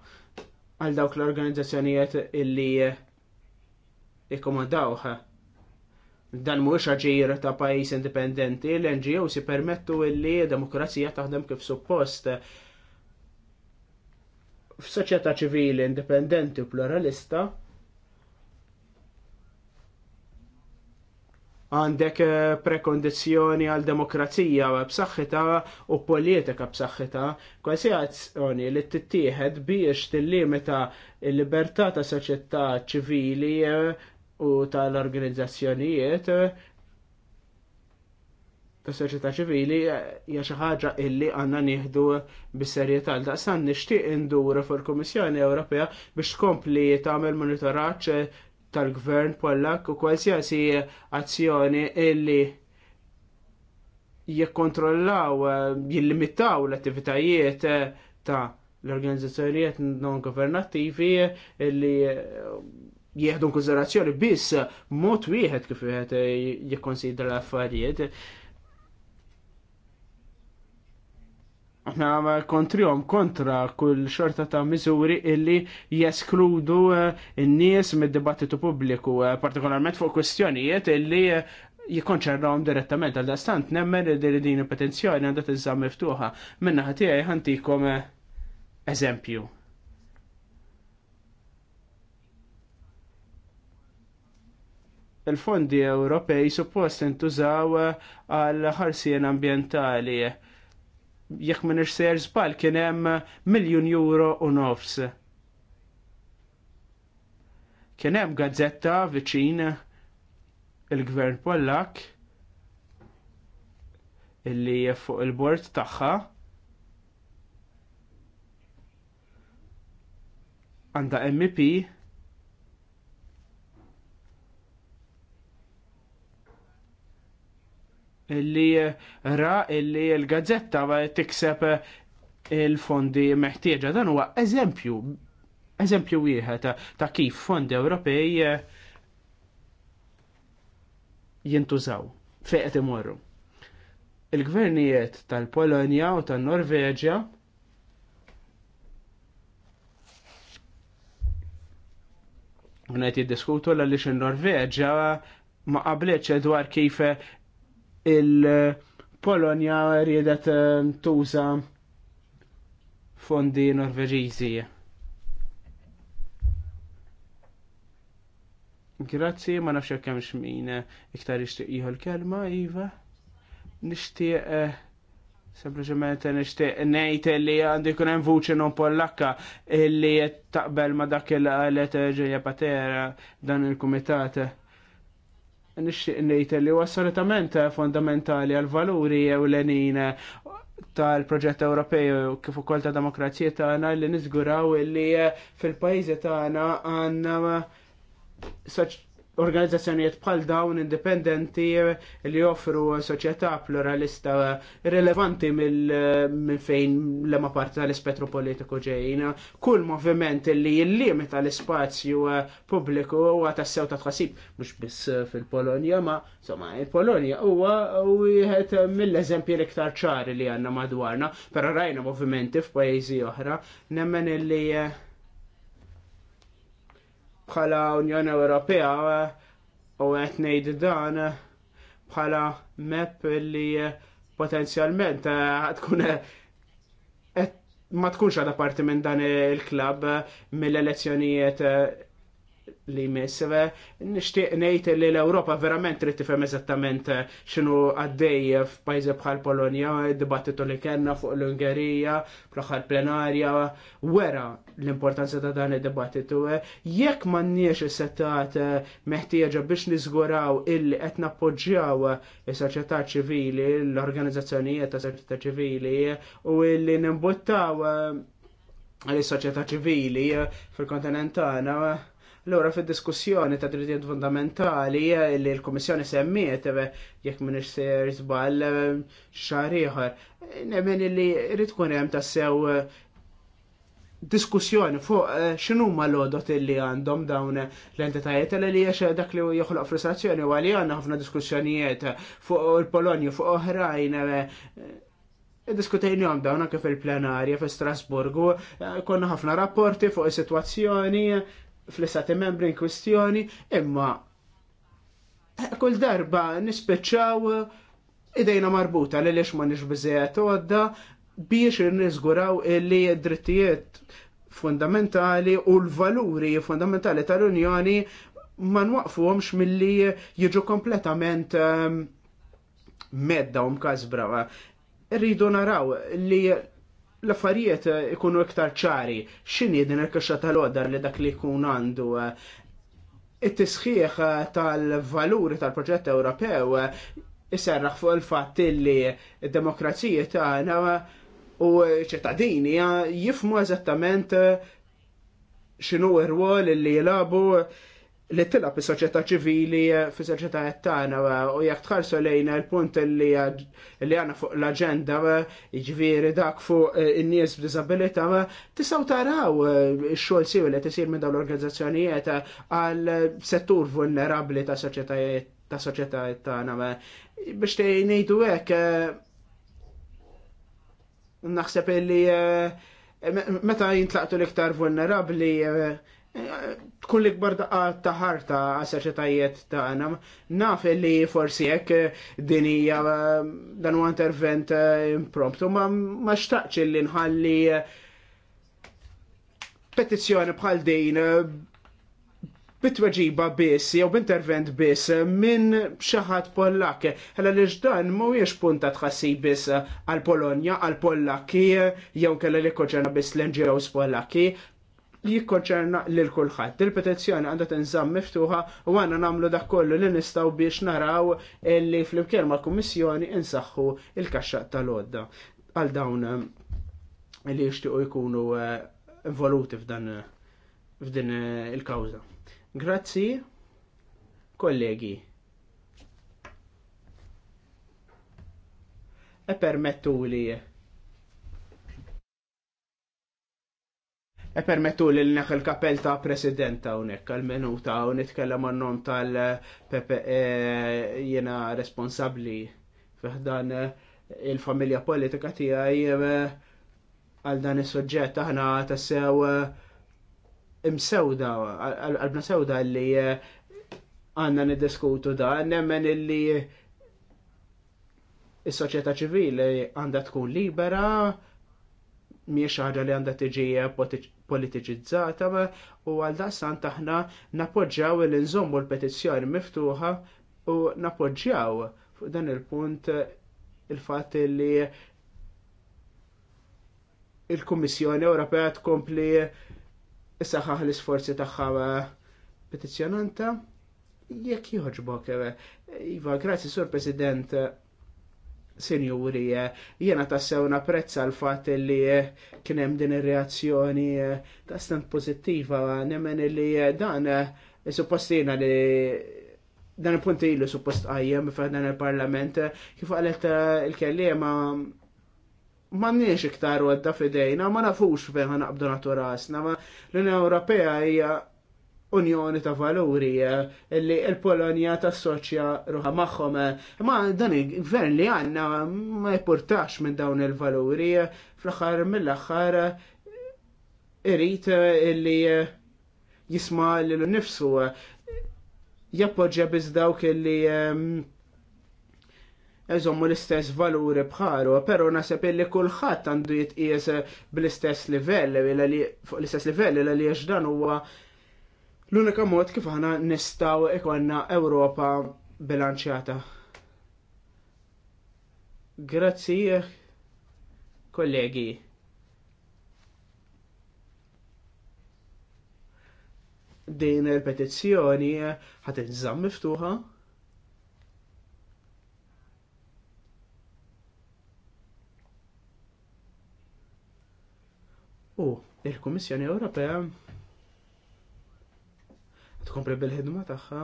għal dawk l-organizzazzjonijiet illi eh, ikkomandawħ. Dan mhuwiex aġir ta' pajjiż indipendenti, l-NGO si permettu illi demokrazija taħdem kif suppost f'soċjetà ċivili indipendenti u pluralista għandek eh, prekondizjoni għal demokrazija b'saħħitha u politika b'saħħitha, kwasjazzjoni li tittieħed biex tillimita l-libertà ta' soċjetà ċivili eh, u tal-organizzazzjonijiet ta' soċjetà ċivili eh, hija xi ħaġa illi għandna nieħdu bis-serjetà għal daqsan nixtieq indura fil-Kummissjoni Ewropea biex tkompli tagħmel monitoraġġ eh, tal-Gvern Pollak u kwalsiasi azzjoni illi jikkontrollaw, eh, jillimitaw l-attivitajiet ta' l-organizzazzjonijiet non governattivi illi jieħdu konsiderazzjoni biss mod wieħed kif wieħed jikkonsidra l-affarijiet. Aħna kontrihom kontra kull xorta ta' miżuri illi jeskludu eh, n-nies mid-dibattitu pubbliku, eh, partikolarment fuq kwestjonijiet illi eh, jikonċernawhom direttament għal dastant nemmen li din il-potenzjoni għandha tiżżamm miftuħa. Minna ħatijaj ħantikom eżempju. Il-fondi Ewropej suppost intużaw għal ħarsien ambientali jekk minn ir żball kien hemm miljun euro u nofs. Kien hemm gazzetta viċin il-Gvern Pollak illi fuq il-bord tagħha għandha MP illi ra illi l-gazzetta tikseb il-fondi meħtieġa. Dan huwa eżempju, eżempju wieħed ta' kif fondi Ewropej eh, jintużaw fejqet imorru. Il-gvernijiet tal-Polonja u tal-Norveġja Unet jiddiskutu l-għalix il-Norveġa ma qableċ dwar kif il-Polonja riedet eh, tuża fondi norveġiżi. Grazzi, ma nafx kemm xmin eh, iktar ixtieq jieħu l-kelma, Iva. Nixtieq eh, Sempliciment nixtieq ngħid li għandi jkun hemm vuċi non pollakka illi taqbel ma dak il qalet ġejja patera dan il-kumitat nixtieq ngħid li huwa assolutament fondamentali għal valuri ewlenin tal-proġett Ewropej kif ukoll ta' demokrazija tagħna li niżguraw li fil-pajjiżi tagħna għandna organizzazzjonijiet bħal dawn indipendenti li joffru soċjetà pluralista rilevanti minn fejn l-ema parti tal ispetru politiku ġejjina. Kull moviment li jillimita l-ispazju eh, pubbliku huwa tassew ta' tħassib mhux biss eh, fil-Polonja, ma insomma il-Polonja huwa wieħed mill-eżempji l-iktar ċari li għandna madwarna, però rajna movimenti f'pajjiżi oħra, nemmen illi eh, bħala Unjoni Ewropea u qed ngħid dan bħala mep li potenzjalment eh, tkun eh, ma tkunx għada parti minn dan il-klab mill-elezzjonijiet eh, li jmissve, nishtiq nejt li l-Europa verament trid tifhem eżattament eh, x'inhu għaddej f'pajjiżi bħal Polonja, dibattitu li kellna fuq l-Ungerija, fl-aħħar plenarja, wera l-importanza ta' dan id-dibattitu. Eh. Jekk m'għandniex is-settat eh, meħtieġa biex niżguraw illi qed nappoġġjaw is-soċjetà ċivili, l-organizzazzjonijiet ta' soċjetà ċivili u illi nimbuttaw għal-soċjetà ċivili fil-kontinentana L-ora diskussjoni ta' drittijiet fundamentali eh, li l-Komissjoni semmiet, eh, jekk minn ser zbal eh, xarriħar, ieħor. Nemmen li rrid tkun hemm tassew diskussjoni fuq xinu ma l-odot li għandhom dawn l-entitajiet li jiex dak li joħloq frustrazzjoni u għalli għandna ħafna diskussjonijiet fuq il-Polonju fuq oħrajn għom dawn anke fil-plenarja fi Strasburgu, konna ħafna rapporti fuq is-sitwazzjoni fl-istati membri in kwistjoni, imma kull darba nispeċċaw idejna marbuta li lix ma nix bizzejet għodda biex nizguraw li drittijiet fundamentali u l-valuri fundamentali tal-Unjoni ma nwaqfuhomx milli jiġu kompletament ehm, medda u mkazbra. Rridu naraw li l-affarijiet ikunu iktar ċari. xini din il kaxa tal-odar li dak li jkun għandu it-tisħiħ tal-valuri tal-proġett Ewropew iserraħ fuq il-fatt li d-demokrazija tagħna u ċittadini jifmu eżattament x'inhu r-rwol li jilabu li tilab is soċjetà ċivili eh, fi soċjetà tagħna eh, u jekk tħarsu lejna il punt eh, li għandna fuq l-aġenda jiġifieri dak fuq in-nies b'diżabilità tistgħu taraw x xogħol siwi li tisir minn dawn l-organizzazzjonijiet għal settur vulnerabbli ta' soċjetajiet ta' soċjetà tagħna biex tgħidu hekk naħseb li meta jintlaqtu l-iktar vulnerabbli tkun l-ikbar ta' ħarta għas ta' tagħna. Naf li forsi hekk din um, dan huwa intervent uh, impromptu, ma ma xtaqx li nħalli uh, petizzjoni bħal din uh, bitweġiba biss jew b'intervent biss minn xi ħadd Pollak. Hela li ġdan mhuwiex punta tħassi biss għal Polonja, għal Pollakki jew kella li koġena biss l-NGOs Pollakki, jikkonċerna lil kulħadd. Il-petizzjoni għandha tinżamm miftuħa u għandna nagħmlu dak kollu li nistgħu biex naraw li flimkien mal-Kummissjoni insaħħu il-kaxxa tal-għodda għal dawn eh, li jixtiequ jkunu eh, involuti f'dan eh, f'din il-kawża. Grazzi, kollegi. E permettu li e permettu li l il-kapell ta' ta' unek, għal-minuta u nitkellem għannom tal-PPE e, jena responsabli fiħdan e, il-familja politika tijaj e, għal dan il-soġġett aħna tassew imsewda, għalbna sewda li għanna niddiskutu da, nemmen illi is-soċjetà ċivili għandha tkun libera miex ħaġa li għandha tiġi politiċizzata u għal dasan taħna napoġġaw li nżommu l-petizzjoni miftuħa u napoġġjaw fuq dan il-punt il-fatt li il-Kummissjoni Ewropea tkompli issaħħaħ l-isforzi tagħha petizzjonanta jekk joħġbok. Iva, grazzi, Sur President, Sinjuri, eh, jiena tassew napprezza l-fat li eh, kienem din ir-reazzjoni eh, ta' stant pozittiva, nemmen li dan suppostina li dan il-punt ilu suppost għajjem dan il-parlament kif għalet il-kellima ma nix iktar għadda fidejna, ma nafux fejn naqbdu natura rasna, ma l-Unjoni Ewropea hija unjoni ta' valuri eh, li il-Polonja ta' soċja ruħa maħħom. Eh, ma dan il-gvern li għanna ma jportax minn dawn il-valuri eh, fl-axar mill-axar irrit li jisma l-nifsu jappoġġa biz dawk li eżommu ehm, l-istess valuri bħaru, pero nasib li kullħat għandu jitqies bl-istess livell, fuq l-istess livell, li għax dan huwa L-unika mod kif aħna nistgħu ikonna Ewropa bilanċjata. Grazzi, kollegi. din il-petizzjoni ħat inżamm miftuħa. U il-Kummissjoni Ewropea tkompre bil-ħidma tagħha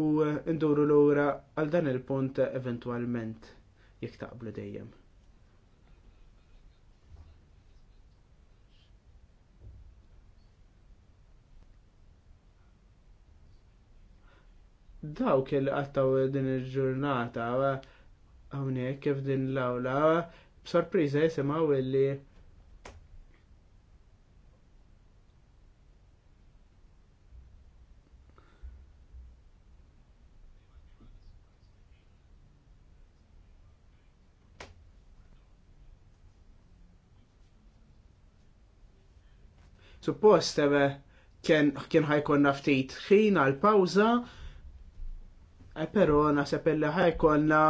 u eh, nduru lura għal dan il-punt eventwalment jekk taqblu dejjem. Dawk li għattaw din il-ġurnata eh, hawnhekk kif din l-awla eh, b'sorpriza jisimaw illi Suppost eh, kien ħajkonna naftit ħin għal pawza, eh, pero naħseb illi ħajkonna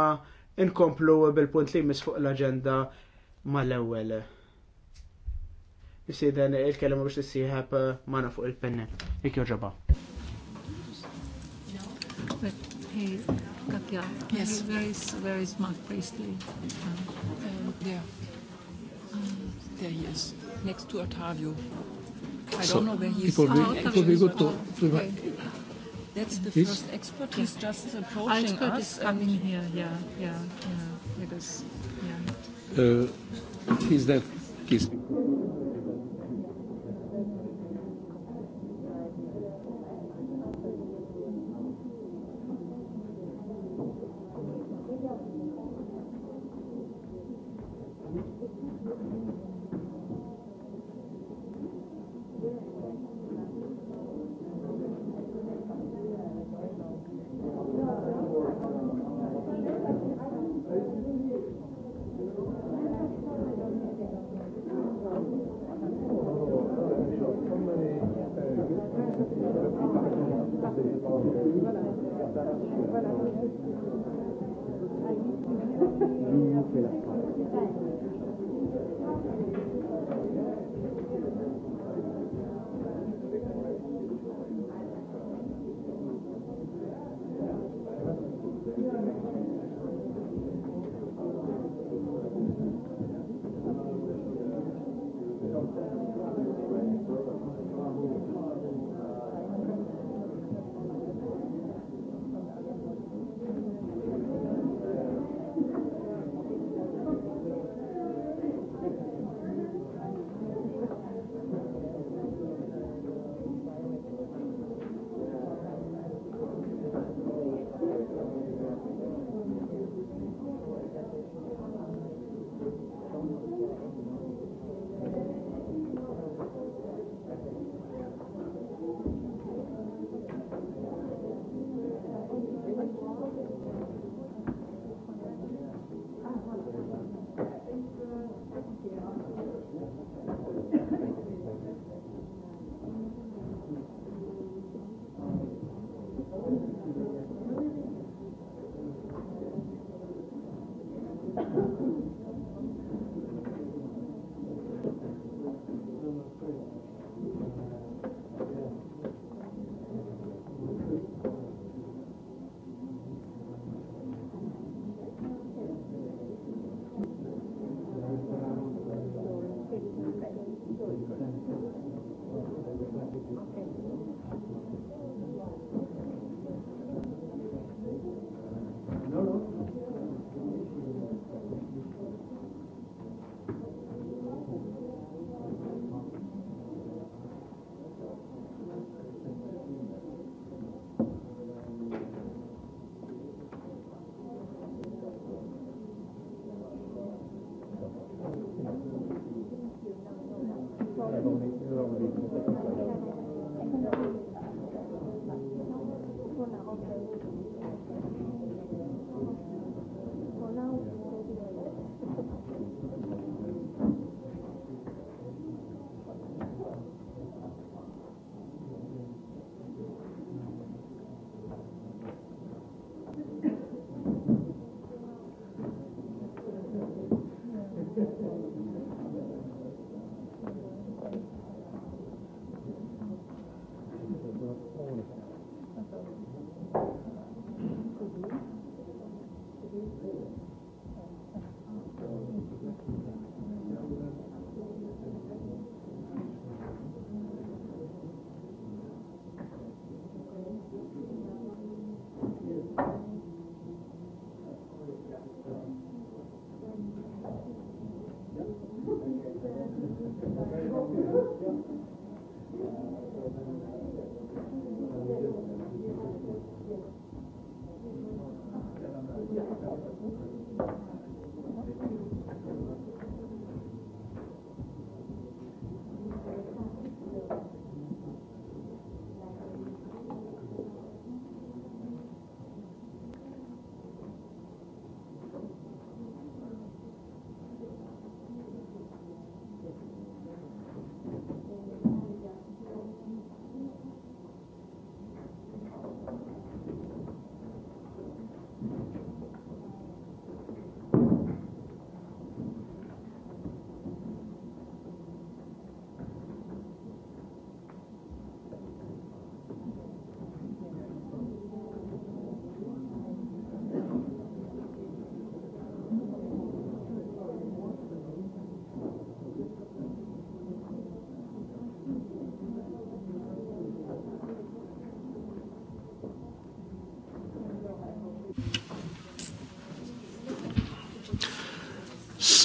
inkomplu bil-punt li mis fuq l-agenda mal-ewwel. dan il-kelma biex tissieħab eh, mana fuq il-penne. Jek joġaba. Yes. Where is, where is Um, there. Um, there he is. Next to Otavio. I don't know where he is. It would oh, okay. it good to... to okay. That's the he's, first expert. He's just approaching expert us. Expert is coming here, yeah, yeah, yeah, Because, Yeah. Uh, he's there. He's...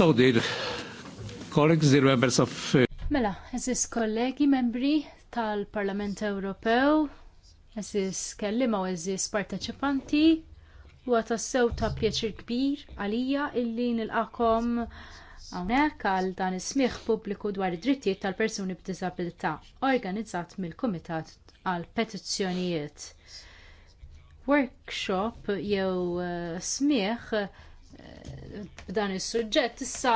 So, dear colleagues, dear members of... Uh, mela, eżis kollegi, membri tal-Parlament Ewropew, eżis kellima u eżis parteċipanti, u għatassew ta' pjaċir kbir għalija illi nil-akom għawnek għal dan ismiħ publiku dwar id-drittijiet tal-persuni b'disabilità, organizzat mill-Komitat għal petizzjonijiet. Workshop jew uh, B'dan is-suġġett issa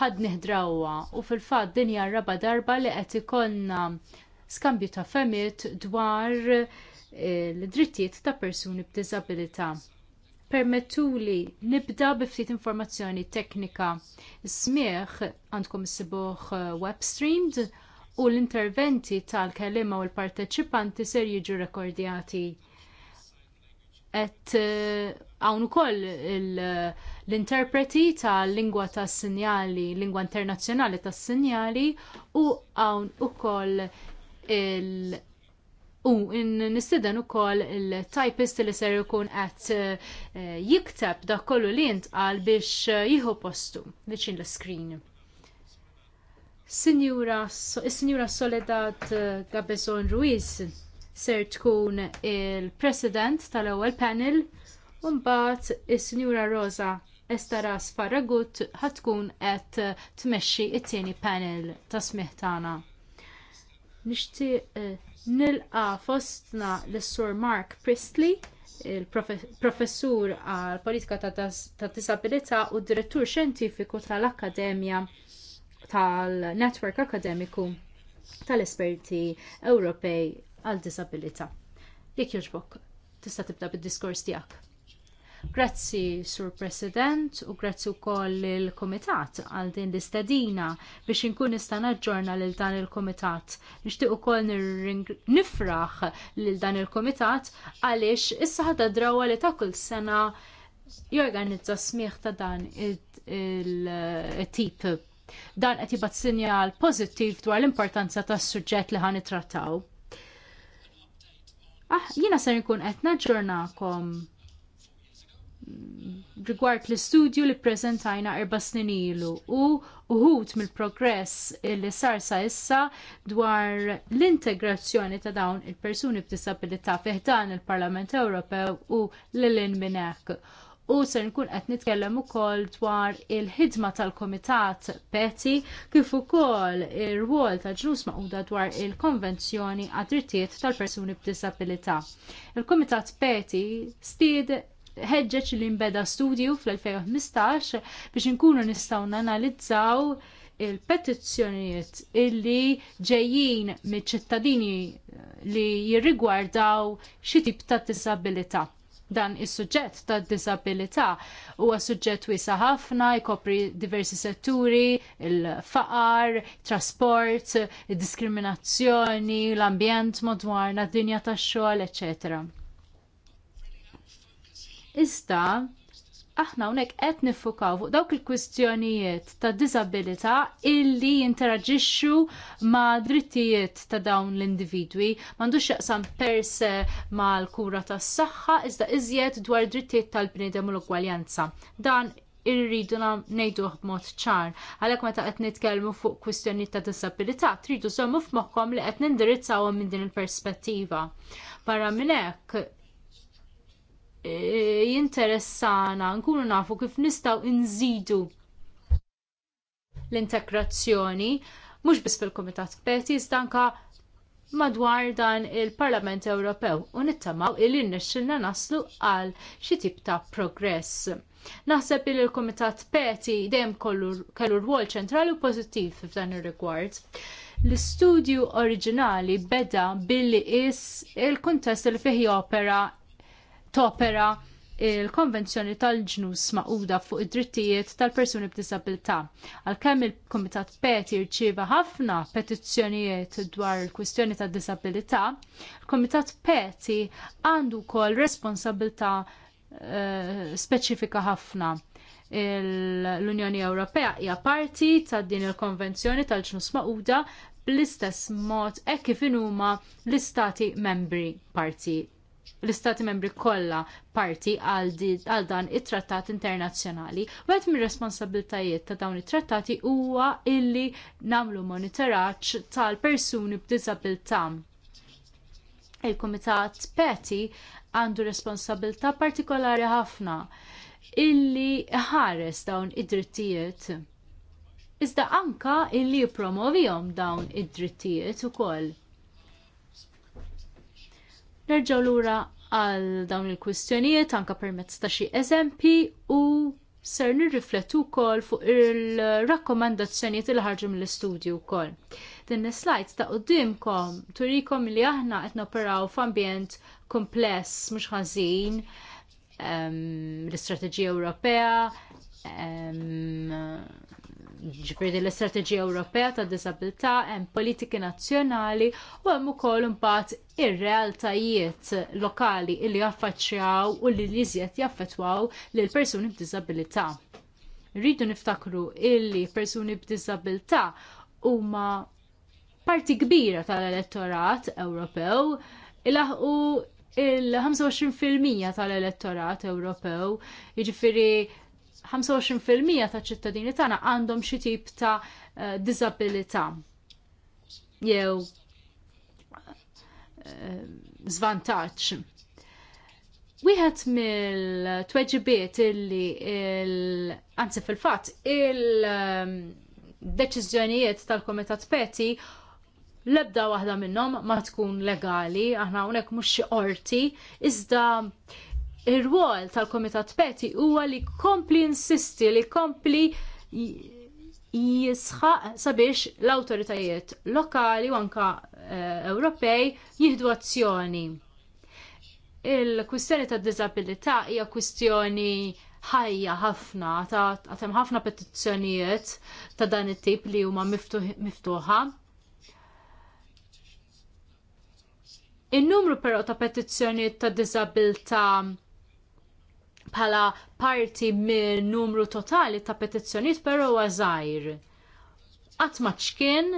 ħad niħdrawha u fil-fatt din hija raba darba li qed ikollna skambju ta' femiet dwar eh, l-drittijiet ta' persuni b'diżabilità. Permettuli nibda bi ftit informazzjoni teknika. Smieħ għandkom issibuh eh, web streamed u l-interventi tal kelliema u l-parteċipanti ser jiġu rekordjati. Et għawnu eh, koll l-interpreti tal-lingwa tas-sinjali, lingwa internazzjonali tas-sinjali u hawn ukoll il- U nistiden u koll il-typist li ser ikun qed eh, jikteb dak kollu li jintqal biex eh, jieħu postu viċin l-screen. Sinjura Soledad eh, Gabezon Ruiz ser tkun il-president tal-ewwel panel u mbagħad is-Sinjura Rosa Estaras Farragut ħatkun qed tmexxi t tieni panel ta' smih tagħna. Nixtieq eh, nilqa fostna lis-Sur Mark Priestley, il-professur għall politika ta' disabilità u direttur xjentifiku tal-Akkademja tal-Network Akademiku tal-Esperti Ewropej għal Disabilità. Jekk jogħġbok, tista' tibda bid-diskors tiegħek. Grazzi, Sur President, u grazzi wkoll il kumitat għal din l-istadina biex inkun nista' naġġorna lil dan il kumitat Nixtieq ukoll nifraħ lil dan il kumitat għaliex issa ħadda drawa li ta' kull sena jorganizza smieħ ta' dan il-tip. Dan qed jibgħat sinjal pożittiv dwar l-importanza tas-suġġett li ħan trattaw. Ah, jina ser nkun qed naġġornakom rigward l-istudju li ppreżentajna erba snin ilu u uħud mill-progress li sar sa issa dwar l-integrazzjoni ta' dawn il-persuni b'disabilità fiħdan il-Parlament Ewropew u l-lin minn hekk u ser nkun qed nitkellem ukoll dwar il-ħidma tal-Komitat Peti kif ukoll ir-rwol ta' ġnus maquda dwar il-Konvenzjoni għad-drittijiet tal-persuni b'disabilità. Il-Komitat Peti stied ħeġġeġ li nbeda studju fl-2015 biex inkunu nistgħu nanalizzaw il-petizzjonijiet illi ġejjin miċ ċittadini eh, li jirrigwardaw xi tip ta' disabilità. Dan is-suġġett ta' disabilità huwa suġġett wiesa ħafna, jkopri diversi setturi, il-faqar, trasport, id diskriminazzjoni, l-ambjent madwarna, dinja tax-xogħol, eċċetera. Iżda aħna hawnhekk qed niffukaw fuq dawk il-kwistjonijiet ta' diżabilità illi jinteraġixxu ma' drittijiet ta' dawn l-individwi. M'għandux jaqsam perse mal kura tas-saħħa iżda iżjed dwar drittijiet tal-bniedem u l-ugwaljanza. Dan irridu nejduħ b'mod ċar. Għalhekk meta qed nitkellmu fuq kwistjonijiet ta' disabilità, tridu żommu f'moħħkom li qed nindirizzawhom minn din il-perspettiva. Barra minn hekk, E, jinteressana nkunu nafu kif nistgħu nżidu l-integrazzjoni mhux biss fil-Kumitat Peti iżda anke madwar dan il-Parlament Ewropew u nittamaw li nixxilna naslu għal xi tip ta' progress. Naħseb li l-Kumitat Peti dejjem kellu rwol ċentrali u pożittiv f'dan ir-rigward. L-istudju oriġinali beda billi is il-kuntest li fih opera topera il-Konvenzjoni tal-ġnus maquda fuq id-drittijiet tal-persuni b'disabilità. Għalkemm il kumitat Peti rċieva ħafna petizzjonijiet dwar il-kwistjoni tad disabilità, il kumitat Peti għandu wkoll responsabilità uh, speċifika ħafna. L-Unjoni Ewropea hija parti ta' din il-Konvenzjoni tal-ġnus maquda bl-istess mod hekk kif huma l-istati membri parti l-istati membri kollha parti għal dan it-trattat internazzjonali. Wet mir responsabiltajiet ta' dawn it-trattati huwa illi namlu monitoraġġ tal-persuni b'diżabilità. Il-Kumitat Peti għandu responsabilità partikolari ħafna illi ħares dawn id-drittijiet. Iżda anka illi jipromovihom dawn id-drittijiet ukoll. Nerġaw lura għal dawn il-kwistjonijiet anka permezz ta' xi eżempi u ser nirriflettu wkoll fuq il-rakkomandazzjonijiet li ħarġu mill-istudju wkoll. Din is-slides ta' qudiemkom turikom li aħna qed noperaw f'ambjent kompless mhux ħażin ehm, l-istrateġija Ewropea ehm, ġifiri l-istrateġija Ewropea ta' disabilità, hemm politiki nazzjonali u hemm ukoll imbagħad ir-realtajiet lokali li jaffaċċjaw u li liżjed jaffettwaw lil persuni b'diżabilità. Rridu niftakru illi persuni b'diżabilità huma parti kbira tal-elettorat Ewropew ilaħqu il-25% tal-elettorat Ewropew, jiġifieri 25% ta' ċittadini tagħna għandhom xi tip ta' uh, disabilità jew uh, zvantaġġ. Wieħed mill-tweġibiet illi il, anzi fil-fatt il-deċiżjonijiet tal-Komitat Peti l-ebda waħda minnhom ma tkun legali, aħna hawnhekk mhux xi qorti, iżda ir-rwol tal-Komitat Peti huwa li kompli insisti li kompli jisħaq sabiex l awtoritajiet lokali u anka eh, Ewropej jieħdu azzjoni. Il-kwistjoni tad diżabilità hija kwistjoni ħajja ħafna, ta' hemm ħafna petizzjonijiet ta' dan it-tip li huma miftuħa. In-numru però ta' petizzjonijiet ta' diżabilità bħala parti minn numru totali ta' petizzjonijiet però huwa żgħir. Qatt ma kien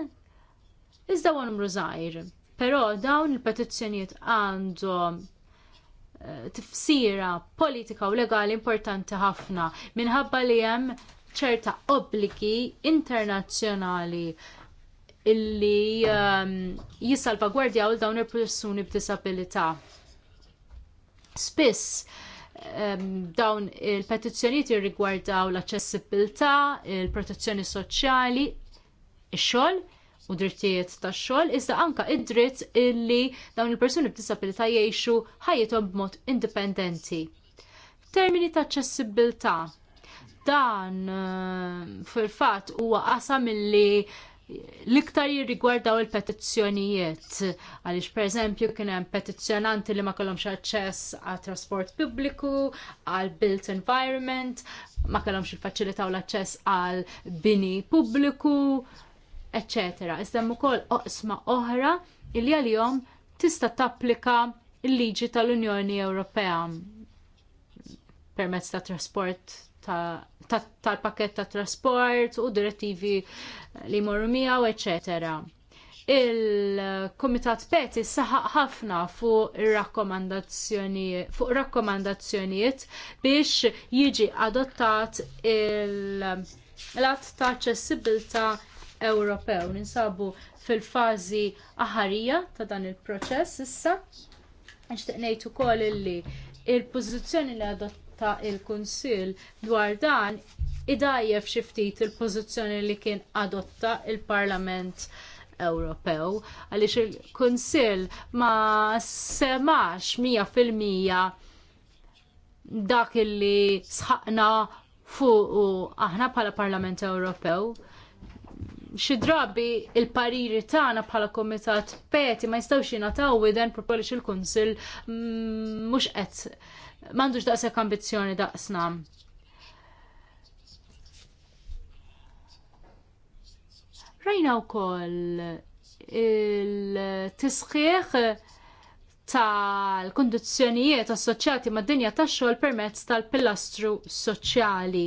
iżda huwa numru żgħir. Però dawn il-petizzjonijiet għandhom eh, tifsira politika u legali importanti ħafna minħabba li hemm ċerta obbligi internazzjonali illi um, jissalvagwardjaw dawn il-persuni b'disabilità. Spiss dawn il-petizzjonijiet jirrigwardaw l-aċċessibilità, il-protezzjoni soċjali, ix-xogħol u drittijiet tax xogħol, iżda anke id-dritt illi dawn il-persuni b'disabilità jgħixu ħajjithom b'mod indipendenti. Termini ta' aċċessibilità dan eh, fil-fatt huwa qasam illi l-iktar jirrigwardaw il-petizzjonijiet għaliex pereżempju kien hemm petizzjonanti li ma kellhomx aċċess għal trasport pubbliku, għal built environment, ma kellhomx il-faċilitaw l-aċċess għal bini pubbliku, etc. Iżda hemm ukoll oqsma oħra li għalihom tista' tapplika l-liġi tal-Unjoni Ewropea permezz ta' trasport tal-pakket ta' trasport u direttivi li morru miegħu, eċetera. Il-Komitat Peti saħaq ħafna fuq rakkomandazzjonijiet fuq rakkomandazzjonijiet biex jiġi adottat il-att ta' ċessibilta Ewropew. Ninsabu fil-fazi aħarija ta' dan il-proċess issa. Nixtieq ngħid ukoll illi il-pożizzjoni li adott ta' il-Kunsill dwar dan idajjef xi ftit il-pożizzjoni li kien adotta l parlament Ewropew għaliex il-Kunsill ma semax mija fil-mija dak illi sħaqna fuq aħna bħala Parlament Ewropew xi drabi l pariri tagħna bħala Kumitat peti ma jistgħux jingħataw widen propolix il-Kunsill mm, mhux qed m'għandux daqshekk ambizzjoni daqsna. Rajna wkoll il-tisħiħ tal kondizjonijiet assoċjati mad-dinja tax-xogħol permezz tal-pilastru soċjali.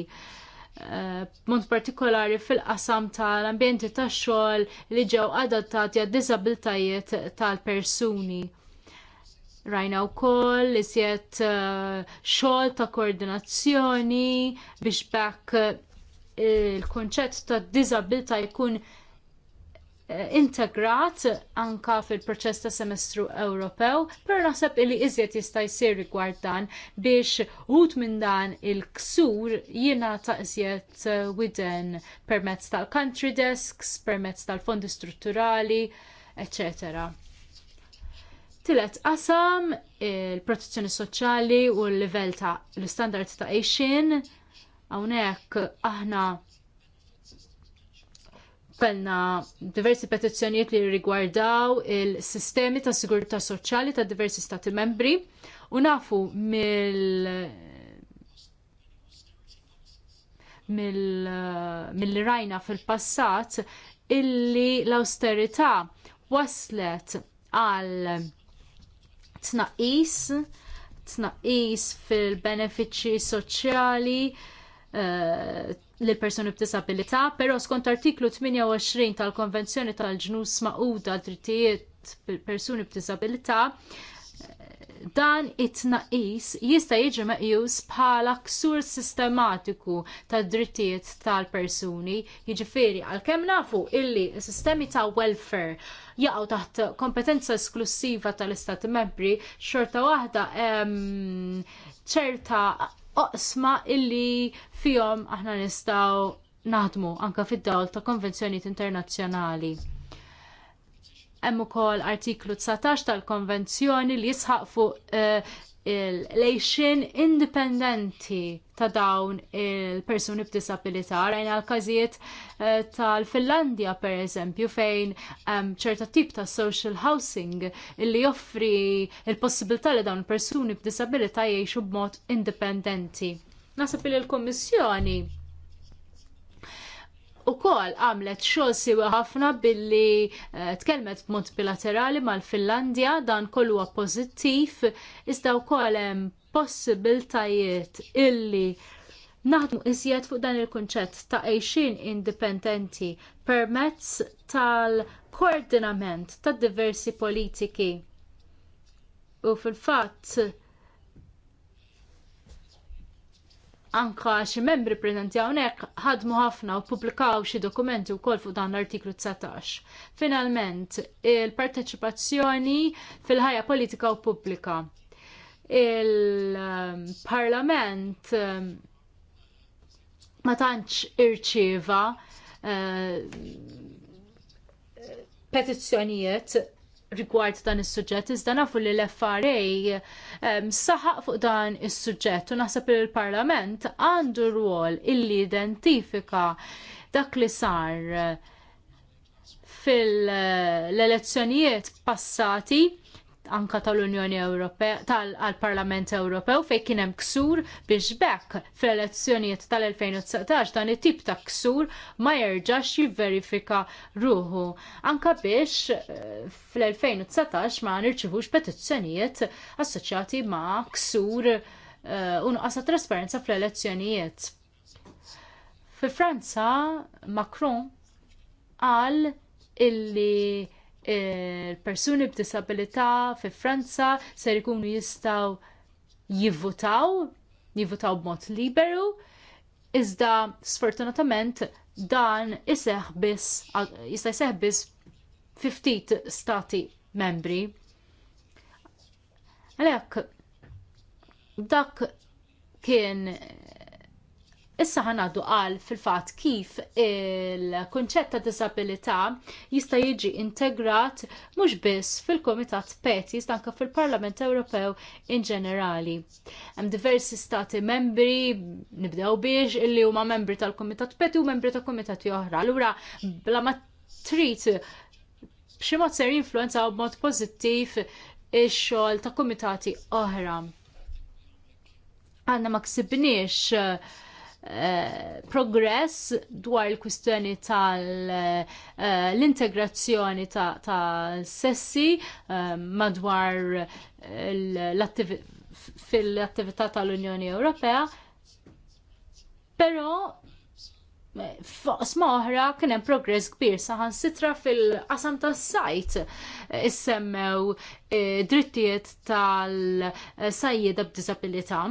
Uh, eh, mont partikolari fil-qasam tal-ambjenti tax-xogħol li ġew adattati għad-diżabiltajiet tal-persuni. Rajna wkoll iżjed eh, xogħol ta' koordinazzjoni biex bekk eh, il-konċett ta' disabilta jkun eh, integrat anka fil-proċess ta' semestru Ewropew, per naħseb li iżjed jista' jsir rigward dan biex wut minn dan il-ksur jiena ta' iżjed widen permezz tal-country desks, permezz tal-fondi strutturali, etc. Tilet qasam il-protezzjoni soċjali u l-livell ta' l-standard ta' għejxin hawnhekk aħna kellna diversi petizzjonijiet li rigwardaw il-sistemi ta' sigurtà soċjali ta' diversi stati membri u nafu mill mill rajna fil-passat illi l-austerità waslet għal tnaqis, tnaqis fil-benefiċċji soċjali uh, eh, li persuni b'disabilità, però skont artiklu 28 tal-Konvenzjoni tal-ġnus Magħquda drittijiet persuni b'disabilità, dan it-tnaqqis jista' jiġi meqjus bħala ksur sistematiku tad drittijiet tal-persuni, jiġifieri għalkemm nafu illi s-sistemi ta' welfare jaqgħu taħt kompetenza esklusiva tal-Istati Membri, xorta waħda ċerta oqsma illi fihom aħna nistgħu naħdmu anke fid-dawl ta' konvenzjonijiet internazzjonali Hemm ukoll artiklu 19 tal-konvenzjoni li jisħaq fuq eh, il-lejxin indipendenti ta' dawn il-persuni b'disabilità rajna l-każijiet eh, tal-Finlandja per eżempju fejn ċerta tip ta' social housing li joffri il-possibilità li dawn il-persuni b'disabilità jgħixu b'mod indipendenti. Nasab li l kummissjoni kol għamlet xogħol siwa ħafna billi eh, tkellmet b'mod bilaterali mal-Finlandja dan kollu huwa pożittiv iżda wkoll hemm possibiltajiet illi naħdmu iżjed fuq dan il-kunċett ta' għejxin indipendenti permezz tal-koordinament tad diversi politiki. U fil-fatt anka xi membri preżenti hawnhekk ħadmu ħafna u ppubblikaw xi dokumenti wkoll fuq dan l-artiklu 19. Finalment, il-parteċipazzjoni fil-ħajja politika u pubblika. Il-Parlament ehm, ma tantx irċieva ehm, petizzjonijiet rigward dan is-suġġett iżda nafu li l-FRA um, saħaq fuq dan is-suġġett u naħseb li l-Parlament għandu rwol illi identifika dak li sar fil-elezzjonijiet passati anka tal-Unjoni Ewropea, tal-Parlament Ewropew fejn kien hemm ksur biex bekk fl-elezzjonijiet tal-2019 dan it-tip ta' ksur ma jerġax jivverifika ruħu. Anka biex eh, fl-2019 ma nirċivux petizzjonijiet assoċjati ma' ksur uh, eh, unqasa trasparenza fl-elezzjonijiet. Fi Franza, Macron qal illi il-persuni b'disabilità fi Franza ser ikunu jistaw jivvutaw, jivvutaw b'mod liberu, iżda sfortunatament dan iseħ biss, jista' jseħ biss ftit stati membri. Għalhekk dak kien Issa ħanaddu għal fil-fat kif il-konċett ta' disabilità jista' jiġi integrat mhux biss fil-Komitat Peti anke fil-Parlament Ewropew in ġenerali. Hemm diversi stati membri nibdew biex illi huma membri tal-Komitat Peti u membri ta' kumitati oħra. Allura bla ma trid b'xi mod ser jinfluenza b'mod pożittiv ix-xogħol ta' komitati oħra. Għanna ma ksibniex Eh, progress dwar il-kwistjoni tal-integrazzjoni eh, tal-sessi eh, madwar fil-attività tal-Unjoni Ewropea, però Fosma oħra kien hemm progress kbir saħansitra fil-qasam tas-sajt issemmew drittijiet tal-sajjieda b'diżabilità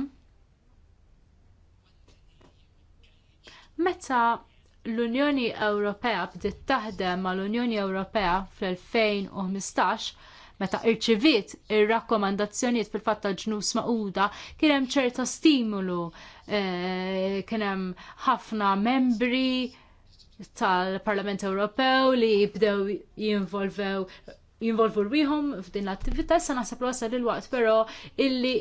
Meta l-Unjoni Ewropea bdiet taħdem mal unjoni Ewropea fl-2015, meta irċiviet ir-rakkomandazzjonijiet fil-fatt ta' ġnus maquda, kien hemm ċerta stimulu, eh, kien hemm ħafna membri tal-Parlament Ewropew li jibdew jinvolvew jinvolvu rwieħhom f'din l-attività, issa naħseb wasal il-waqt però illi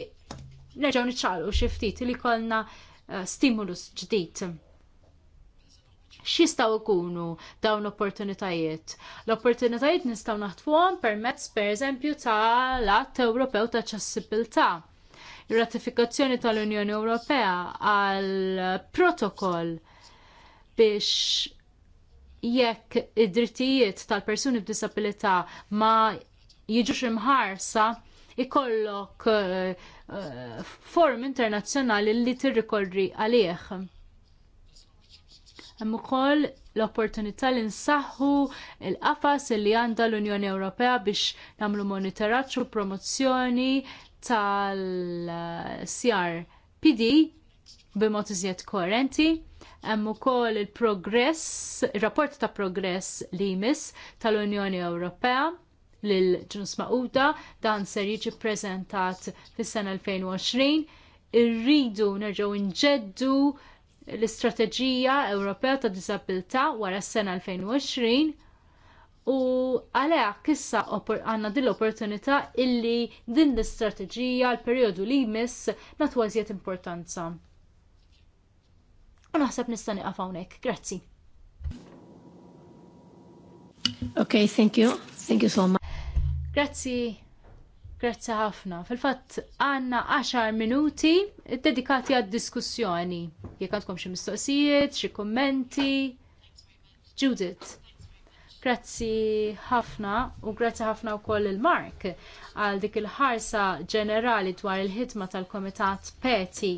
nerġgħu niċċaqlu xi ftit li kollna eh, stimulus ġdid xistaw ikunu dawn opportunitajiet. L-opportunitajiet nistaw naħtfuhom permezz pereżempju ta' l-Att Ewropew ta' ċassibilta. Ir-ratifikazzjoni tal-Unjoni Ewropea għal protokoll biex jekk id-drittijiet tal-persuni b'disabilità ma jiġux imħarsa ikollok uh, uh, forum internazzjonali li tirrikorri għalih Hemm ukoll l-opportunità li nsaħħu l qafas li għandha l-Unjoni Ewropea biex nagħmlu monitoraġġ u promozzjoni tal-CRPD b'mod iżjed koerenti. Hemm ukoll il-progress, ir-rapport ta' progress li jmiss tal-Unjoni Ewropea lil ġuns Magħquda, dan ser jiġi ppreżentat fis-sena 2020 irridu nerġgħu nġeddu l-Istrateġija Ewropea ta' Disabilità wara s-sena 2020 u għalhekk issa għandna din l-opportunità illi din l-istrateġija l-perjodu li jmiss nagħtu għażiet importanza. U naħseb nista' nieqaf hawnhekk. Grazzi. Okay, thank you. Thank you so much. Grazzi Grazzi ħafna. Fil-fatt għanna 10 minuti dedikati għad diskussjoni. Jekk għandkom xi mistoqsijiet, xi kummenti. Judith. Grazzi ħafna u grazzi ħafna wkoll il-Mark għal dik il-ħarsa ġenerali dwar il-ħidma tal-Komitat Peti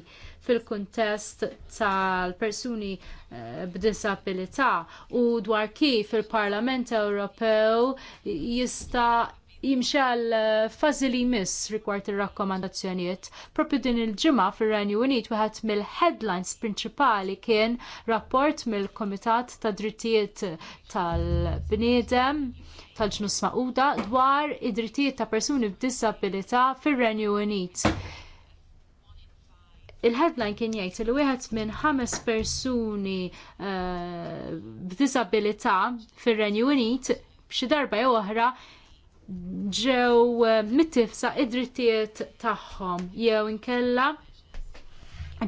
fil-kuntest tal-persuni eh, b'disabilità u dwar kif il-Parlament Ewropew jista' jimxi għal eh, fażi li jmiss rigward ir-rakkomandazzjonijiet. Propju din il-ġimgħa fir-Renju Unit wieħed mill-headlines prinċipali kien rapport mill-Komitat ta' Drittijiet tal-Bniedem tal-ġnus Magħquda dwar id-drittijiet ta' persuni b'disabilità fir-Renju Unit. Il-headline kien jgħid li wieħed minn ħames persuni uh, b'disabilità fir-Renju Unit b'xi darba jew oħra ġew eh, mitifsa id-drittijiet tagħhom jew inkella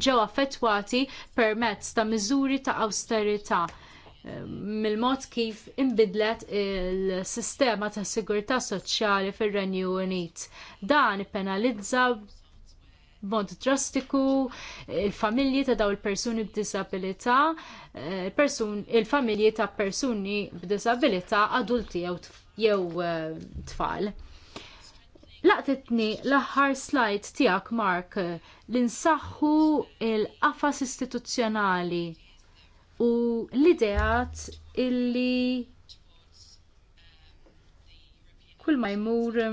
ġew affettwati permezz ta' miżuri ta' awsterità eh, mill-mod kif inbidlet il-sistema ta' sigurtà soċjali fir-Renju Unit. Dan ippenalizza b'mod drastiku, il-familji ta' daw il-persuni b'disabilità, eh, il-familji ta' persuni b'disabilità adulti jew eh, tfal. Laqtetni l-aħħar slide tiegħek Mark l nsaħħu il-qafas istituzzjonali u l-ideat illi kull ma jmur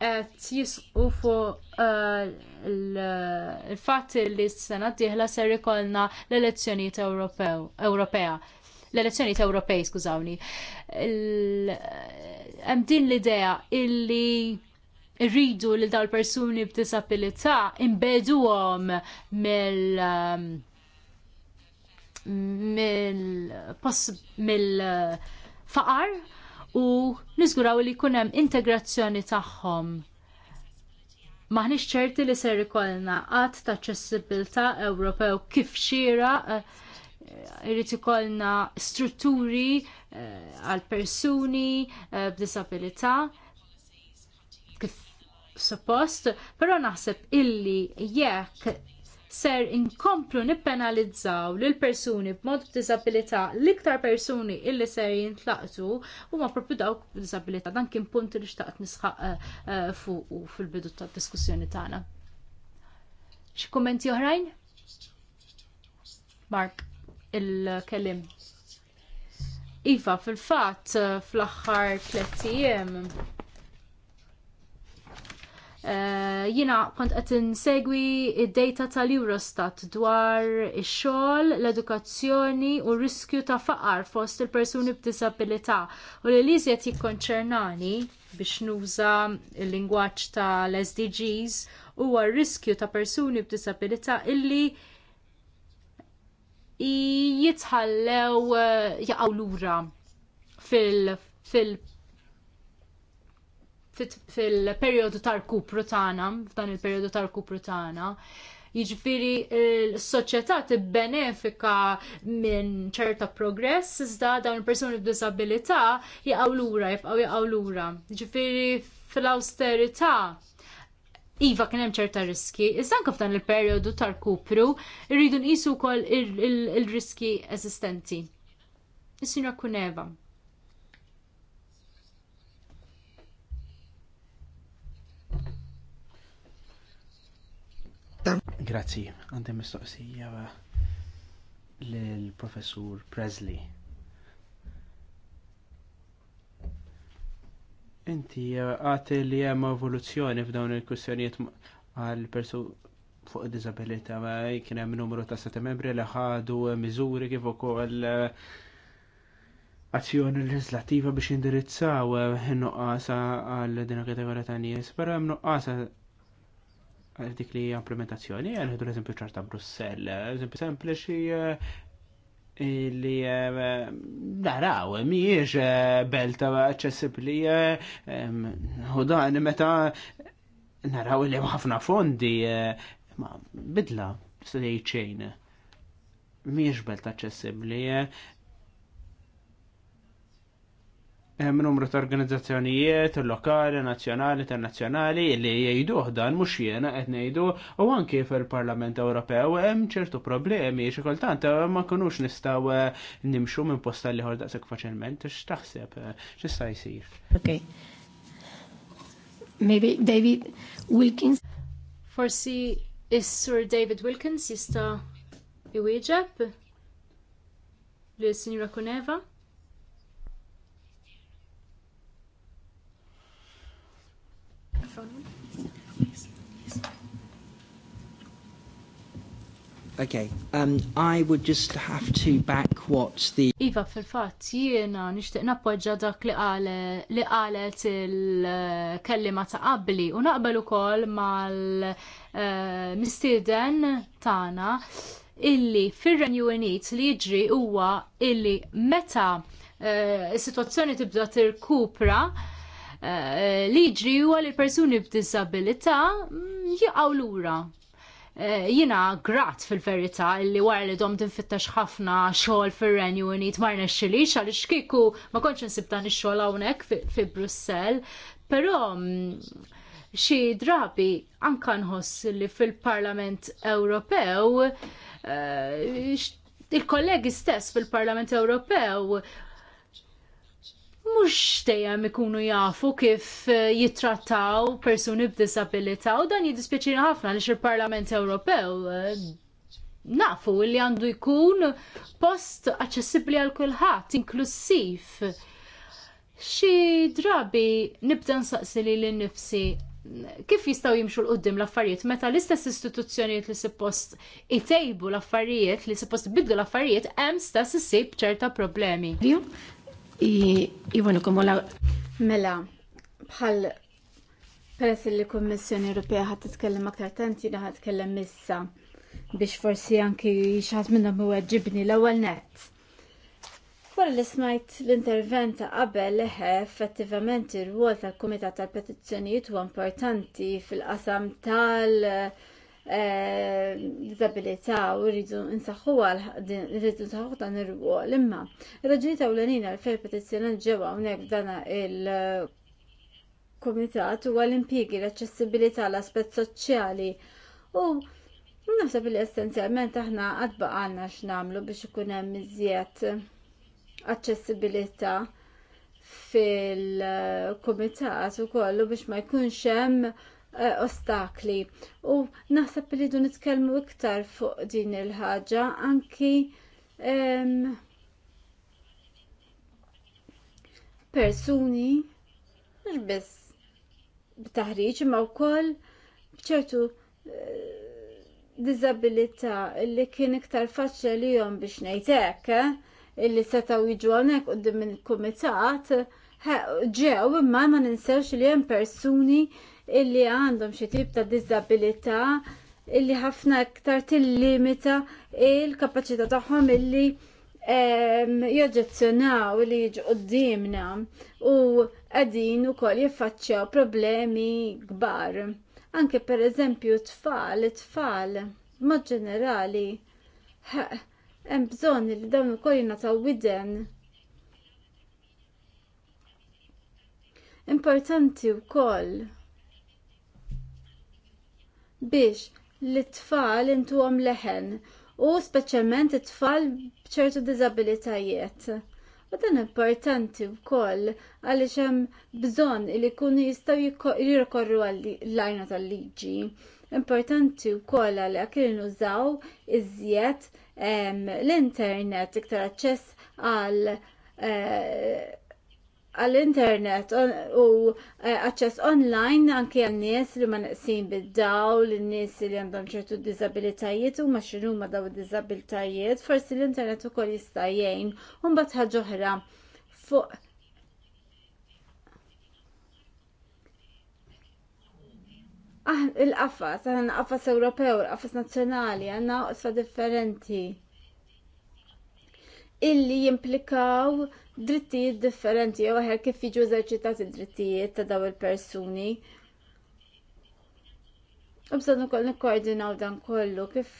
qed jisqu fuq eh, il-fatt li s-sena d ser ikollna l-elezzjonijiet Ewropea. L-elezzjonijiet Ewropej, skużawni. Hemm din l-idea illi rridu lil dal persuni b'disabilità imbeduhom mill mill mill faqar u niżguraw li jkun hemm integrazzjoni tagħhom. Maħniex ċerti li ser ikollna għat ta' ċessibilta Ewropew kif xira eh, irrid ikollna strutturi eh, għal persuni eh, b'disabilità kif suppost, però naħseb illi jekk ser inkomplu nippenalizzaw lil persuni b'mod b'disabilità l-iktar persuni illi ser jintlaqtu huma propju dawk b'disabilità dan kien punt li xtaqt nisħaq eh, eh, fuq fil-bidu tad diskussjoni tagħna. Xi kummenti oħrajn? Mark, il-kelim. Iva, fil fatt eh, fl aħħar tliet ijiem Eh, jina kont qed insegwi id-data tal-Eurostat dwar ix-xogħol, l-edukazzjoni u r riskju ta' faqar fost il-persuni b'disabilità u li qed jikkonċernani biex nuża l-lingwaġġ tal-SDGs huwa r-riskju ta' persuni b'disabilità illi jitħallew eh, jaqgħu lura fil, fil fil-periodu tal-kupru tagħna, f'dan il-periodu tal-kupru tagħna. Jiġifieri s soċjetà tibbenefika minn ċerta progress iżda dawn il-persuni b'disabilità jaqgħu lura, jibqgħu jaqgħu lura. Jiġifieri fl-austerità Iva kien hemm ċerta riski, iżda anke f'dan il-perjodu tal-kupru irridu nqisu wkoll ir-riski eżistenti. Is-sinjor Kuneva. Marta. Grazzi, għandem mistoqsija l-professur Presley. Inti eh, għate li hemm evoluzzjoni f'dawn il-kwistjonijiet għal persu fuq ma eh, kien hemm numru ta' sette membri li ħadu eh, miżuri kif ukoll azzjoni legislativa biex indirizzaw in-nuqqasa għal din kategorija ta' nies, però hemm nuqqasa dik li implementazzjoni, għal ħedu l-eżempju ċarta Brussell, eżempju sempliċi eh, li eh, naraw, miex eh, belta accessibli, u dan meta naraw li ħafna fondi, ma bidla, s-sadej ċejn, miex belta accessibli, hemm numru ta' organizzazzjonijiet lokali, nazzjonali, internazzjonali li jgħiduh dan mhux jiena qed ngħidu u anke fil-Parlament Ewropew hemm ċertu problemi xi kultant eh, ma nkunux nistgħu eh, nimxu minn posta li daqshekk faċilment taħseb eh, x'issa jsir. Okay. Maybe David Wilkins. Forsi is Sir David Wilkins jista' iwieġeb li Sinjura Kuneva. Okay, um, I would just have to back what the... Iva, fil-fat, jiena nishtiq nappoġġa dak li qalet il-kellima ta' qabli u naqbel ukoll mal-mistieden eh, tagħna illi fir-Renju Unit li jiġri huwa illi meta eh, is-sitwazzjoni tibda tirkupra Eh, li jiġri huwa li persuni b'disabilità mm, jibqgħu lura. Eh, Jina grat fil-verità li wara li dom tinfittax ħafna xogħol fir-Renju Unit ma rnexxilix għaliex kieku ma kontx insib dan ix-xogħol hawnhekk fi Brussell, però mm, xi drabi anke nħoss li fil-Parlament Ewropew eh, il-kollegi stess fil-Parlament Ewropew mhux dejjem ikunu jafu kif eh, jittrattaw persuni b'disabilità u dan jiddispjaċini ħafna li il-Parlament Ewropew eh, nafu li għandu jkun post aċċessibbli għal kulħadd, inklusiv. Xi drabi nibda nsaqsi li l-nifsi kif jistaw jimxu l-qoddim l-affarijiet meta l-istess istituzzjonijiet li suppost itejbu l-affarijiet li suppost bidlu l-affarijiet hemm stess issib ċerta problemi. I, i bueno, la... Mela, bħal peress li l-Kommissjoni Ewropea ħat t-tkellem aktar tanti da ħat tkellem issa biex forsi anki xaħat minnhom huwa ġibni l-ewwel net. Wara li smajt l-intervent ta' qabel leħe effettivament ir-rwol tal-Kumitat tal-Petizzjonijiet huwa importanti fil-qasam tal-, -tal Eh, disabilità u rridu nsaħħuha rridu nsaħħu ta' ir-rwol. Imma raġuni ta' l-għalina l-fej petizzjonant ġewwa hawnhekk dana il- komitat u għal impjiegi l accessibilità l aspet soċjali u nafsa billi essenzjalment aħna għadba għanna x'namlu biex ikun hemm iżjed aċċessibilità fil u kollu biex ma jkunx hemm Eh, ostakli. U naħseb li du nitkellmu iktar fuq din il-ħaġa anki um, persuni mhux biss b'taħriġ imma wkoll b'ċertu eh, diżabilità li kien iktar faċli li jom biex ngħid hekk eh, illi setgħu jiġu hawnhekk quddiem il-kumitat ġew imma ma ninsewx li hemm persuni illi għandhom xi tip ta' diżabilità illi ħafna iktar tillimita il-kapaċità tagħhom illi joġezzjonaw li jiġu qoddimna u qegħdin ukoll jiffaċċjaw problemi kbar. Anke per eżempju tfal, tfal, mod ġenerali, hemm bżonn li dawn ukoll jingħataw widen importanti wkoll biex l tfal intuhom leħen u speċjalment it-tfal bċertu diżabilitajiet. U dan importanti wkoll għaliex hemm bżonn li jkunu jistgħu jirkorru l lajna tal-liġi. Importanti wkoll għalhekk li nużaw iżjed ehm, l-internet iktar aċċess għal eh, għall-internet u eh, aċċess online anke għal nies li ma naqsin bid-daw, l nies li għandhom ċertu dizabilitajiet u ma xinu ma daw dizabilitajiet forsi l-internet u koll jistajjen, un bat ħagġoħra fuq. Ah, il-qafas, għanna qafas Ewropew, il-qafas nazjonali, għanna qasfa differenti illi jimplikaw drittijiet differenti jew aħjar kif jiġu eżerċitati drittijiet ta' daw il-persuni. U bżonn ukoll nikkoordinaw dan kollu kif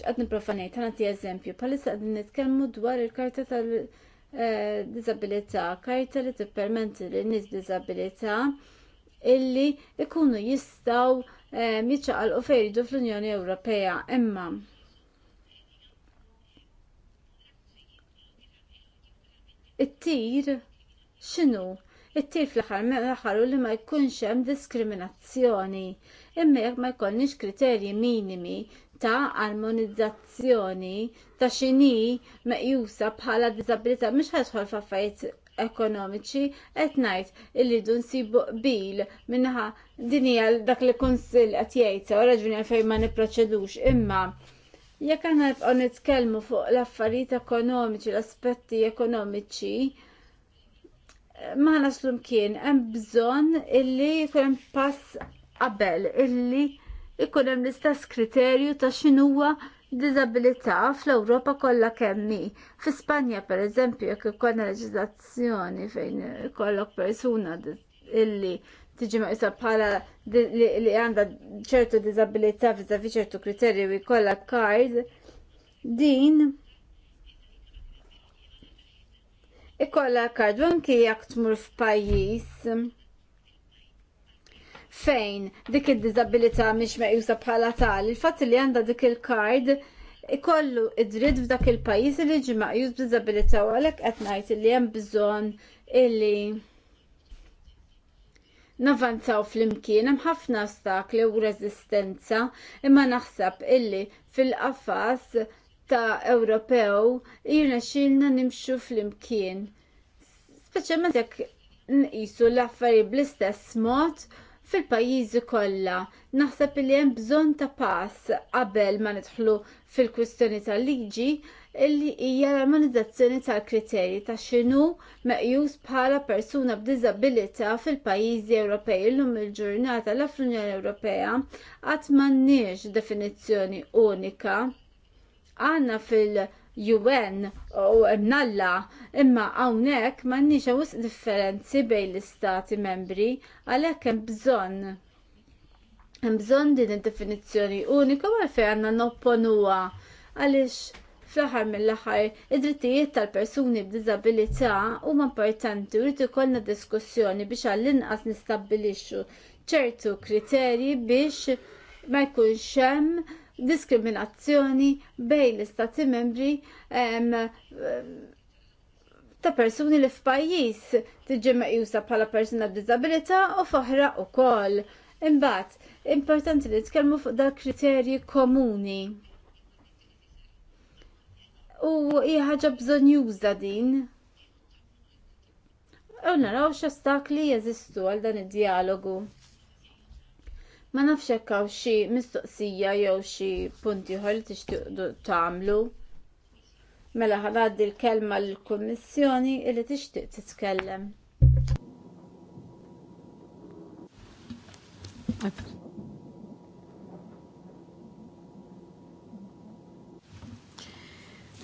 x'qed nipprova ngħid ħana ti eżempju bħalissa qegħdin nitkellmu dwar il-karta tal eh, diżabilità karta li tippermetti lin nies diżabilità illi ikunu jistgħu eh, jiċċaqalqu fejridu fl-Unjoni Ewropea imma it-tir x'inhu? It-tir fl-aħħar mill u li ma jkunx hemm diskriminazzjoni. Imma jekk ma jkollniex kriterji minimi ta' armonizzazzjoni ta' x'inhi meqjusa bħala diżabilità mhux ħadħol f'affarijiet ekonomiċi qed ngħid illi dun nsibu qbil minnaħa din hija dak li kunsill qed jgħid sew raġuni għalfejn ma nipproċedux imma Jekk għandna nibqgħu nitkellmu fuq l-affarijiet ekonomiċi, l-aspetti ekonomiċi, ma naslu mkien hemm bżonn illi jkun hemm pass qabel illi ikun hemm l-istess kriterju ta' x'inhuwa disabilità fl-Ewropa kollha kemmi. Fi Spanja pereżempju jekk ikollna leġiżlazzjoni fejn ikollok persuna illi tiġi meqisa bħala li għandha ċertu diżabilità viża fi ċertu kriterju u jkollha kard din ikollha kard u anki jekk tmur f'pajjiż fejn dik id-diżabilità mhix meqjusa bħala tal. Il-fatt li għandha dik il-kard ikollu id-dritt f'dak il-pajjiż li ġi maqjus b'diżabilità u għalhekk qed ngħid li hemm bżonn illi navanzaw fl-imkien hemm ħafna ostakli u reżistenza imma naħseb illi fil-qafas ta' Ewropew jirna xilna nimxu fl-imkien. Speċjalment jekk nqisu l-affarijiet bl-istess mod fil-pajjiżi kollha. Naħseb li hemm bżonn ta' pass qabel ma nidħlu fil-kwistjoni tal-liġi illi hija l-armonizzazzjoni tal-kriterji ta' xinu meqjus bħala persuna b'diżabilità fil-pajjiżi Ewropej illum il-ġurnata l unjoni Ewropea qatt m'għandniex definizzjoni unika. Għandna fil- UN u nalla imma hawnhekk m'għandniex hawnx differenzi bejn l-istati membri għalhekk hemm bżonn hemm bżonn din id-definizzjoni unika u għalfejn għandna nopponuha għaliex Fl-aħħar mill-aħħar id-drittijiet tal-persuni b'diżabilità huma importanti u rrid ikollna diskussjoni biex għall-inqas nistabbilixxu ċertu kriterji biex ma jkunx hemm diskriminazzjoni bejn l-istati membri ta' persuni li f'pajjiż tiġi meqjusa bħala persuna b'diżabilità u foħra wkoll. Imbagħad, importanti li tkellmu fuq dal kriterji komuni u ħaġa bżonn juża din. U naraw x'ostakli jeżistu għal dan id-dialogu. Ma nafx hekk hawn xi mistoqsija jew xi punti ieħor li tixtiequ tagħmlu. Mela ħaddi l-kelma l-Kummissjoni li tixtieq titkellem.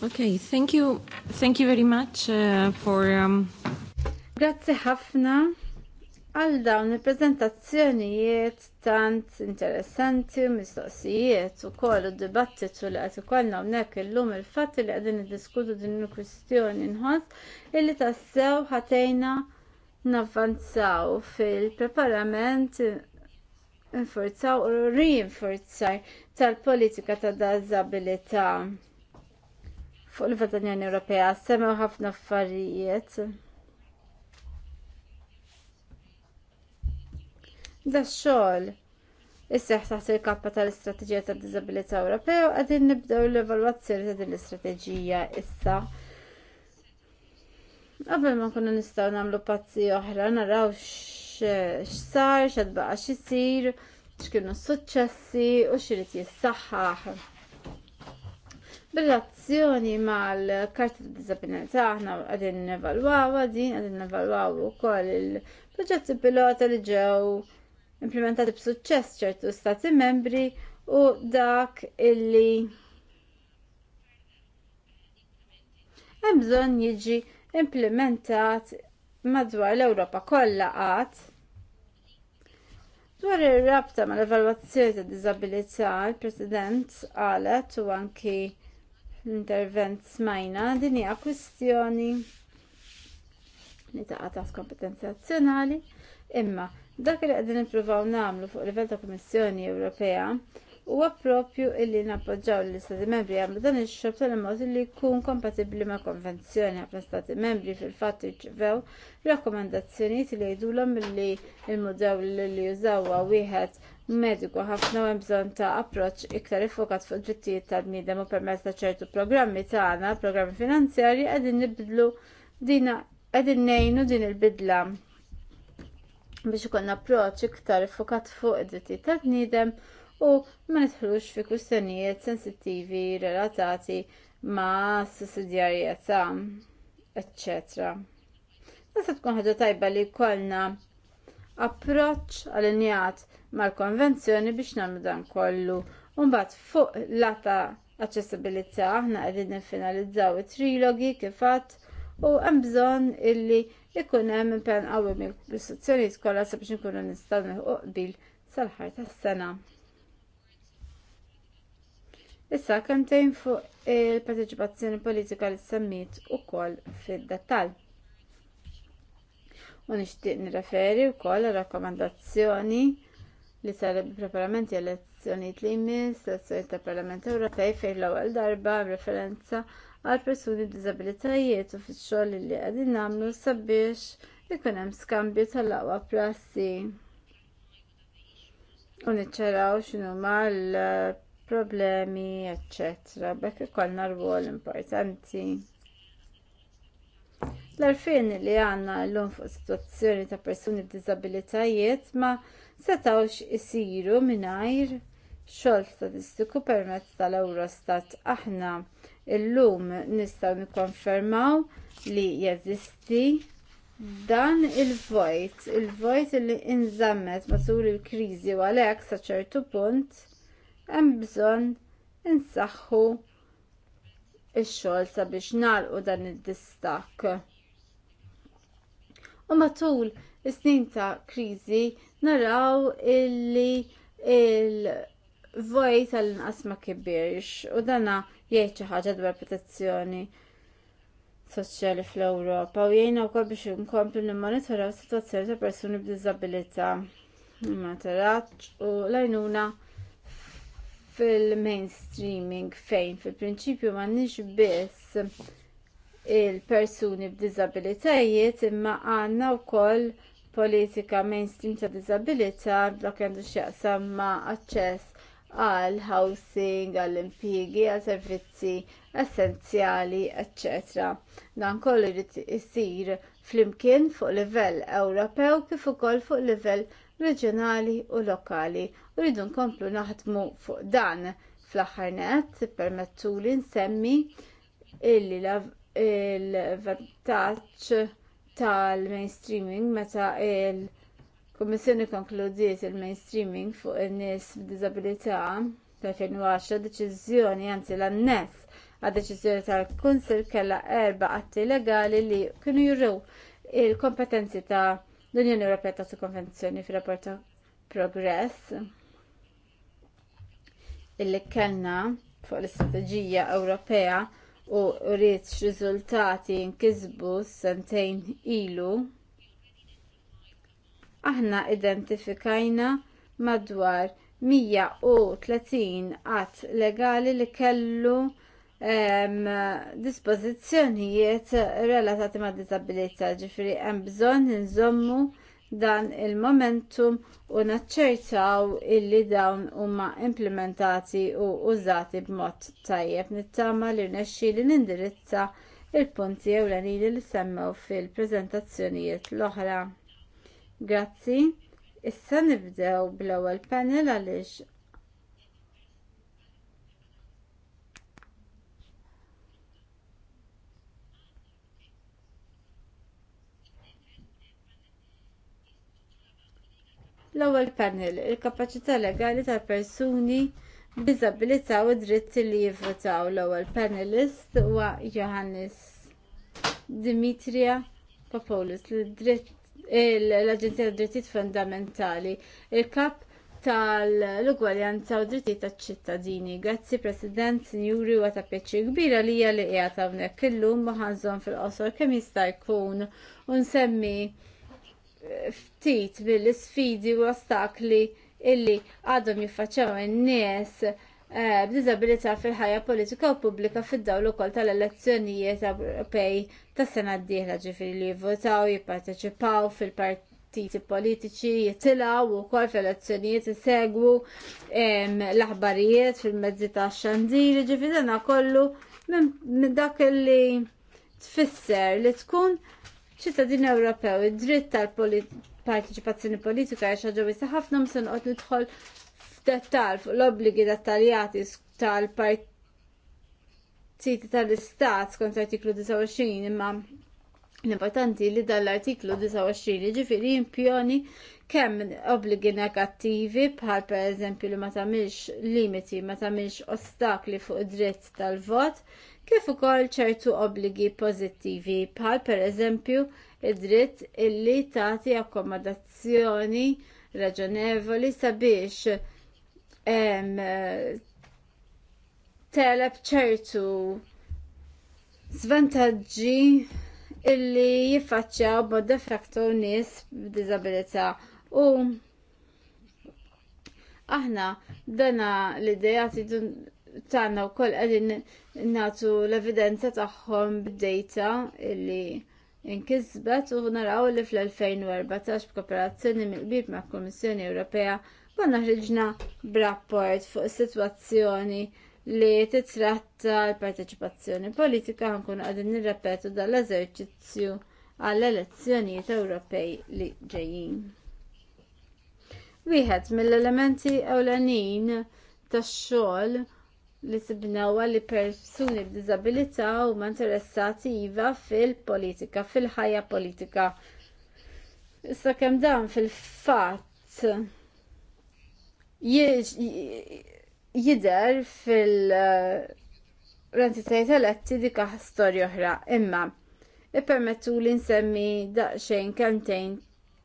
Okay, thank you. Thank you very much uh, for um... Grazzi ħafna għal dawn il-prezentazzjonijiet tant interessanti u mistoqsijiet u koll u dibattitu li għat ikollna hawnhekk illum il fat li qegħdin diskutu din il-kwistjoni nħoss illi tassew ħatejna navvanzaw fil-preparament infurzaw u rinforzaw tal-politika ta' dażabilità fuq il tal Ewropea semmew ħafna affarijiet. Da xogħol seħ taħt il-kappa tal-Istrateġija tad-Diżabilità Ewropea u qegħdin nibdew l-evalwazzjoni ta' din l-istrateġija issa. Qabel ma kunu nistgħu nagħmlu pazzi oħra naraw x'sar, x'għad baqa' x'isir, x'kienu s-suċċessi u x'irid jissaħħaħ. Bil-azzjoni mal-karti ta' disabilità aħna għadin nevalwaw din għadin nevalwaw ukoll il-proġetti pilota li ġew implementati b'suċċess ċertu stati membri u dak illi hemm bżonn jiġi implementat madwar l-Ewropa kollha qatt Dwar ir-rabta mal-evalwazzjoni ta' disabilità, il-President qalet u anki l-intervent smajna din hija kwistjoni li taqa' ta' kompetenza nazzjonali, imma dak li qegħdin nippruvaw nagħmlu fuq livell ta' Kummissjoni Ewropea huwa proprju illi nappoġġaw lill istati Membri għamlu dan ix xogħol tal-mod li jkun kompatibbli ma' konvenzjoni ħafna Stati Membri fil-fatt irċivew rakkomandazzjonijiet li jgħidulhom milli l mudew li jużawha wieħed mediku ħafna hemm bżonn ta' approċċ iktar iffokat fuq id-drittijiet tal-bniedem u permezz ta' ċertu programmi tagħna, programmi finanzjarji qegħdin nibdlu dina qegħdin ngħinu din il-bidla biex ikun approċċ iktar iffokat fuq id-drittijiet tal-bniedem u ma nidħlux fi kwistjonijiet sensittivi relatati ma' sussidjarjetà, eċċetera. Nasa tkun ħaġa tajba li kollna approċċ allinjat mal-konvenzjoni biex nagħmlu dan kollu. Mbagħad fuq lata aċċessibilità aħna qegħdin niffinalizzaw it-trilogi kif għadd u hemm bżonn illi ikun hemm impenn qawwi mill-istituzzjonijiet kollha sabiex inkunu nistgħu nilħu qbil sal-ħar tas-sena. Issa kemm fuq il-parteċipazzjoni politika li semmit ukoll fid-dettall. U nixtieq nirreferi wkoll rakkomandazzjoni li saret preparamenti elezzjonijiet li jmiss, elezzjonijiet ta' Parlament Ewropej fejn l-ewwel darba referenza għal persuni b'diżabilitajiet u fix-xogħol li qegħdin nagħmlu sabiex ikun hemm skambju tal-aqwa prassi. U niċċaraw x'inhu l problemi eċċetera. Bekk ikollna rwol importanti. L-arfin li għanna l-lum fuq situazzjoni ta' persuni b'dizabilitajiet ma setawx isiru mingħajr xol statistiku permezz tal-Eurostat aħna llum nistaw nikonfermaw li jeżisti dan il-vojt, il-vojt li inżammet matul il-krizi u għalek sa ċertu punt hemm bżonn insaħħu x xogħol sabiex nagħlqu dan id-distakk U matul is-snin ta' kriżi naraw illi il-voj tal-inqas ma kibirx u dana jgħid xi ħaġa dwar protezzjoni soċjali fl-Ewropa u jgħinna wkoll biex inkomplu nimmonitoraw sitwazzjoni ta' persuni b'diżabilità ma taraġġ u lajnuna fil-mainstreaming fejn fil-prinċipju m'għandniex biss il-persuni b'diżabilitajiet imma għandna wkoll politika mainstream ta' diżabilità dak għandu x'jaqsam ma' aċċess għal housing, għall impjiegi għal servizzi essenzjali, etc. Dan kollu jrid isir flimkien fuq livell Ewropew kif ukoll fuq livell reġjonali u lokali u rridu nkomplu naħdmu fuq dan fl-aħħar net permettu li nsemmi illi il-vantaġġ tal-mainstreaming meta il-Kummissjoni konkludiet il-mainstreaming fuq in-nies b'diżabilità tal-2010 deċiżjoni anzi l-annes għad deċiżjoni tal-Kunsil kellha erba' atti legali li kienu jurrew il-kompetenzi ta' l-Unjoni Ewropea ta' konvenzjoni fil rapporta ta' progress illi kellna fuq l-istrateġija Ewropea u rrit riżultati nkisbu sentejn ilu, aħna identifikajna madwar 130 att legali li kellu um, dispożizzjonijiet relatati ma' disabilità ġifri hemm bżonn inżommu dan il-momentum u naċċertaw illi dawn huma implementati u użati b'mod tajjeb nittama li rnexxi li nindirizza il-punti ewlenili li semmew fil-preżentazzjonijiet l-oħra. Grazzi, issa nibdew bl-ewwel panel għaliex L-ewwel panel, il-kapaċità legali tal-persuni b'diżabilità u dritti li jivvotaw l-ewwel panelist huwa Johannes Dimitria Papoulos l-Aġenzija tad Drittijiet Fundamentali, il-kap tal-ugwaljanza u drittijiet taċ ċittadini Grazzi President, Sinjuri, u ta' pjaċi kbira li hija li qiegħed hawnhekk illum maħanżon fil-qosor kemm jista' jkun u nsemmi ftit mill-sfidi u ostakli illi għadhom jiffaċċaw in-nies eh, b'diżabilità fil-ħajja politika u pubblika fid-dawl ukoll tal-elezzjonijiet Ewropej tas-sena d-dieħla ġifieri li jivvotaw, jipparteċipaw fil-partiti politiċi, jitilgħu wkoll fl elezzjonijiet isegwu l-aħbarijiet fil-mezzi tax-xandiri, ġifieri kollu minn dak li tfisser li tkun ċittadin Ewropew id-dritt tal-partiċipazzjoni politika għax ħaġa wisa ħafna msen qed nidħol f'dettal fuq l-obbligi dettaljati tal-partiti tal-istat skont artiklu 29 imma l-importanti li dan l artiklu 29 ġifiri jimpjoni kemm obbligi negattivi bħal pereżempju li ma tamilx limiti, ma tamilx ostakli fuq id dritt tal-vot, kif ukoll ċertu obbligi pożittivi bħal pereżempju id-dritt illi tagħti akkomodazzjoni raġonevoli sabiex em, teleb ċertu svantaġġi illi jiffaċċjaw b'mod de nies b'diżabilità u aħna dana l-idea tagħna wkoll qegħdin nagħtu l-evidenza tagħhom b'data illi inkisbet u naraw li fl-2014 b'kooperazzjoni mill-qbib ma' Kummissjoni Ewropea konna ħriġna b'rapport fuq is-sitwazzjoni li titratta l-parteċipazzjoni politika nkunu qegħdin nirrepetu dan l-eżerċizzju għall-elezzjonijiet Ewropej li ġejjin. Wieħed mill-elementi ewlenin tax-xogħol li sibnawa li persuni b'diżabilità huma interessati iva fil-politika, fil-ħajja politika. Issa kemm dan fil-fatt jidher fil-entitajiet eletti dik storja oħra, imma ippermettu li nsemmi daqsxejn kemtejn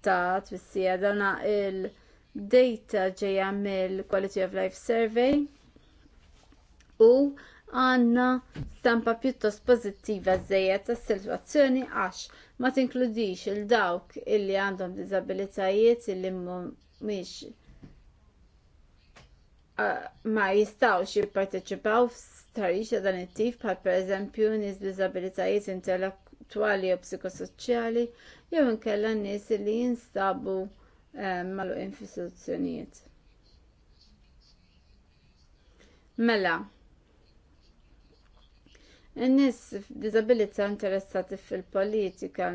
ta' twissija dana il-data ġejja mill-Quality of Life Survey u għanna stampa pjuttost pozittiva żejjed tas-sitwazzjoni għax ma tinkludix il dawk illi għandhom diżabilitajiet illi mhumiex ma jistawx jipparteċipaw f'starix dan it-tip bħal pereżempju nies diżabilitajiet intellettwali u psikosoċjali jew inkella nies li jinstabu eh, mal-infistituzzjonijiet. Mela, N-nis f'diżabilità interessati fil-politika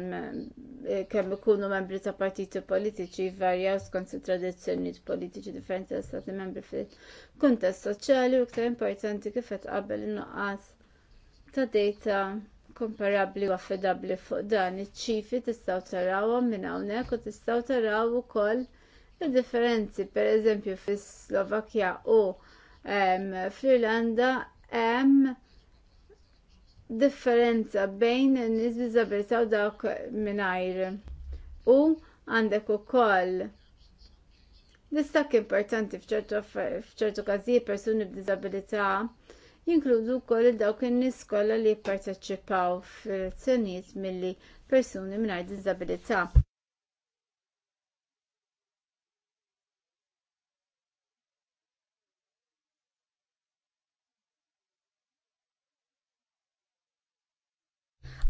kemm ikunu membri ta' partiti politiċi varjaw skont tradizzjonijiet politiċi differenti ta' stati membri fil-kuntest soċjali u iktar importanti kif qed qabel in-nuqqas ta' data komparabbli u affidabbli fuq dan iċ-ċifi tistgħu tarawhom minn hawnhekk u tistgħu taraw ukoll il-differenzi pereżempju fis-Slovakkja u ehm, fl-Irlanda hemm differenza bejn n-nies b'diżabilità u dawk mingħajr. U għandek ukoll distak importanti f'ċertu każijiet persuni b'diżabilità jinkludu wkoll dawk in-nies kollha li jipparteċipaw f'elezzjonijiet milli persuni mingħajr diżabilità.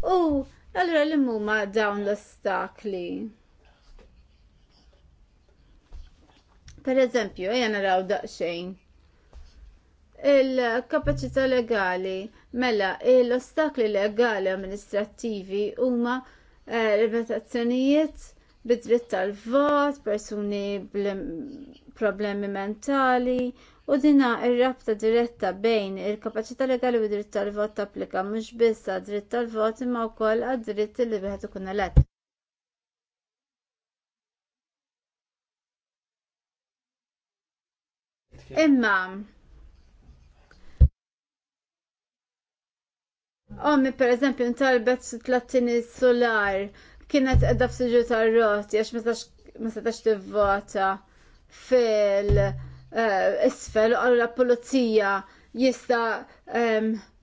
U allora li huma dawn l-ostakli. Per eżempju, jena naraw daqsxejn. Il-kapacità legali mela l-ostakli legali amministrattivi huma eh, bidritt tal-vot, persuni problemi mentali u dina ir-rabta diretta bejn il-kapaċità legali u dritt tal-vot applika mhux biss għad dritt tal-vot imma wkoll għad dritt li wieħed ikun elett. Imma Ommi per eżempju ntalbet su tlattini solar kienet edha f'siġu tar-roti għax ma setax tivvota fil- Eh, isfel, għallu la pulizija jista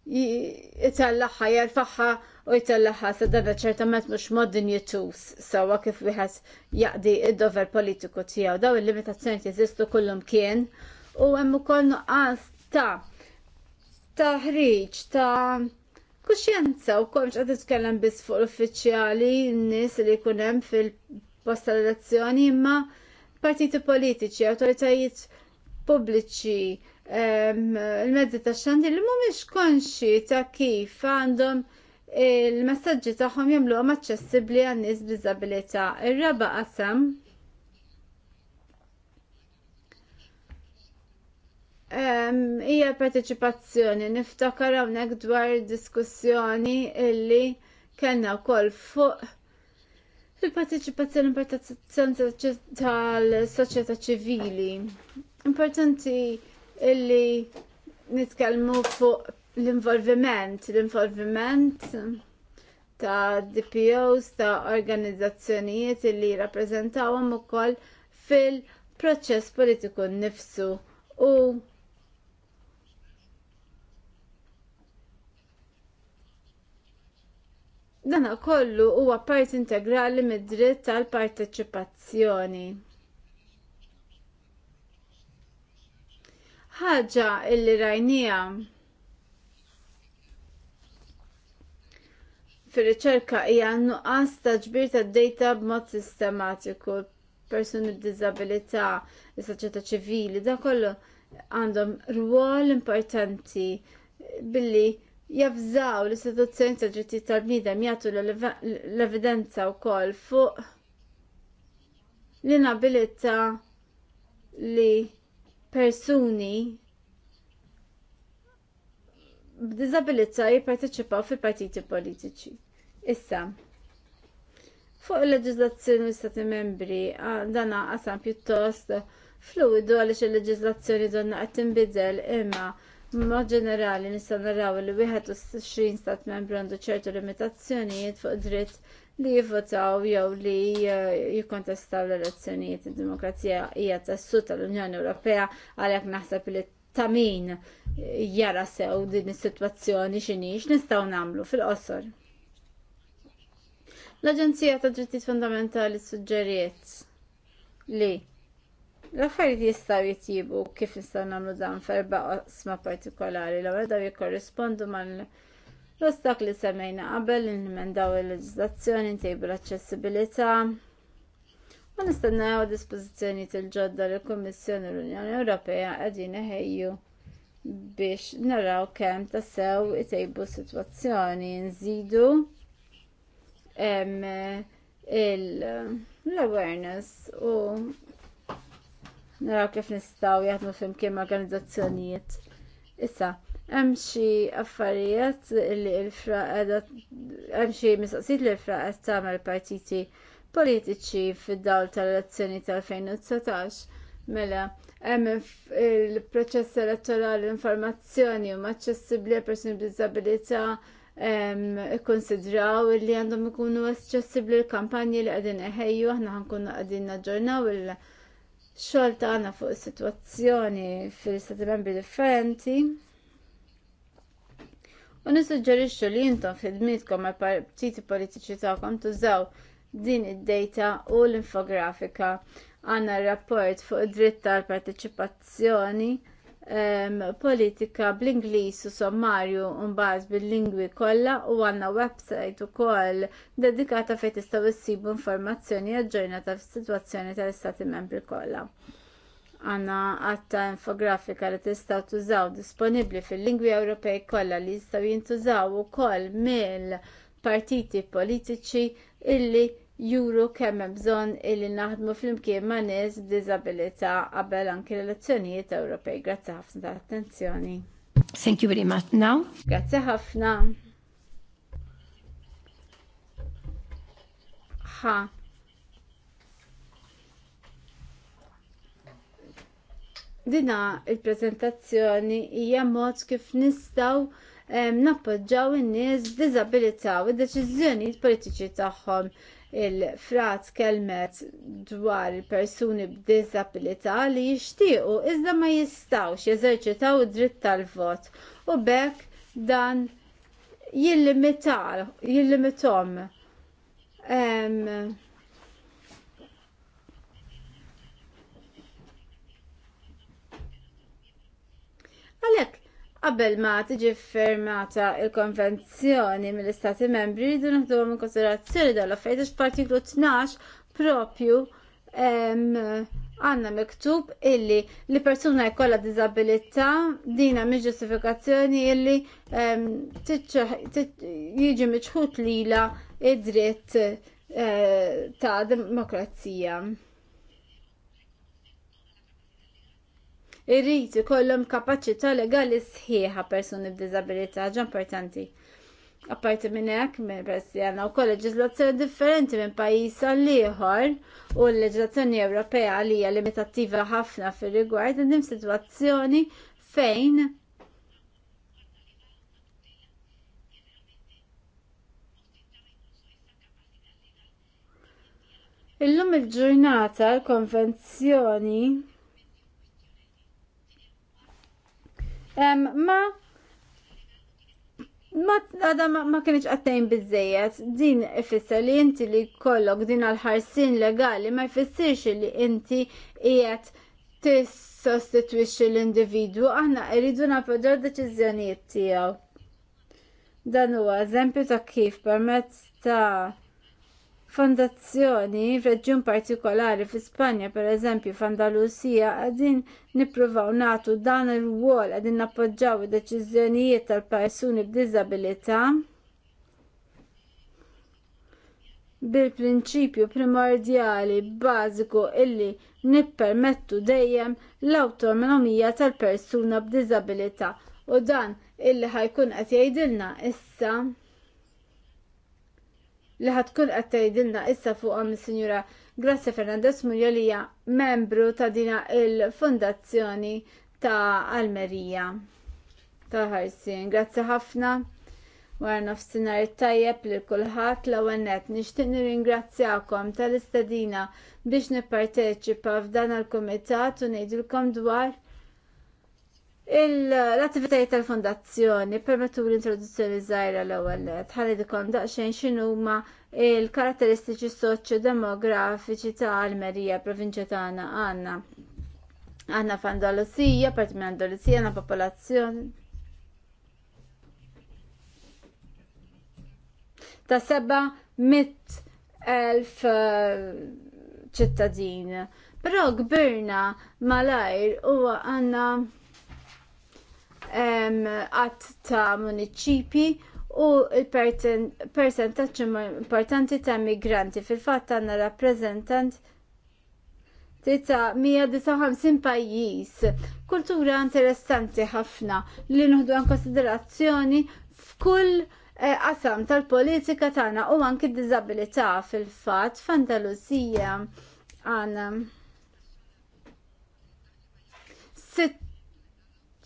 jitellaħħa, jarfaħħa u jitellaħħa sa darba ċertament mux moddin jitus sawa kif wieħed jaqdi id-dover politiku tiegħu. Daw il-limitazzjoni jeżistu kullum kien u hemm ukoll nuqqas ta' ta' ħriġ ta' kuxjenza u komx għad titkellem biss fuq l-uffiċjali n-nies li jkun hemm fil-posta l-elezzjoni imma partiti politiċi, autoritajiet pubbliċi il-mezzi ta' xandi li mhumiex konxi ta' kif għandhom il-messagġi tagħhom jagħmluhom aċċessibbli għan nies b'diżabilità. Ir-raba' qasam hija parteċipazzjoni niftakar hawnhekk dwar diskussjoni illi kellna wkoll fuq il-parteċipazzjoni importanza tal-soċjetà ċivili Importanti illi nitkellmu fuq l-involviment, l-involviment ta' DPOs, ta' organizzazzjonijiet illi rappresentawhom ukoll fil-proċess politiku nnifsu u dana kollu huwa parti integrali mid-dritt tal-parteċipazzjoni. ħaġa illi rajnija fir-riċerka hija nuqqas ta' ġbir ta' data b'mod sistematiku, persuni b'diżabilità, is-soċjetà ċivili, da kollu għandhom rwol importanti billi jafżaw l-istituzzjoni ta' drittijiet tal-bniedem jagħtu l-evidenza wkoll fuq l-inabilità li persuni b'diżabilità jipparteċipaw fi partiti politiċi. Issa, fuq il-leġizlazzjoni u stati membri dan qasam pjuttost fluidu għaliex il-leġizlazzjoni donna qed tinbidel imma ma ġenerali nista' naraw li wieħed u 21 stat membru għandu ċertu limitazzjonijiet fuq dritt li jivvotaw jew li eh, jikkontestaw l-elezzjonijiet. Id-demokrazija hija tassu tal-Unjoni Ewropea għalhekk naħseb li ta' min jara sew din is-sitwazzjoni x'inhiex nistgħu nagħmlu fil-qosor. L-Aġenzija ta' Drittijiet Fundamentali suġġeriet li L-affarijiet jistgħu jitjibu kif nistgħu nagħmlu dan f'erba' qosma partikolari l-ewwel daw jikkorrispondu mal- l li semmejna qabel li nmendaw il-leġislazzjoni ntejbu l-aċċessibilità u nistennew dispożizzjoni il-ġodda l kummissjoni l-Unjoni Ewropea qegħdin iħejju biex naraw kemm tassew itejbu sitwazzjoni nżidu l-awareness u naraw kif nistgħu jaħdmu flimkien organizzazzjonijiet. Issa, Hemm xi affarijiet li l-fra qiegħda hemm xi mistaqsijiet li l-fra qed tagħmel partiti politiċi fid-dawl tal-elezzjoni tal-2019 mela hemm il-proċess elettorali informazzjoni huma aċċessibbli għal persuni b'diżabilità ikkonsidraw li għandhom ikunu aċċessibbli l-kampanji li qegħdin eħejju aħna ħankunu qegħdin naġġornaw il-xogħol tagħna fuq is-sitwazzjoni fil-istati membri differenti u nissuġġerixxu li intom fidmitkom għal partiti politiċi tagħkom tużaw din id-data u l-infografika għandna rapport fuq dritt tal parteċipazzjoni politika bl ingliż u sommarju mbagħad bil-lingwi kollha u għandna website ukoll dedikata fejn tistgħu issibu informazzjoni aġġornata fis-sitwazzjoni tal-Istati Membri kollha għanna għatta infografika li tistaw tużaw disponibli fil-lingwi Ewropej kollha li jistaw jintużaw ukoll mill partiti politiċi illi juru kemm hemm bżonn illi naħdmu flimkien ma' nies b'diżabilità qabel anki l-elezzjonijiet Ewropej. Grazzi ħafna ta' attenzjoni. Thank you very much now. Grazzi ħafna. Ha. Dina il-prezentazzjoni hija mod kif nistgħu nappoġġaw in-nies u id-deċiżjonijiet politiċi tagħhom il-frat kelmet dwar persuni b'diżabilità li jixtiequ iżda ma jistgħux jeżerċitaw id-dritt tal-vot u bekk dan jillimitar jillimitom. Um, Qabel ma tiġi fermata il-konvenzjoni mill-Istati membri jridu naħdu in konsiderazzjoni dal fejn partiklu 12 propju għanna miktub illi li persuna jkolla diżabilità dina mi ġustifikazzjoni illi jiġi miċħut lila id-dritt eh, ta' demokrazija. irrid ikollhom kapaċità legali sħiħa persuni b'diżabilità ġa importanti. Apparti minn hekk, minn għandna wkoll leġislazzjoni differenti minn pajjiż għal ieħor u l leġislazzjoni Ewropea li hija limitattiva ħafna fir-rigward għandhom sitwazzjoni fejn Illum il-ġurnata l-konvenzjoni ma ma għada ma kienieċ għattajn bizzejet, din ifisser li inti li kollok din għal-ħarsin legali ma jfissirx li inti jiet tissostitwixxi l-individu, aħna irridu napoġġar deċiżjonijiet tiegħu. Dan huwa eżempju ta' kif permezz ta' fondazzjoni f'reġjun partikolari fi Spanja, per eżempju, f'Andalusija, għadin nippruvaw natu dan il-wol għadin nappoġġaw id-deċiżjonijiet tal-persuni b'diżabilità bil-prinċipju primordjali bażiku illi nippermettu dejjem l-awtonomija tal-persuna b'diżabilità u dan illi ħajkun qed jgħidilna issa li ħatkun qed tgħidilna issa fuqha is sinjura Grazia Fernandez Mujolija, membru ta' dina il-Fondazzjoni ta' Almerija ta' ħarsin. Grazzi ħafna. Wara nofsinhar tajjeb li kulħadd l-ewwel nett nixtieq nirringrazzjakom tal-istadina biex nipparteċipa f'dan il kumitat u ngħidilkom dwar L-attivitajiet tal-fondazzjoni permettu l-introduzzjoni żgħira l-ewwel tħalli dikom daqsxejn huma il-karatteristiċi soċjo-demografiċi tal-Merija provinċja tagħna għandna. Għandna f'Andalusija, parti minn Andalusija għandna popolazzjoni ta' seba mit elf eh, ċittadin. Però gbirna malajr u għanna għat ta' municipi u il-percentaċ importanti ta' migranti. Fil-fatt għanna rappresentant ta' 159 pajjiż. Kultura interessanti ħafna li nħdu għan konsiderazzjoni f'kull eh, qasam tal-politika tagħna u anki d-diżabilità fil-fatt f'Andalusija għandna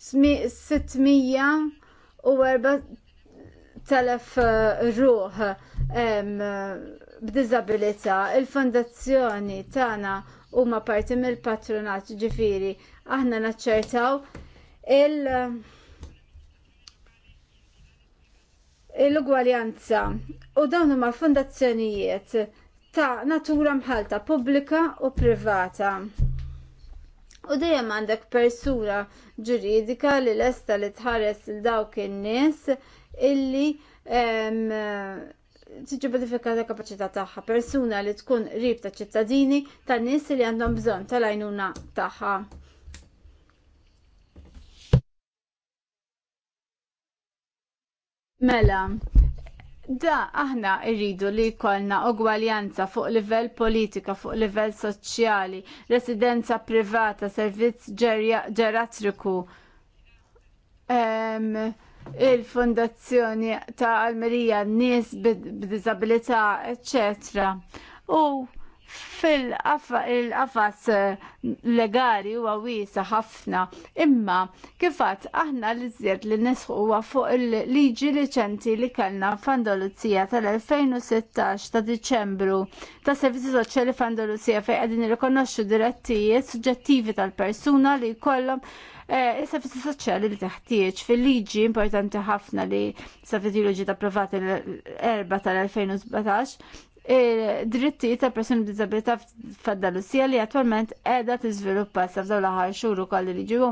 604,000 eh, ruħ b'dizabilità. Il-fondazzjoni tagħna huma parti mill-patronat ġifiri. Aħna naċċertaw il- l-ugwaljanza u dawn huma fondazzjonijiet ta' natura mħalta pubblika u privata u dejjem għandek persuna ġuridika li lesta li tħares il dawk in-nies illi tiġi modifikata kapacità tagħha persuna li tkun qrib ta' ċittadini tan-nies li għandhom bżonn tal-għajnuna tagħha. Mela, Da, aħna irridu li jkollna ugwaljanza fuq livell politika, fuq livell soċjali, residenza privata, servizz ġeratriku. Um, il-fondazzjoni ta' Almerija, nies b'Diżabilità eccetera. U fil-qafas eh, legali huwa wiesa ħafna imma kifat aħna li żjed li nisħu fuq il-liġi liċenti li kellna f'Andaluzija tal-2016 ta' Diċembru ta' Servizzi Soċjali f'Andaluzija fejn qegħdin irrikonoxxu direttijiet suġġettivi tal-persuna li jkollhom eh, Is-servizzi soċjali li teħtieġ fil-liġi importanti ħafna li s fil-liġi ta' provati l erba tal-2017 Drittijiet ta' persuni b'dizabilità f'Andalusija li attualment qiegħda tiżviluppa sa f'dawn l-aħħar xhur ukoll li ġiju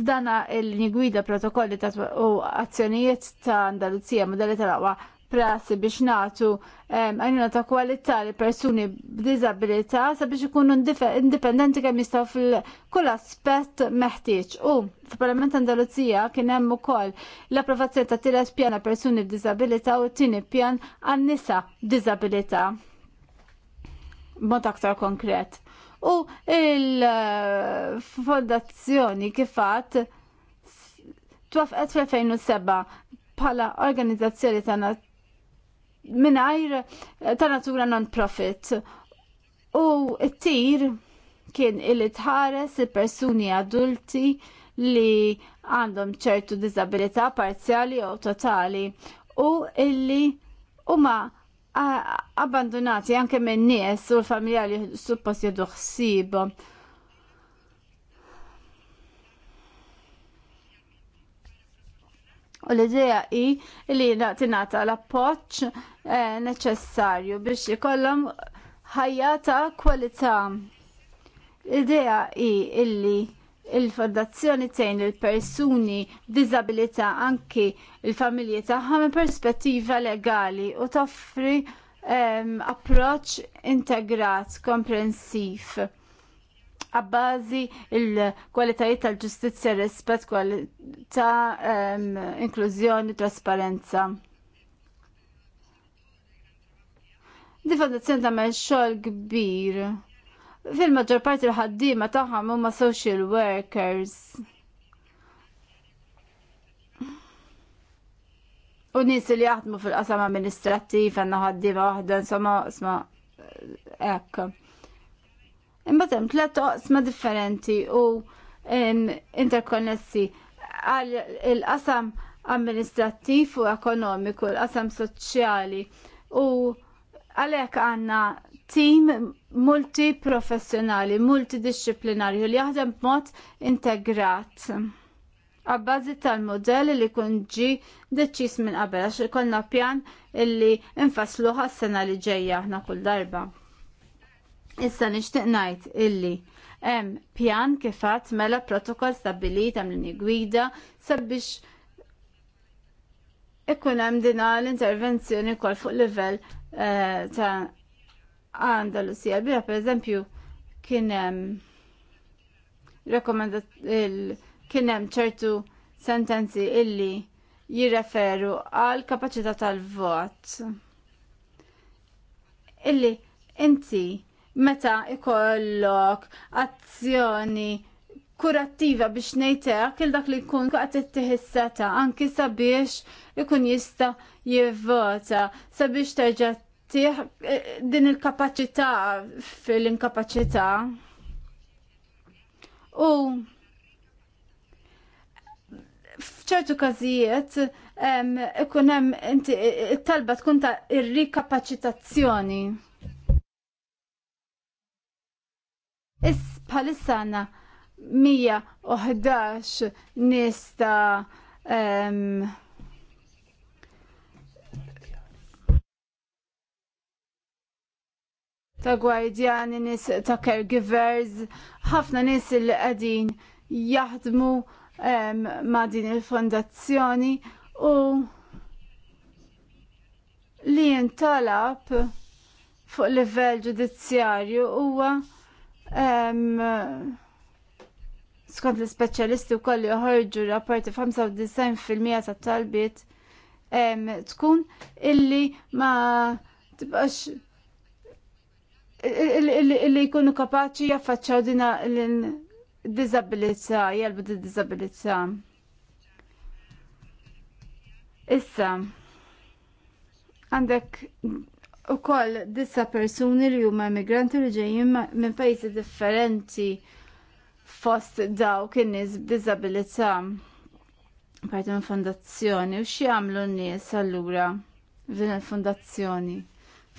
f'dana il nigwida protokolli ta' u azzjonijiet ta' Andalusija modelli tal-aqwa prassi biex natu għajnuna ta' kwalità li persuni b'dizabilità sabiex ikunu indipendenti kemm jistaw fil-kull aspett meħtieġ. U fil-Parlament Andaluzija kien hemm ukoll l-approvazzjoni ta' tielet pjan persuni b'dizabilità u t-tieni pjan għan-nisa b'dizabilità. Mod aktar konkret. U il-fondazzjoni kifat twafqet fl-2007 bħala organizzazzjoni ta' minajr eh, ta' natura non-profit. U t-tir kien illi tħares il-persuni adulti li għandhom ċertu disabilità parzjali u totali u illi huma abbandonati anke minn nies u l-familjali suppost jedu ħsibhom U l-idea hi li natinata l-appoġġ eh, neċessarju biex jikollom ħajja ta' kwalità. L-idea hi illi il-fondazzjoni tgħin il persuni b'diżabilità anki il-familji tagħha perspettiva legali u toffri ehm, approċċ integrat komprensiv għabbażi il-kwalitajiet tal-ġustizzja, rispett, kwalità, um, inklużjoni, trasparenza. Di fondazzjoni tagħmel xogħol kbir. Fil-maġġor parti l-ħaddiema tagħhom huma social workers. U nies li jaħdmu fil-qasam amministrattiv għandna ħaddiema waħda insomma isma' hekk imbatem hemm oqsma differenti u interkonnessi għal il-qasam amministrattiv u ekonomiku, l-qasam soċjali u għalhekk għandna tim multiprofessjonali, multidisciplinarju li jaħdem b'mod integrat. Għabbażi tal-modell li kun ġi deċis minn qabel, għax ikollna pjan illi infasluħa s-sena li ġejja aħna kull darba. Issa nixtieq ngħid illi hemm pjan kif kifat mela protokoll stabbilit hemm linji gwida sabiex ikun hemm dina l-intervenzjoni wkoll fuq livell uh, ta' Andalusija. Biha pereżempju kien hemm kien hemm ċertu sentenzi illi jirreferu għal kapaċità tal-vot. Illi inti meta ikollok azzjoni kurattiva biex nejtek il dak li jkun qed ta' anki sabiex ikun jista' jivvota sabiex terġa' tih eh, din il-kapaċità fil-inkapaċità. U f'ċertu każijiet ikun hemm inti talba tkun ta' irrikapacitazzjoni. Is palissana 111 nista um, ta' gwardjani, nis ta' caregivers, ħafna nis il qegħdin jaħdmu um, ma' din il-fondazzjoni u li jintalab fuq livell ġudizzjarju huwa skont l-speċjalisti u kolli uħorġu rapporti 95% ta' talbiet tkun illi ma tibqax illi jkunu kapaċi jaffaċċaw dina l-dizabilità, jelbu d-dizabilità. Issa, għandek u koll dissa persuni li huma immigranti li ġejjin minn pajjiżi differenti fost dawk in-nies b'diżabilità parti minn fondazzjoni u xi jagħmlu n-nies allura f'din il-fondazzjoni.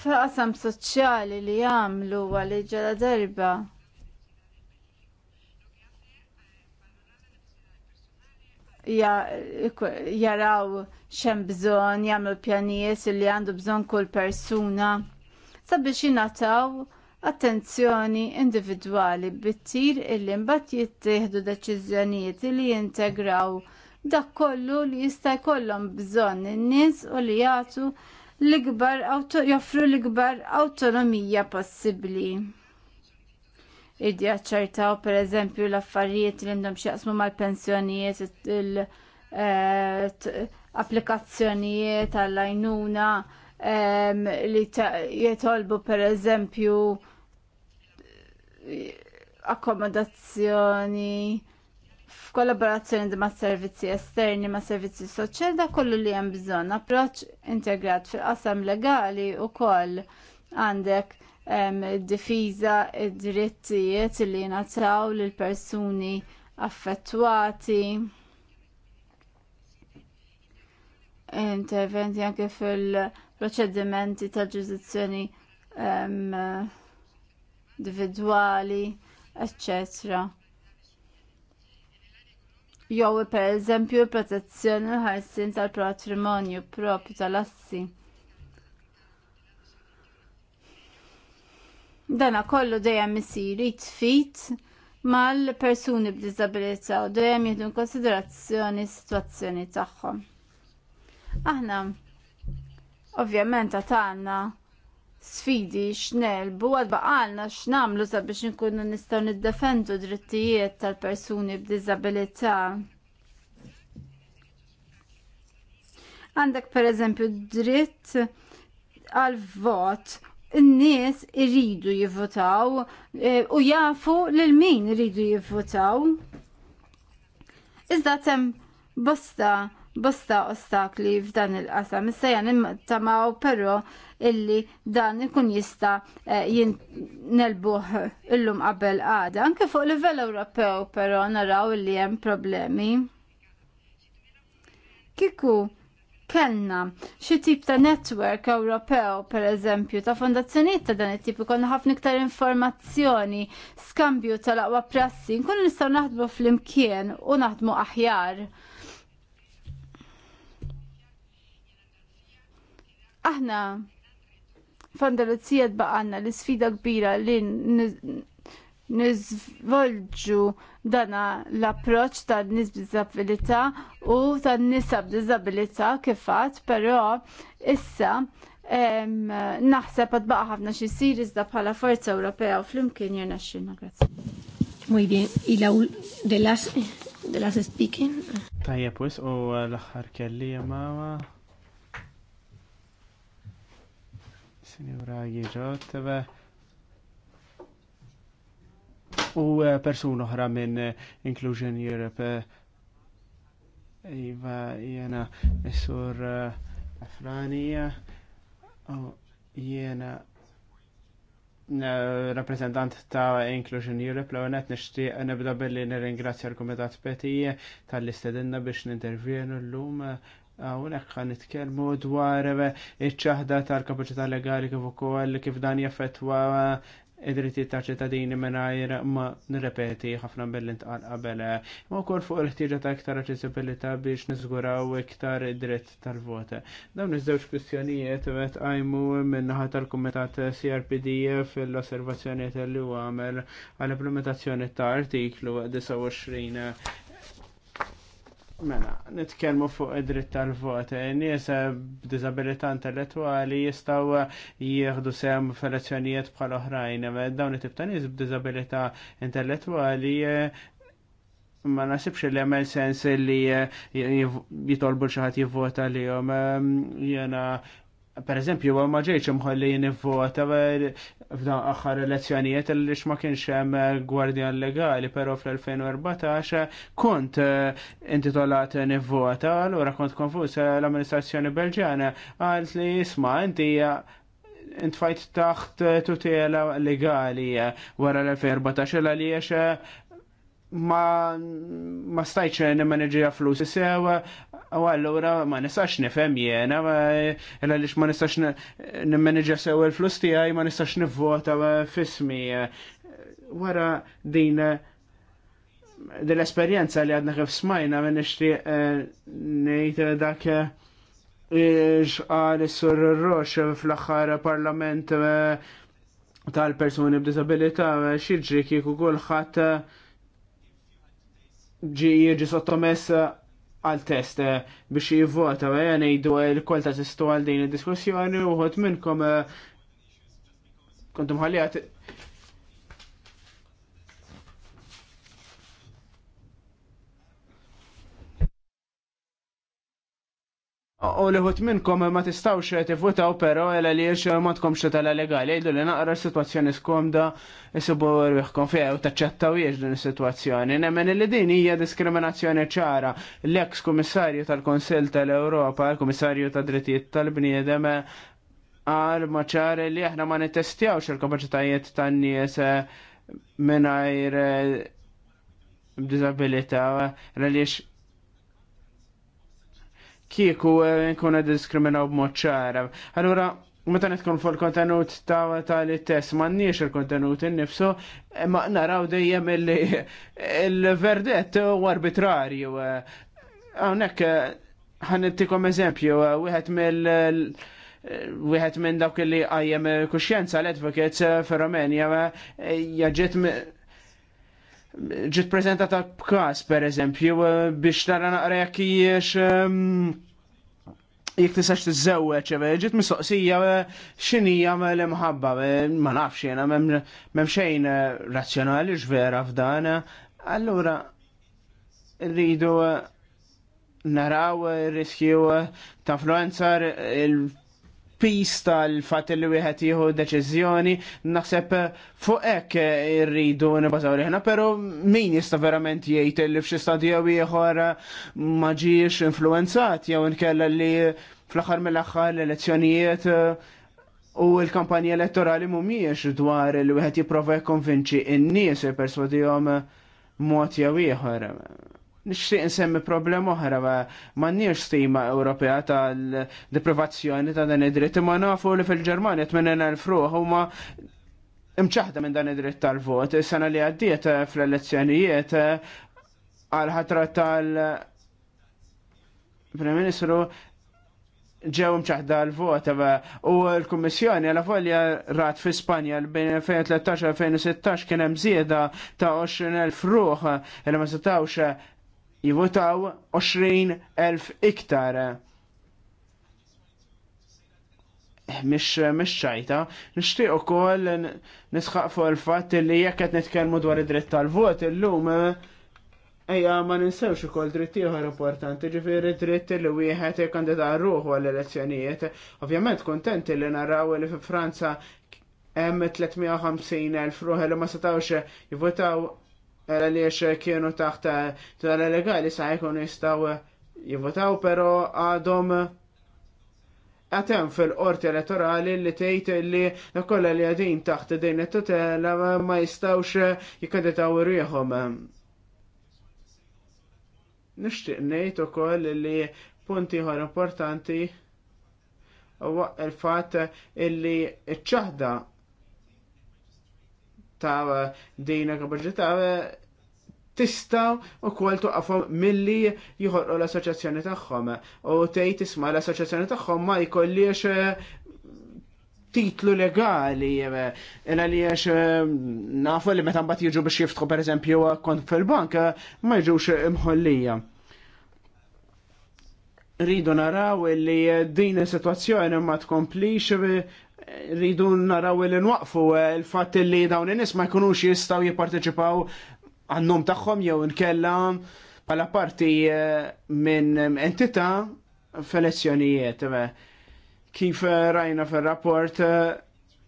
Fil-qasam soċjali li jagħmlu għal li ġala darba jaraw xem bżon, jagħmlu pjanijiet li għandu bżon kull persuna sabiex jingħataw attenzjoni individwali bittir illi mbagħad jittieħdu deċiżjonijiet li jintegraw dak kollu li jista' jkollhom bżonn in-nies u li jagħtu l-ikbar joffru l-ikbar awtonomija possibbli id-jaċċertaw per eżempju l-affarijiet li għandhom xieqsmu mal-pensjonijiet, l-applikazzjonijiet eh, għall-għajnuna ehm, li jitolbu per eżempju akkomodazzjoni f'kollaborazzjoni ma' servizzi esterni ma' servizzi soċjali da kollu li hemm bżonn approċċ integrat fil-qasam legali u koll għandek difiża id-drittijiet li nataw lil persuni affettwati. Interventi anke fil-proċedimenti tal ġurisdizzjoni individwali, eccetera jew per eżempju protezzjoni l ħarsien tal-patrimonju propju tal-assi. Dana kollu dejjem isir jitfit mal-persuni b'diżabilità u dejjem jieħdu konsiderazzjoni s-sitwazzjoni tagħhom. Aħna ovvjament għandna sfidi x'nelbu għad baqalna x'namlu sabiex inkunu nistgħu niddefendu drittijiet tal-persuni b'diżabilità. Għandek pereżempju dritt għal vot n-nies iridu jivvotaw eh, u jafu lil min iridu jivvotaw. Iżda tem bosta bosta ostakli f'dan il-qasam. Issa jan tamaw però illi dan ikun jista eh, nelbuħ illum qabel għada. Anke fuq livell Ewropew però naraw illi hemm problemi. Kiku kellna xi tip ta' netwerk Ewropew pereżempju ta' fondazzjonijiet ta' dan it-tip ikollna ħafna iktar informazzjoni, skambju tal-aqwa prassi, nkunu nistgħu naħdmu flimkien u naħdmu aħjar. Aħna f'Andaluzija tbaqanna l-isfida kbira li nizvolġu dana l-approċ ta' nis b'dizabilità u ta' nisa b'dizabilità kifat, però issa naħseb għad baqa ħafna xi sir iżda bħala Forza Ewropea u flimkien jena xie nagħat. Muy bien, ila de de las speaking. Tajja pues u l-aħħar kelli jamawa. Sinjura Jirot, u eh, persuna oħra minn eh, Inclusion Europe. Eh, iva jena Isur Afranija u oh, jena rappresentant ta' Inclusion Europe l għonet nishti nibda billi nir-ingrazzja l-Komitat Peti tal-istedinna biex n-intervjenu l-lum Unek għan nitkelmu dwar iċ-ċaħda tal-kapacità legali kif ukoll kif dan jaffettwa id dritti ta' ċittadini mingħajr ma nirrepeti ħafna mill-intqal qabel. Ma wkoll fuq il-ħtieġa ta' iktar aċċessibilità biex niżguraw iktar id-dritt tal vota Dawn iż-żewġ kwistjonijiet qed qajmu min-naħa tal-Kumitat CRPD fil-osservazzjonijiet li huwa għamel għall-implementazzjoni ta' artiklu 29 Mena, nitkelmu fuq id-dritt tal-vot. Nies b'diżabilità intellettwali jistgħu jieħdu sem f'elezzjonijiet bħal oħrajn. Dawn it-tip ta' nies b'diżabilità intellettwali eh, ma nasibx li għamel sens li eh, jitolbu xaħat jivvota li jom jena per eżempju, ma ġejċ imħalli nivvota eh, f'dan aħħar elezzjonijiet li ma kienx hemm gwardjan legali, però fl-2014 kont eh, intitolat nivvota, allura kont konfus eh, l-amministrazzjoni Belġjana għalt li jisma' inti intfajt taħt tutela legali wara l-2014 għaliex ma ma stajċ nimmanġija flus sewa U allura ma nistax nifhem jiena, għaliex ma nistax nimmaneġa sew il-flus tijaj, ma nistax nifvota fismi. Wara din l-esperjenza li għadna kif smajna minn ixti eh, ngħid dak eh, xqal sur roċ fl-aħħar parlament eh, tal-persuni b'disabilita, xirġri kiku kulħadd ġi jieġi sottomessa għal test eh, biex jivvota u għanajdu eh, l-kol ta' testu għal din il-diskussjoni u għot minnkom eh, kontum ħallijat U liħut minnkom ma tistawx tivvotaw pero għela li jiex ma tkomx tala legali, jgħidu li naqra situazzjoni skomda jisibu rwiħkom fija u taċċettaw jiex din situazzjoni. Nemmen li din hija diskriminazzjoni ċara. L-eks komissarju tal-Konsil tal-Europa, l-Komissarju tal Drittijiet tal-Bniedem, għal maċar li aħna ma nittestjawx il-kapacitajiet tan-nies mingħajr eh, disabilità għaliex kieku eh, nkunu diskriminaw b'mod ċara. Allura, meta nitkun fuq il-kontenut ta' tal-test, m'għandniex il-kontenut innifsu, eh, ma naraw dejjem il-verdett u arbitrarju. Eh, hawnhekk ħanittikom eżempju, wieħed mill wieħed minn dawk li għajjem kuxjenza l-advocates fir-Rumenja jaġġiet ġit prezentata b'kas, per eżempju, eh, biex tara naqra jiex ehm, jek tisax t-zewċ, eh, ġit mistoqsija eh, xinija l-imħabba, ma nafx jena, memxejn razzjonali ġvera f'dan, allura rridu naraw riskju ta' influenza il Pista tal-fat li wieħed jieħu deċiżjoni naħseb eh, fuq hekk eh, irridu nibbażaw riħna, però min jista' verament jgħid li f'xi stadju ieħor eh, ma ġiex influenzat jew inkella li fl-aħħar mill-aħħar l-elezzjonijiet U l-kampanja elettorali mumiex dwar li wieħed jipprova jikkonvinċi n-nies perswadihom mod jew ieħor. Nixtieq insemmi problema oħra m'għandniex stima Ewropea tal-deprivazzjoni ta' dan id-dritt imma nafu li fil-Ġermanja tmenna l-fruħ huma imċaħda minn dan id-dritt tal-vot. Is-sena li għaddiet eh, fl-elezzjonijiet eh, għal ħatra tal Prim Ministru ġew mċaħda l-vot eh, u l-Kummissjoni għal volja rat fi Spanja bejn 2013-2016 kien hemm żieda ta' 20,000 ruħ li ma setawx jivotaw 20,000 iktar. Mish mish ċajta, nishtiq ukoll nisħaq fuq il-fatt li jekk qed nitkellmu dwar id-dritt tal-vot illum Ejja, ma ninsewx ukoll dritt ieħor importanti, ġifieri dritt li wieħed ikkandida għarruħu għall-elezzjonijiet. Ovvjament kontent li naraw li fi Franza hemm 350,000 ruħ li ma setawx jivotaw għaliex kienu taħt tal legali sa' jkun jistaw jivvotaw, pero għadhom għatem fil-qorti elettorali li tgħid li kolla li għadin taħt din it-tutela ma jistawx jikkanditaw Nishtiq Nixtieq ngħid ukoll li punti ħor importanti huwa il-fatt illi ċ-ċaħda ta' eh, dejna tawa eh, tistaw u kol tuqafom milli jħorqu l-assoċjazzjoni tagħhom u tgħid isma l-assoċjazzjoni tagħhom ma jkollix eh, titlu legali jena li għax nafu li meta mbagħad jiġu biex jiftħu pereżempju kont fil-bank ma jiġux imħollija. Ridu naraw li din is-sitwazzjoni ma tkomplix rridu naraw li nwaqfu eh, il fat li dawn in-nies ma jkunux jistgħu jipparteċipaw għannum tagħhom jew nkella bħala parti eh, minn eh, entità f'elezzjonijiet. Kif rajna fir-rapport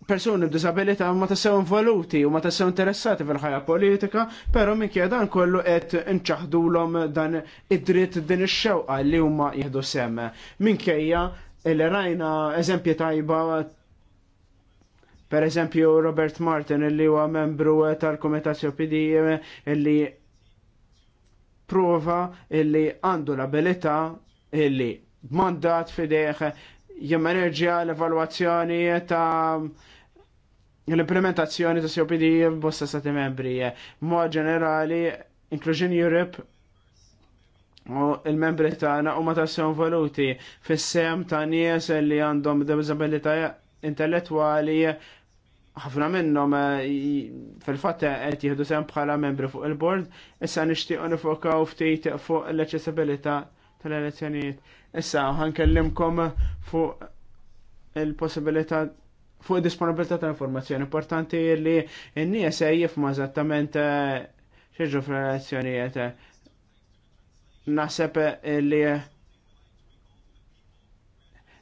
persuni b'disabilità ma tassew involuti u ma tassew interessati fil-ħajja politika, però minkejja dan kollu qed inċaħdulhom dan id-dritt din ix-xewqa li huma jieħdu sem. Minkejja il rajna eżempji tajba Per eżempju, Robert Martin, illi huwa membru tal-Komitat COPD, illi prova illi għandu l-abilità illi mandat fideħ jemmerġja l-evaluazzjoni ta' l-implementazzjoni ta' COPD bosta stati membri. Mod ġenerali, Inclusion Europe u il-membri tagħna huma tassew valuti fis-sem ta' nies li għandhom disabilità intellettwali ħafna minnhom eh, fil-fatt qed jieħdu sehem bħala membri fuq il bord issa nixtiequ nifokaw ftit fuq l-aċċessibilità tal-elezzjonijiet. Issa ħankellimkom fuq il-possibilità fuq disponibilità ta' informazzjoni importanti li n-nies eh, jifma eżattament eh, xieġu fl-elezzjonijiet. Naħseb li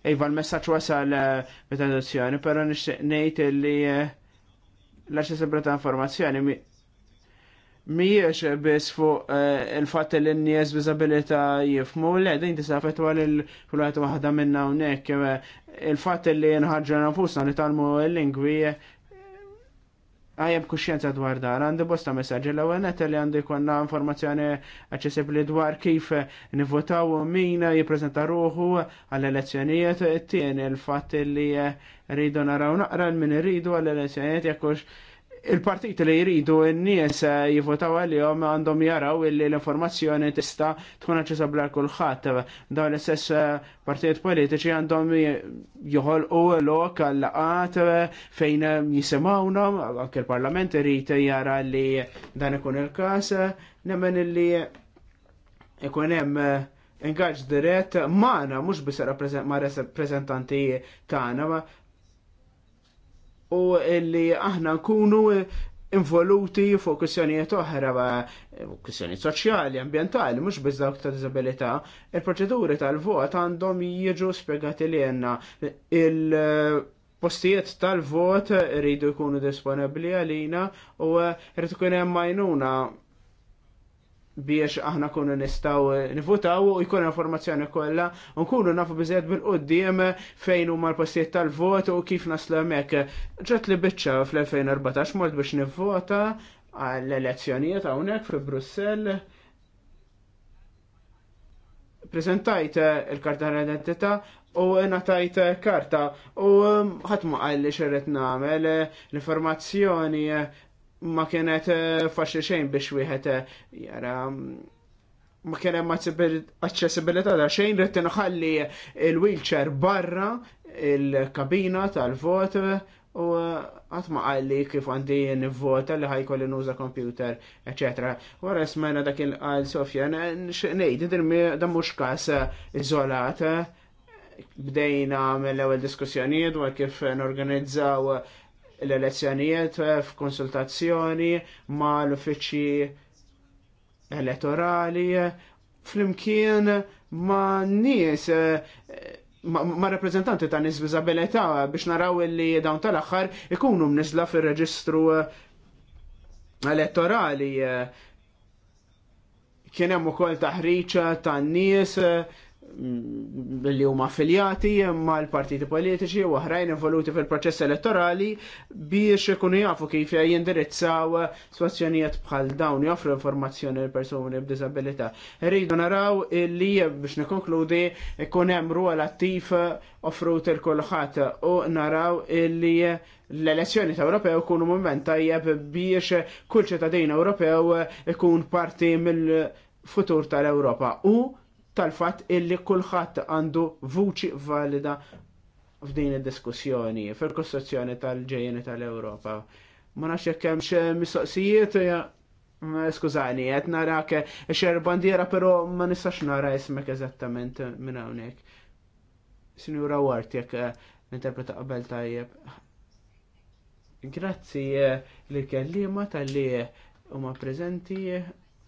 Iva l-messagġ wasal eh, meta nozzjoni, pero nixtieq ngħid li l sebra ta' informazzjoni mhijiex biss fuq eh, il fat li n-nies biżabilità jifmu, le din tista' fetwa lil kull waħda minna hawnhekk. Eh, il-fatt li nħarġu nfusna li talmu l-lingwi għajem kuxjenza dwar dan, għandi bosta messagġi l għanet li għandi konna informazzjoni accessibli dwar kif nivotaw min jiprezenta ruħu għall-elezzjonijiet, t-tien il-fat li rridu naraw naqra minn rridu għall-elezzjonijiet jekkux il-partiti li jridu n-nies eh, jivotaw għal-jom għandhom jaraw illi l-informazzjoni tista tkun aċċessabbla kulħadd. Dawn l-istess eh, partijiet politiċi għandhom joħolqu lok għall-laqat eh, fejn jisimawna, anke l-parlament irid jara li dan ikun il-każ, nemmen illi ikun hemm ingaġġ dirett magħna mhux biss ma' rappreżentanti tagħna, u li aħna nkunu involuti fuq kwistjonijiet oħra, kwistjonijiet soċjali, ambientali, mhux biss dawk ta' diżabilità, il-proċeduri tal-vot għandhom jiġu spjegati li għandna il-postijiet tal-vot rridu jkunu disponibbli għalina u rridu jkun hemm majnuna biex aħna kunu nistaw eh, nivutaw u jkun informazzjoni kollha u nkunu nafu biżejjed bil-qudiem eh, fejn huma l-postijiet tal-vot u kif naslu hemmhekk. Ġet li biċċa fl-2014 mort biex nivvota għall-elezzjonijiet hawnhekk fi Brussell. Prezentajt eh, il-karta l-identità u natajt karta u ħatmu għalli xerret namel l-informazzjoni ma kienet eh, faċli xejn biex wieħed eh, jara ma kien hemm aċċessibilità ta' xejn rid tinħalli il-wheelchair barra il-kabina tal-vot u qatt eh, ma qalli kif għandi nivvota li ħajkolli nuża computer, eċetera. Wara smajna dak il-qal Sofja, ngħid da mhux każ iżolat bdejna mill-ewwel diskussjonijiet dwar kif norganizzaw l-elezzjonijiet eh, f'konsultazzjoni ma' l-uffiċċji elettorali flimkien ma' nies eh, ma, ma rappresentanti ta' nis biex naraw li dawn tal-axħar ikunu mnisla fir reġistru eh, elettorali. Kien hemm ukoll taħriġ tan nies billi huma affiljati mal partiti politiċi u oħrajn involuti fil-proċess elettorali biex ikunu jafu kif jindirizzaw situazzjonijiet bħal dawn joffru informazzjoni l persuni b'disabilità. Rridu naraw illi biex nikonkludi ikun hemm rwol attiv offrut il kulħadd u naraw illi l-elezzjoni ta' Ewropew kunu moment tajjeb biex kull ċittadin Ewropew ikun parti mill-futur tal-Ewropa u tal-fatt illi kulħadd għandu vuċi valida f'din id-diskussjoni fil-kostruzzjoni tal-ġejjeni tal-Ewropa. Ma nafx jekk hemm eh, mistoqsijiet eh, skużani, qed narak xer bandiera però ma nistax nara ismek eżattament minn hawnhekk. Sinjura Wart jekk eh, interpreta qabel tajjeb. Grazzi li kellima tal-li huma preżenti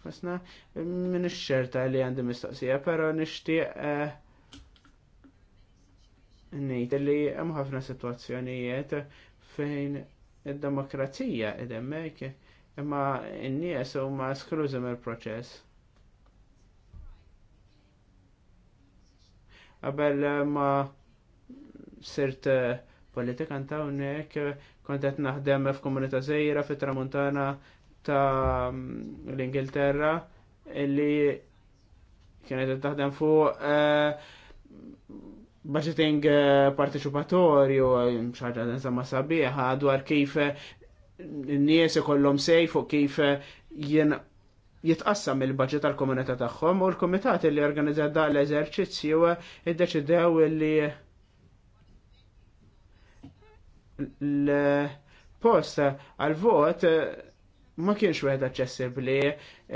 Fasna, minn xċerta li għandi mistoqsija, pero nishtiq eh, nejt li hemm ħafna situazzjonijiet fejn id-demokrazija id hemmhekk imma n-nies huma skrużi mill-proċess. Qabel ma sirt politika ntawnek kont qed naħdem f'komunità żejra fit-Tramuntana ta' l-Ingilterra illi kienet taħdem fuq budgeting partecipatorju, xaġa insomma sabiħa, dwar kif n-nies ikollhom sejfu kif jien jitqassam il-budget tal-komunità tagħhom u l-komitat li organizza dan l-eżerċizzju iddeċidew li l-post għal-vot ma kienx wieħed aċċessibbli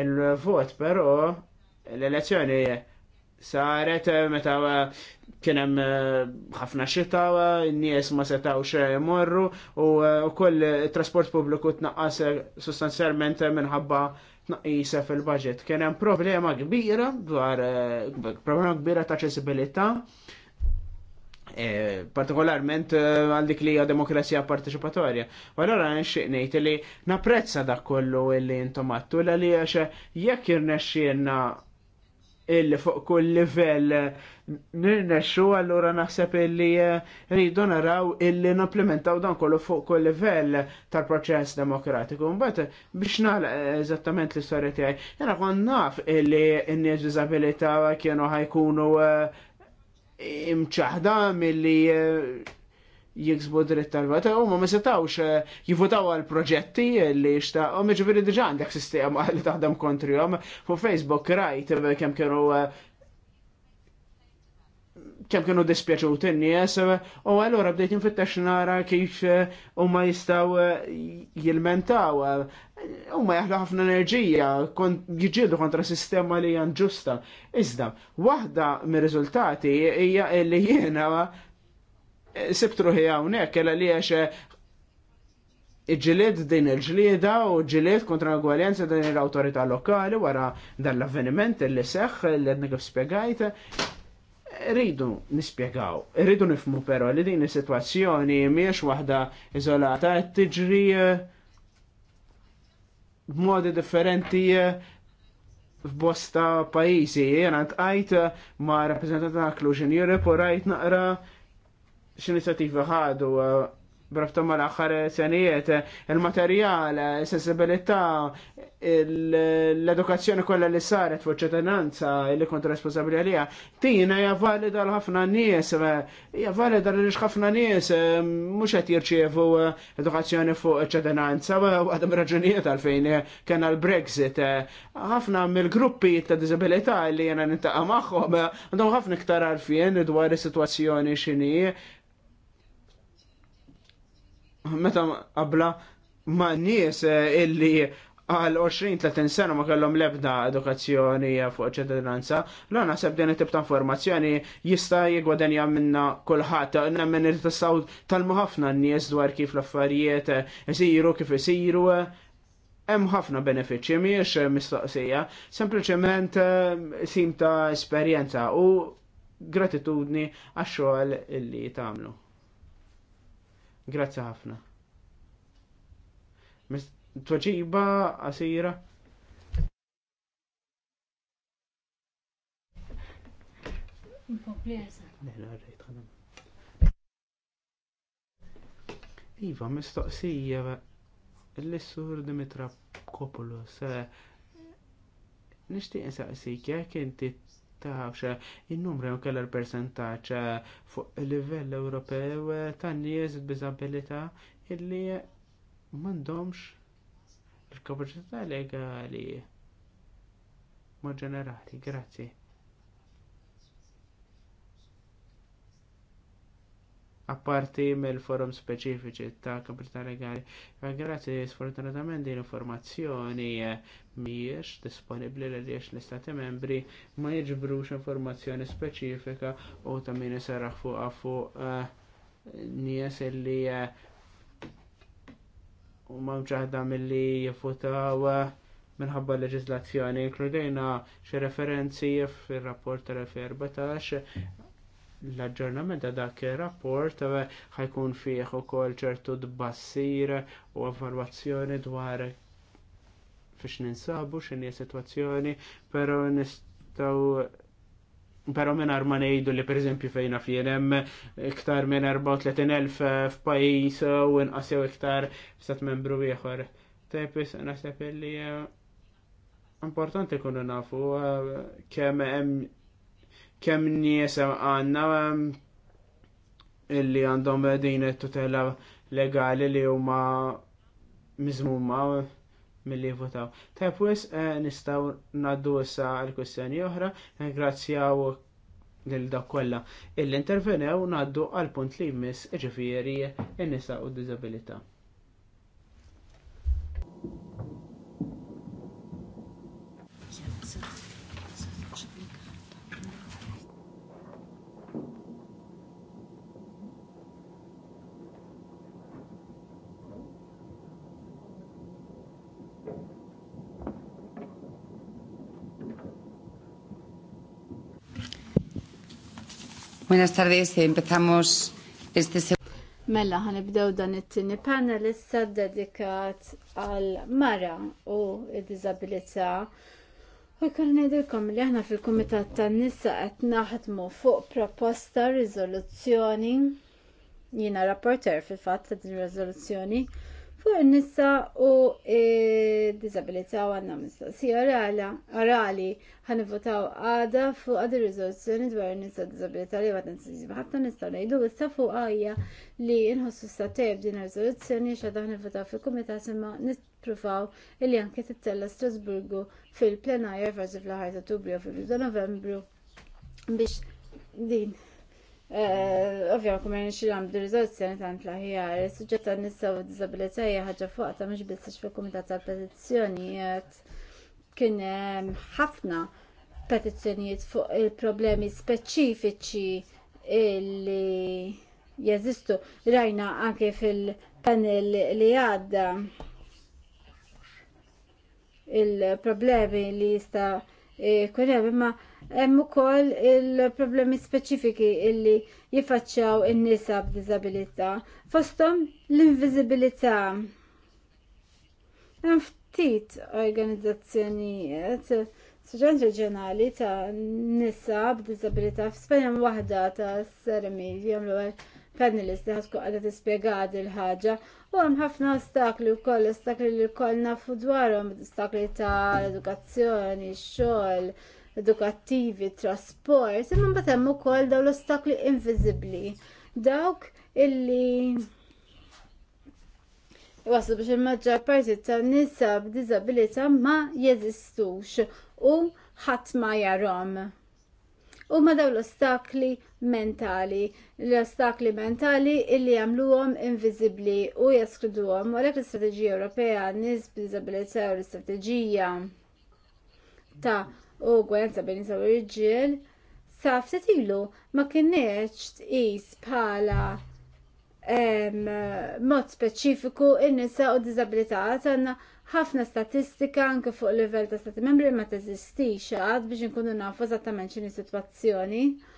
il-vot, però l-elezzjoni saret eh, meta eh, kien hemm eh, ħafna xita, n-nies ma setawx jmorru u wkoll trasport pubbliku tnaqqas sostanzjalment minħabba tnaqqisa fil-budget. Kien hemm problema kbira dwar problema kbira ta' aċċessibilità Eh, partikolarment eh, għal dik li hija demokrazija parteċipatorja. U allura nixtieq ngħid li napprezza dak kollu illi intom għattu li għax jekk irnexxielna illi fuq kull livell nirnexxu allura naħseb illi eh, rridu naraw illi nimplementaw dan kollu fuq kull livell tal-proċess demokratiku. Mbagħad biex nagħlaq eżattament l-istorja tiegħi, Jena kont naf illi n-nies kienu ħajkunu imċaħda milli eh, jiksbu dritt tal-vota u ma setawx eh, jivotaw għal proġetti li xta' u meġveri diġan dak sistema li taħdem kontri għom, fu Facebook rajt kem kienu eh, kem kienu dispjaċut in-nies, u allura bdejt nfittax nara kif eh, huma jistgħu eh, jilmentaw. ma jaħlu ħafna enerġija, jiġġieldu kontra sistema li hija ġusta. Iżda, waħda mir-riżultati hija li jiena eh, sibtru ruħi hawnhekk illa li għax iġġiled din il-ġlieda u ġiled kontra l gwaljenza din l awtorità lokali wara dan l-avveniment li seħħ li għedni kif rridu nispjegaw, rridu nifmu però li din is-sitwazzjoni mhijiex waħda iżolata qed tiġri eh, b'modi differenti eh, f'bosta pajjiżi. Jiena ntqajt eh, ma' rappreżentanti ta' Clusion Europe u rajt naqra x'inizjattivi ħadu brafta mal aħħar senijiet, il-materjal, sensibilità, l-edukazzjoni kollha li saret fuq ċittadinanza li kont responsabbli għalija, tina hija valida l ħafna nies, hija valida li ħafna nies mhux qed jirċievu eh, edukazzjoni fuq ċittadinanza u għadhom raġunijiet għalfejn eh, kien l-Brexit. Eh. Ħafna mill-gruppi ta' diżabilità li jena nintaqa' magħhom għandhom ħafna iktar għalfien dwar is-sitwazzjoni x'inhi meta qabla ma' nies eh, illi għal 20-30 sena ma kellhom lebda edukazzjoni eh, fuq ċittadinanza, għana naħseb din it-tip ta' informazzjoni jista' jigwadenja minna kulħadd, nemmen tistgħu talmu ħafna n-nies dwar kif l-affarijiet eh, isiru kif isiru. Hemm ħafna benefiċċji mhijiex mistoqsija, sempliċement sim ta' esperjenza u gratitudni għax-xogħol li tagħmlu. Grazzi ħafna. Tweġiba għasira? Iva, mistoqsija l issur Dimitra Kopulos. Eh, nishtiq nsaqsik jekk inti tafx il-numru jew kellha l-persentaġġ fuq il-livell Ewropew tan-nies b'diżabilità illi m'għandhomx il-kapaċità legali ma' ġenerali. Grazzi. apparti mill-forum speċifiċi ta' kapita legali. Ma grazzi, sfortunatament din informazzjoni eh, mhijiex disponibbli li għaliex l-istati membri ma jiġbrux informazzjoni speċifika u ta' min serraħ fuq fuq eh, nies li eh, u mamċaħda mill-li jifutaw minħabba leġizlazzjoni inkludejna xi referenzi fir-rapport tal-2014 l-aġġornament ta' dak ir rapport eh, ħajkun fih ukoll ċertu dbassir u evalwazzjoni dwar fiex ninsabu x'inhi sitwazzjoni, però nistgħu Pero minn ma ngħidu li eżempju fejna fien hemm iktar minn 34,000 eh, f'pajjiż u inqasew iktar f'sat membru ieħor. Tepis naħseb li eh, importanti kunu nafu kemm hemm kemm nies għandna ehm, illi għandhom din tutela legali li huma miżmuma milli votaw. Tajb wis eh, nistgħu ngħaddu issa għal kwistjoni oħra, ngrazzjaw lil dak kollha illi intervenew ngħaddu għal punt li jmiss iġifieri n-nisa u d-diżabilità. Buenas tardes, empezamos este Mella ħanibdew dan it-tieni panel issa dedikat għal mara u id-diżabilità. U jkun ngħidilkom li aħna fil-Kumitat tan-nisa qed naħdmu fuq proposta riżoluzzjoni jiena rapporter fil-fatt ta' din riżoluzzjoni fuq nissa u disabilità u għanna mistoqsija orali ħan votaw għada fuq għad il-rizoluzzjoni dwar nisa disabilità li għadna nsiġi ħatta nistaw nejdu issa fuq għajja li nħossu stateb din il-rizoluzzjoni xadda għan votaw fil-komitat semma nisprufaw illi anke tittella Strasburgu fil plenajer verżi fl-ħar Tubri u fil-bidu Novembru biex din Eh, ovvja, kum għan xil d rizoluzzjoni ta' mplaħjar, suġġet ta' nissa u disabilità ħagġa fuq ta' mux bistax fil komitat ta' petizzjonijiet kien ħafna petizzjonijiet fuq il-problemi speċifiċi li jeżistu rajna anke fil-panel li għadda il-problemi li jista' kunem, imma hemm ukoll il-problemi speċifiki illi jifaċċaw in-nisa b'diżabilità fosthom l-inviżibilità. Hemm ftit organizzazzjonijiet Suġġent reġjonali ta' nisa b'diżabilità f'Spanja waħda ta' Sermi jagħmlu panelist li ħadku għadha tispjegadi l-ħaġa u hemm ħafna ostakli wkoll ostakli li wkoll nafu dwarhom ostakli ta' l-edukazzjoni, x-xogħol, edukattivi, trasport, imma mbagħad hemm ukoll dawn l-ostakli inviżibbli. Dawk illi waslu biex il-maġġor parti tan nisa b'diżabilità ma jeżistux u ħadd ma jarhom. U ma daw l-ostakli mentali, l-ostakli mentali illi jagħmluhom inviżibbli u jaskruduhom għalhekk l-Istrateġija Ewropea għan-nies b'diżabilità u l-Istrateġija ta' u gwenza bejn nisa u rġiel sa ilu ma kinnieċ tqis bħala mod speċifiku in-nisa u diżabilità għandna ħafna statistika anke fuq livell ta' stati membri ma teżistix għad biex nkunu nafu eżattament xini sitwazzjoni. situazzjoni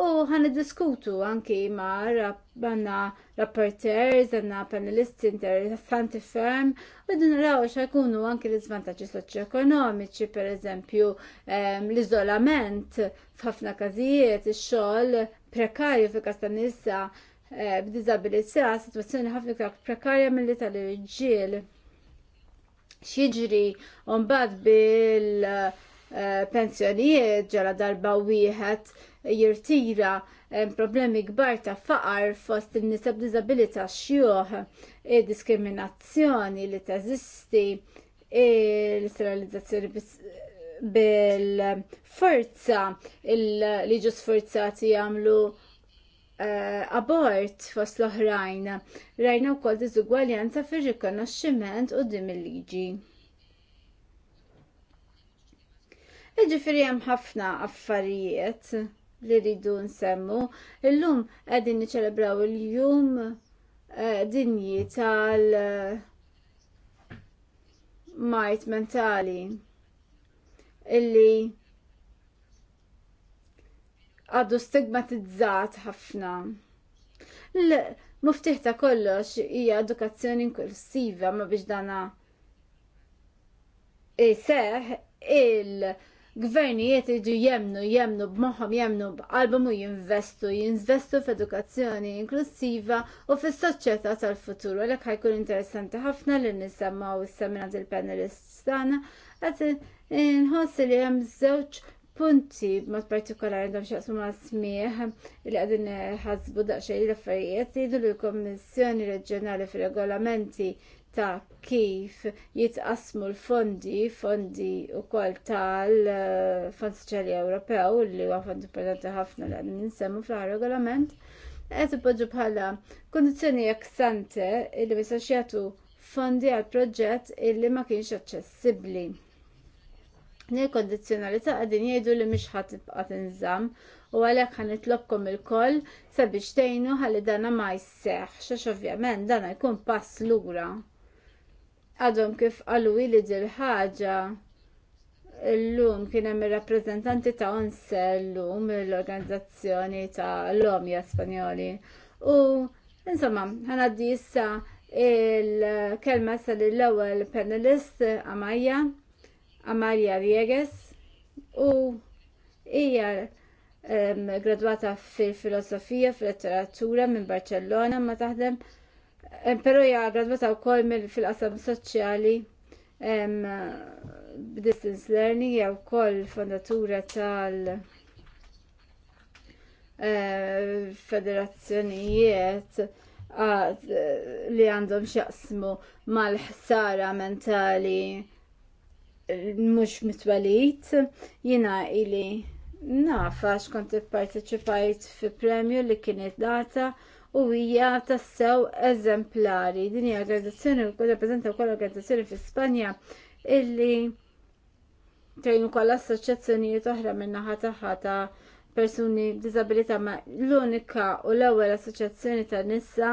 u ħan diskutu anki ma għanna rapporters, għanna panelisti interessanti ferm u din raw xajkunu anki l-izvantaġi soċ-ekonomiċi, per eżempju ehm, l-izolament f'ħafna kazijiet, il-xol prekarju fi kasta nisa eh, b'dizabilità, situazzjoni ħafna iktar prekarja mill-li tal-irġiel. Xieġri, un bad bil- uh, Eh, pensjonijiet ġara darba wieħed jirtira eh, problemi kbar ta' faqar fost il-nisab disabilita xjuħ, diskriminazzjoni li teżisti, l-sterilizzazzjoni bil-forza li ġus forzati jagħmlu eh, abort fost l-oħrajn. Rajna wkoll diżugwaljanza fir-rikonoxximent u dim il-liġi. Iġifiri hemm ħafna affarijiet li rridu nsemmu. Illum qegħdin niċċelebraw il-jum eh, dinji tal eh, mart mentali illi għadu stigmatizzat ħafna. Muftiħ ta' kollox hija edukazzjoni inklusiva ma biex dana seħ il- gvernijiet idu jemnu, jemnu b'moħħom, jemnu b'qalbhom u jinvestu, jinvestu f'edukazzjoni inklusiva u fis-soċjetà tal-futur. Għalhekk ħajkun interessanti ħafna li nisemmaw is semina il-panelists tagħna qed inħoss li hemm żewġ punti b'mod partikolari għandhom xaqsu ma' smieħ li qegħdin ħasbu daqsxejn l-affarijiet jgħidu li l-Kommissjoni Reġjonali fir-Regolamenti ta' kif jitqasmu l-fondi, fondi wkoll tal-Fond Soċjali Ewropew li huwa fond importanti ħafna li ninsemmu fl-regolament, qed ipoġġu bħala kundizzjoni eksante li ma jistax jagħtu fondi għal proġett illi ma kienx aċċessibbli. Nil kondizzjonalità qegħdin jgħidu li mhix ħadd tibqa' tinżamm u għalhekk ħanitlobkom il-koll sabiex tgħinu ħalli dana ma jseħħ xax ovvjament dana jkun pass lura għadhom kif qalu li dil-ħaġa l-lum kien hemm ir-rappreżentanti ta' Onse llum l-organizzazzjoni ta' l-Omja Spanjoli. U insomma, ħanaddi issa il-kelma sal l-ewwel panelist Amaja, Amaja Rieges, u hija um, gradwata fil-filosofija, fil-letteratura minn Barcellona ma taħdem Pero hija gradwata wkoll fil-qasam soċjali b'distance learning jew koll fondatura tal eh, federazzjonijiet li għandhom xaqsmu mal-ħsara mentali mux mitwalit, jina ili nafax kont parteċipajt fi premju li kienet data u hija tassew eżemplari. Din hija organizzazzjoni rappreżenta wkoll organizzazzjoni fi Spanja illi trejn ukoll assoċjazzjonijiet oħra min-naħa tagħha ta' persuni b'diżabilità ma l-unika u l-ewwel assoċjazzjoni ta' nisa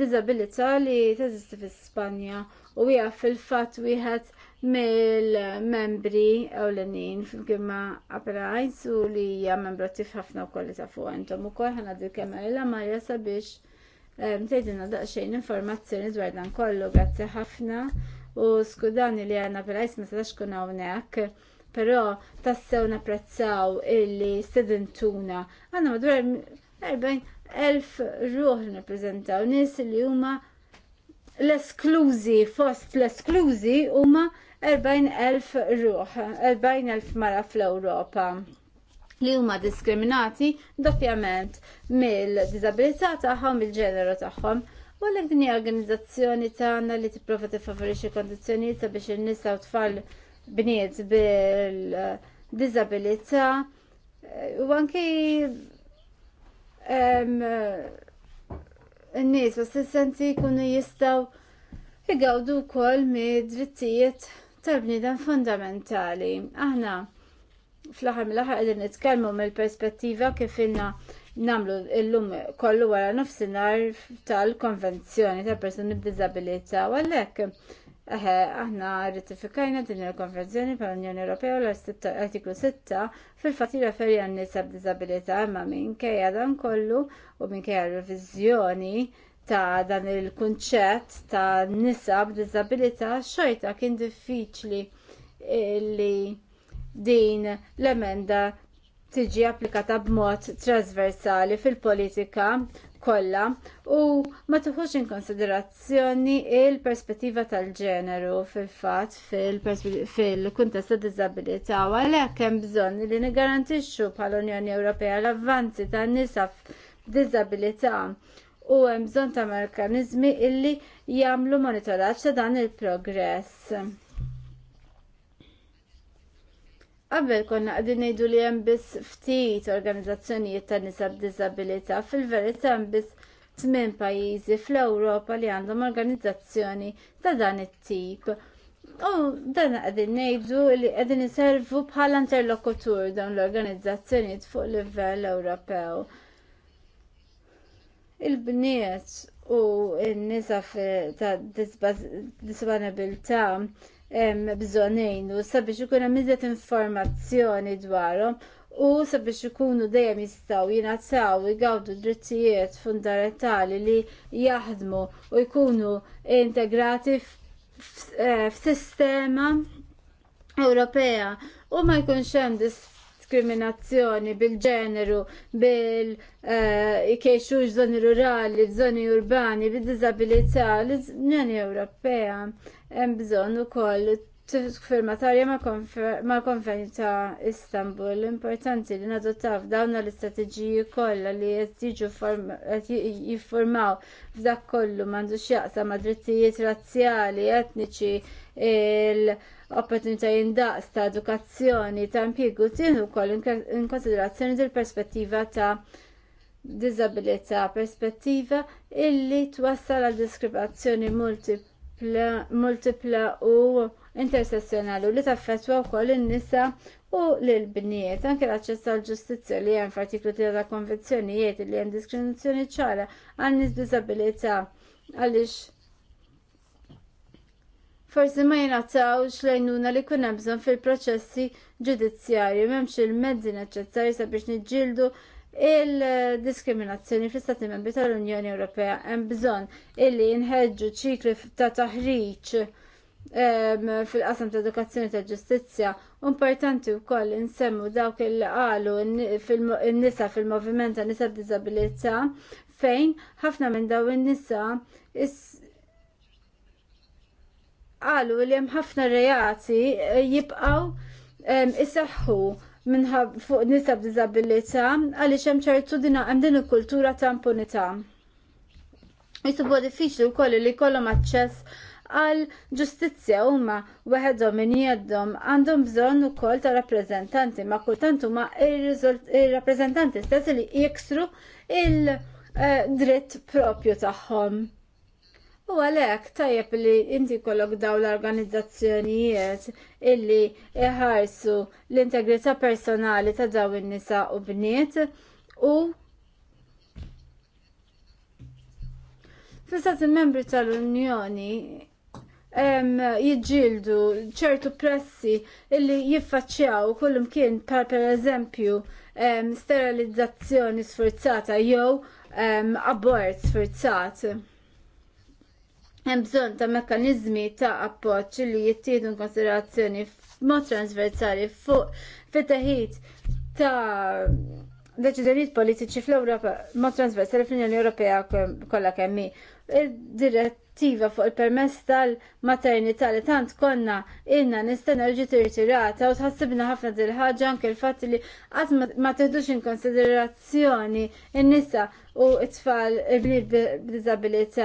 b'diżabilità li teżisti fi Spanja u hija fil-fatt wieħed mill-membri ewlenin fil-gimma uprights u li hija membru attiv ħafna wkoll li għentom u ukoll ħana dil kemm ma marja sabiex ehm, tgħidilna daqsxejn informazzjoni dwar dan kollu grazzi ħafna u skudani li għanna uprights ma sadax kuna hawnhekk. Però tassew napprezzaw illi sedentuna għandna madwar 40,000 ruħ nippreżentaw nies li huma l-esklużi fost l-esklużi huma 40.000 ruħ, 40.000 mara fl-Ewropa li huma diskriminati doppjament mill dizabilità tagħhom mill-ġeneru tagħhom. U l din organizzazzjoni tagħna li tipprova tiffavorixxi kondizzjonijiet sabiex in-nisa u tfal bniet bil dizabilità u anki n-nies u s-sessenzi jkunu jistgħu jgawdu wkoll mid drittijiet tal dan fundamentali. Aħna fl-aħħar mill ħar qegħdin nitkellmu mill-perspettiva kif inna namlu l-lum kollu wara nofsinhar tal-konvenzjoni tal-persuni b'diżabilità u għalhekk Eħe, aħna rritifikajna din il-konvenzjoni pal unjoni Ewropea u l-artiklu 6 fil fatti referi għan nisa b'dizabilità imma minkejja dan kollu u minkejja revizjoni ta' dan il-kunċett ta' nisa b'diżabilità xorta kien diffiċli li din l-emenda tiġi applikata b'mod trasversali fil-politika kollha u ma tieħux in konsiderazzjoni l perspettiva tal-ġeneru fil-fatt fil-kuntest tad diżabilità u għalhekk hemm bżonn li nigarantixxu bħall-Unjoni Ewropea l-avvanzi tan-nisa b'diżabilità u hemm bżonn ta' mekkaniżmi illi jagħmlu monitoraġġ ta' dan il-progress. Qabel konna qegħdin ngħidu li hemm biss ftit organizzazzjonijiet ta' nisa b'diżabilità, fil-verità hemm biss tmien pajjiżi fl-Ewropa li għandhom organizzazzjoni ta' dan it-tip. U dan qegħdin ngħidu li qegħdin iservu bħala interlokutur dawn l-organizzazzjonijiet fuq livell Ewropew Il-bniet u n-nisa ta' disabilità bżonejn u sabiex ikun hemm informazzjoni dwarhom u sabiex ikunu dejjem jistgħu jingħataw igawdu drittijiet fundamentali li jaħdmu u jkunu integrati f'sistema eh, Ewropea u ma jkunx hemm diskriminazzjoni bil-ġeneru, bil-ikexux eh, uh, zoni rurali, zoni urbani, bil-dizabilità, l-Unjoni Ewropea hemm bżonn ukoll firmatarja mal konvenju ta' Istanbul. Importanti li nadottaw f'dawna l-istrateġiji kollha li qed jiffurmaw f'dak kollu m'għandux jaqsam ma' drittijiet razzjali, etniċi, il- opportunità daqs ta' edukazzjoni ta' impjiegu tieħu wkoll in konsiderazzjoni dil-perspettiva ta' diżabilità perspettiva illi twassal għal diskriminazzjoni multipla u intersessjonali u li taffettwa wkoll in-nisa u lill bniet Anke l-aċċess għal ġustizzja li hemm f'artiklu 3 ta' konvenzjonijiet li hemm diskriminazzjoni ċara għan nies b'diżabilità għaliex forsi ma jingħatawx lejnuna li jkun hemm bżonn fil-proċessi ġudizzjarji m'hemmx il-mezzi neċessarji sabiex niġġieldu il-diskriminazzjoni fl stati Membri tal-Unjoni Ewropea hemm bżonn illi nħeġġu ċikli ta' taħriġ fil-qasam ta' edukazzjoni ta' ġustizzja, importanti wkoll insemmu dawk il qalu n-nisa fil-moviment ta' nisa b'diżabilità fejn ħafna minn daw in-nisa qalu li hemm ħafna reati eh, jibqgħu isaħħu minħab fuq nisab b'diżabilità għaliex hemm ċertu dina hemm din il-kultura ta' impunità. għad diffiċli wkoll li jkollhom aċċess għal ġustizzja huma weħedhom min jeddhom għandhom bżonn ukoll ta' rappreżentanti ma' kultant huma ir-rappreżentanti stess li jiksru il-dritt eh, propju tagħhom. U għalek tajjeb li inti kollok daw l-organizzazzjonijiet illi iħarsu l-integrità personali ta' daw in-nisa u bniet u Fissat il membri tal-Unjoni jidġildu ċertu pressi illi jiffaċċjaw kullum kien par per eżempju sterilizzazzjoni sforzata jew abort sforzat hemm bżonn ta' mekkaniżmi ta' appoġġ li jittieħdu konsiderazzjoni mod transversali fuq fit-teħid ta' deċiżjonijiet politiċi fl-Ewropa mod transversali fl-Unjoni Ewropea kollha kemm hi. Tiva fuq il-permess tal-maternità li tant konna inna nistenna l tirata u tħassibna ħafna dil ħaġa anke l-fatt li qatt ma teħdux in konsiderazzjoni in-nisa u t-tfal bliet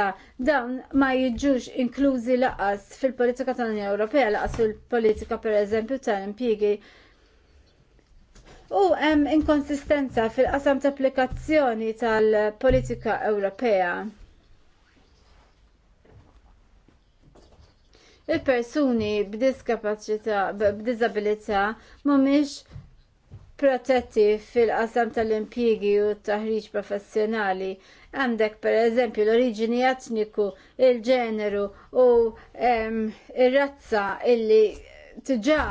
dawn ma jiġux inklużi laqas fil-politika tal-Unjoni Ewropea laqas fil-politika pereżempju tal-impjiegi U hemm inkonsistenza fil-qasam ta' applikazzjoni tal-politika Ewropea il-persuni b'diskapacità, b'dizabilità mhumiex protetti fil-qasam tal-impjigi u t-taħriġ professjonali. Għandek per eżempju l-oriġini etniku, il-ġeneru u ehm, ir-razza illi tġa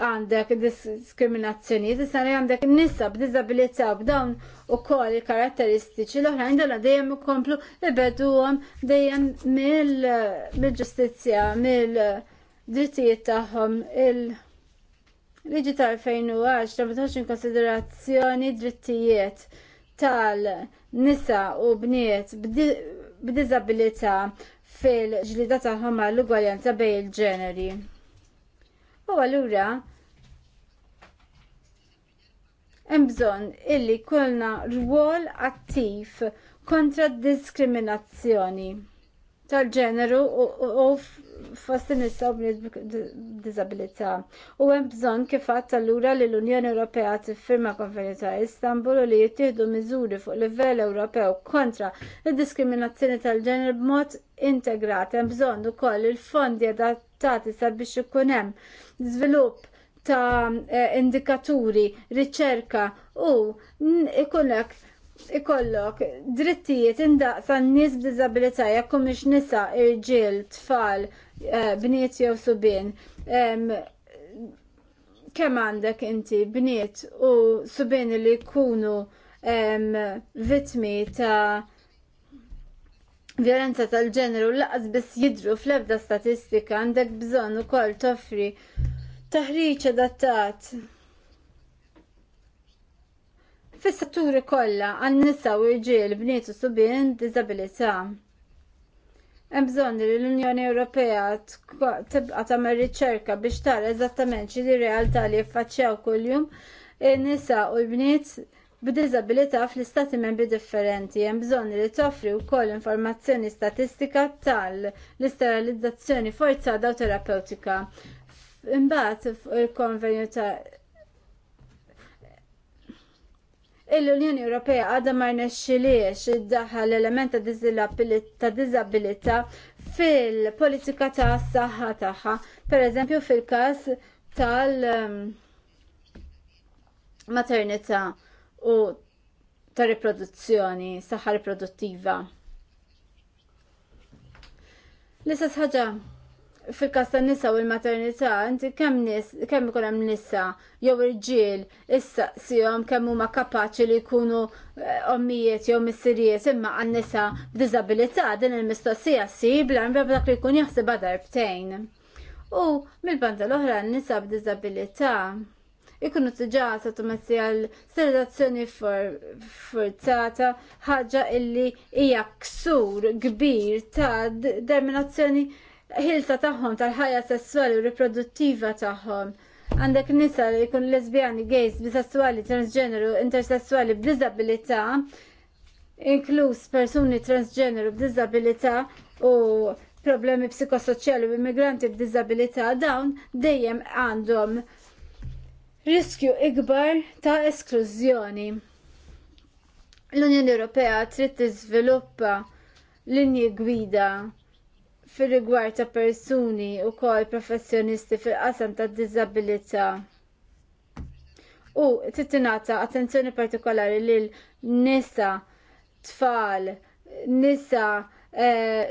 għandek diskriminazzjoni, li għandek nisa b'dizabilità b'dawn u koll karatteristiċi l-oħrajn dalla dejjem ikomplu ibedu għom dejjem mill-ġustizja, mill-drittijiet tagħhom il-liġi tal-2010 ma in konsiderazzjoni drittijiet tal-nisa u bniet b'dizabilità fil-ġlida tagħhom għall-ugwaljanza bejn il-ġeneri. U allura hemm bżonn illi kolna rwol attiv kontra d diskriminazzjoni tal-ġeneru u fost nisa u b'disabilità. U hemm bżonn kif għadd allura li l-Unjoni Ewropea tiffirma konvenzjoni Istanbul u li jittieħdu miżuri fuq livell Ewropew kontra id diskriminazzjoni tal-ġener b'mod integrat, hemm bżonn ukoll il-fondi adattati sabiex ikun hemm żvilupp ta' eh, indikaturi, riċerka u ikunek ikollok drittijiet indaqsa n-nies b'diżabilità jekk mhix nisa, irġiel, tfal, eh, bniet jew subien. Kemm għandek inti bniet u subien li jkunu vitmi ta' violenza tal-ġeneru laqas biss jidru fl-ebda statistika għandek bżonn ukoll toffri taħriġ adattat fis-setturi kollha għan-nisa u l bniet u subien diżabilità. Hemm bżonn li l-Unjoni Ewropea tibqa' tagħmel riċerka biex tara eżattament xi realtà li jiffaċċjaw kuljum in-nisa u l-bniet b'diżabilità fl-istati membri differenti hemm bżonn li toffri wkoll informazzjoni statistika tal-isterilizzazzjoni forzata u terapeutika. Imbagħad il-konvenju ta' l-Unjoni Ewropea għadha ma rnexxiliex iddaħħal l-element ta' diżabilità fil-politika ta' s-saħħa tagħha, pereżempju fil-każ tal-maternità. Um, u ta' riproduzzjoni, saħħa riproduttiva. L-istess ħaġa fil-kas ta' nisa u l-maternità, inti kemm nis, kem ikun hemm nisa jew irġiel issa sihom kemm huma kapaċi li jkunu eh, ommijiet jew missirijiet imma għan nisa b'diżabilità din il-mistoqsija ssib l dak li jkun jaħseb darbtejn. U mill-banda l-oħra nisa b'diżabilità ikunu t-ġata t-messi għal sedazzjoni forzata ħaġa illi hija ksur kbir ta' determinazzjoni ħilta tagħhom tal-ħajja sessuali u riproduttiva tagħhom. Għandek nisa li jkun lesbjani, gejs, bisessuali, transġeneru, intersessuali, b'dizabilità, inkluż persuni transġeneru b'dizabilità u problemi psikosoċjali u immigranti b'dizabilità dawn dejjem għandhom riskju ikbar ta' esklużjoni. L-Unjoni Ewropea trid tiżviluppa linji gwida fir rigward ta' persuni wkoll professjonisti fil-qasam tad diżabilità. U tingħata attenzjoni partikolari lil nisa tfal, nisa e,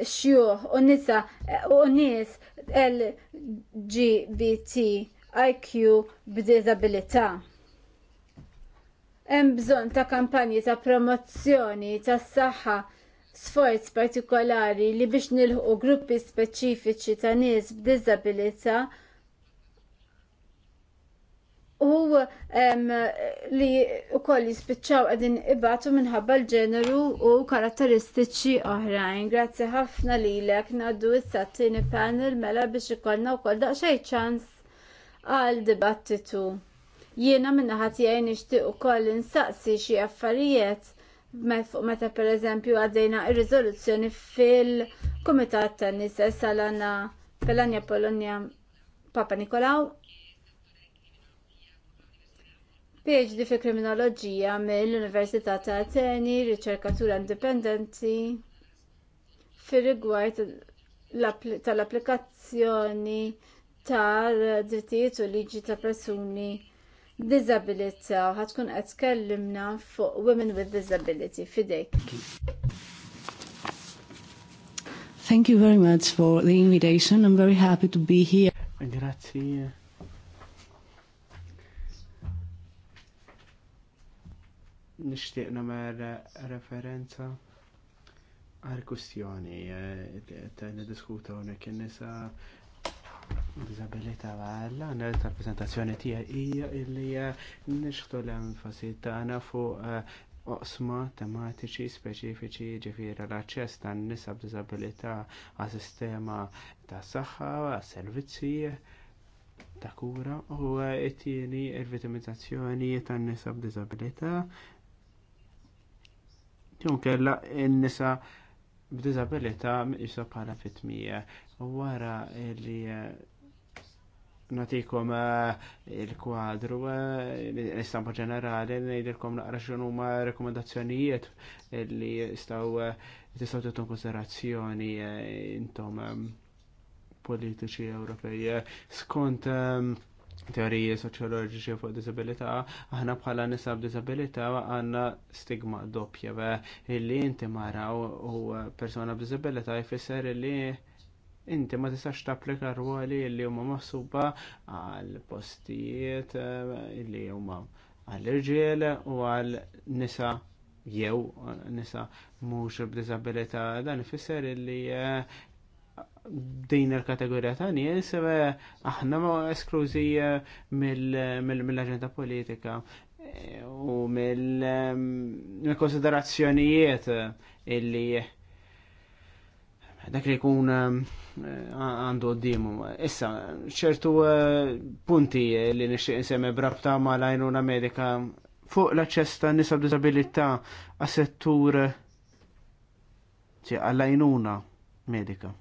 xjuħ u nisa e, u nies LGBT IQ b'disabilità. Hemm bżonn ta' kampanji ta' promozzjoni tas-saħħa sforz partikolari li biex nilħu gruppi speċifiċi ta' nies b'diżabilità u um, li wkoll jispiċċaw qegħdin ibatu minħabba l-ġeneru u karatteristiċi oħrajn. Grazzi ħafna lilek ngħaddu issa t-tieni panel mela biex ikollna wkoll daqsxejn ċans għal dibattitu. Jiena minna ħati għaj nishtiq u koll insaqsi xie affarijiet fuq meta per eżempju għaddejna ir-rizoluzzjoni fil-Komitat ta' nisa salana Pelania Polonia Papa Nikolaw PhD fi kriminoloġija mill-Università ta' Ateni, riċerkatura indipendenti fir rigward tal-applikazzjoni tal-drittijiet u liġi ta' persuni disabilità ħatkun qed tkellimna fuq Women with Disability fidejk. Thank you very much for the invitation. I'm very happy to be here. Grazie. Nishtiq namer referenza għal kustjoni ta' diskuta unek nisa Disabilita għalla, għanel tal-prezentazzjoni tija ija illi eh, nixħtu l-enfasi tana fuq eh, oqsma tematiċi speċifiċi ġifira l-aċċess tan nisa b'disabilità għas sistema ta' saħħa, għas servizzi ta' kura u eh, it-tieni il-vitamizzazzjoni tan nisa b'disabilità. Jum kella n-nisa b'disabilità jisa bħala fitmija. U wara li natikom eh, il-kwadru, eh, l-istampa ġenerali, nejdilkom naqra xinu ma rekomendazzjonijiet li jistaw eh, tistaw titun konsiderazzjoni intom politiċi Ewropej. Skont teorije soċjoloġiċi fuq disabilità, aħna bħala nisa b'disabilità għandna stigma doppja, illi inti mara u persona b'disabilita jfisser illi inti ma tistax tapplika rwali li huma maħsuba għal postijiet eh, li huma għal irġiel u għal nisa jew eh, nisa mhux b'diżabilità dan ifisser li eh, din il-kategorija ta' nies aħna ma esklużi mill-aġenda politika u mill-konsiderazzjonijiet illi dak li jkun ehm, għandu għoddimu. Issa, ċertu eh, punti li nixtieq insemmi brabta ma lajnuna medika fuq l-aċċess ta' nisa b'disabilità għas-settur eh, għall-għajnuna medika.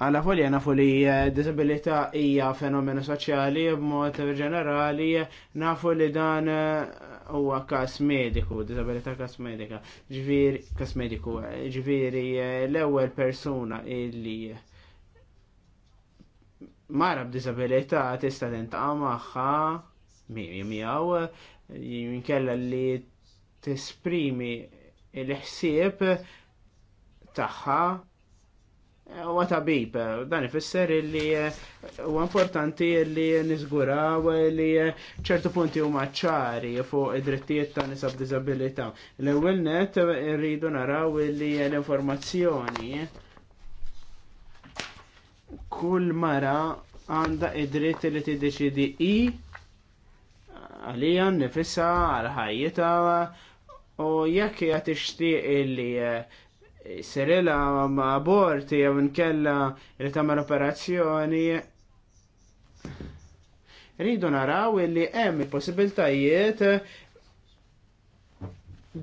Għala għana nafu li eh, disabilità hija fenomenu soċjali b'mod ġenerali, nafu li dan huwa kas mediku, disabilità kas medika, ġviri, kas mediku, ġviri eh, l-ewwel persuna illi mara b'disabilità tista' tentaqa' mimi miaw. jinkella li tesprimi l-ħsieb tagħha għata tabib. Dan ifisser li huwa eh, importanti li niżguraw li eh, ċertu punti huma ċari fuq id-drittijiet ta' nisab b'diżabilità. L-ewwel net irridu eh, naraw li l-informazzjoni kull mara għandha id-dritt li tiddeċidi i għalija nifissa għal ħajjita u jekk hija tixtieq illi serela ma' aborti jew nkella li tagħmel operazzjoni rridu naraw li hemm il-possibiltajiet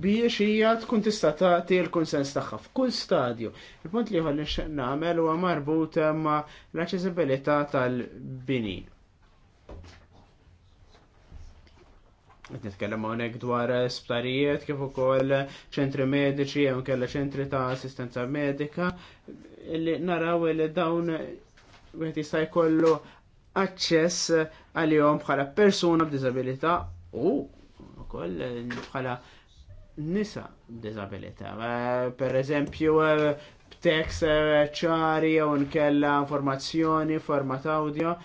biex hija tkun tista' tagħti l-kunsens tagħha f'kull stadju. Il-punt li ħolli nagħmel huwa marbut ma' l-aċċessibilità tal-bini. Nitkellem hawnhekk dwar sptarijiet kif ukoll ċentri medici jew kella ċentri ta' assistenza medika li naraw li dawn wieħed jista' jkollu aċċess jom bħala persuna b'diżabilità u wkoll bħala nisa b'diżabilità. Per eżempju b'tekst ċari jew nkella informazzjoni, format audio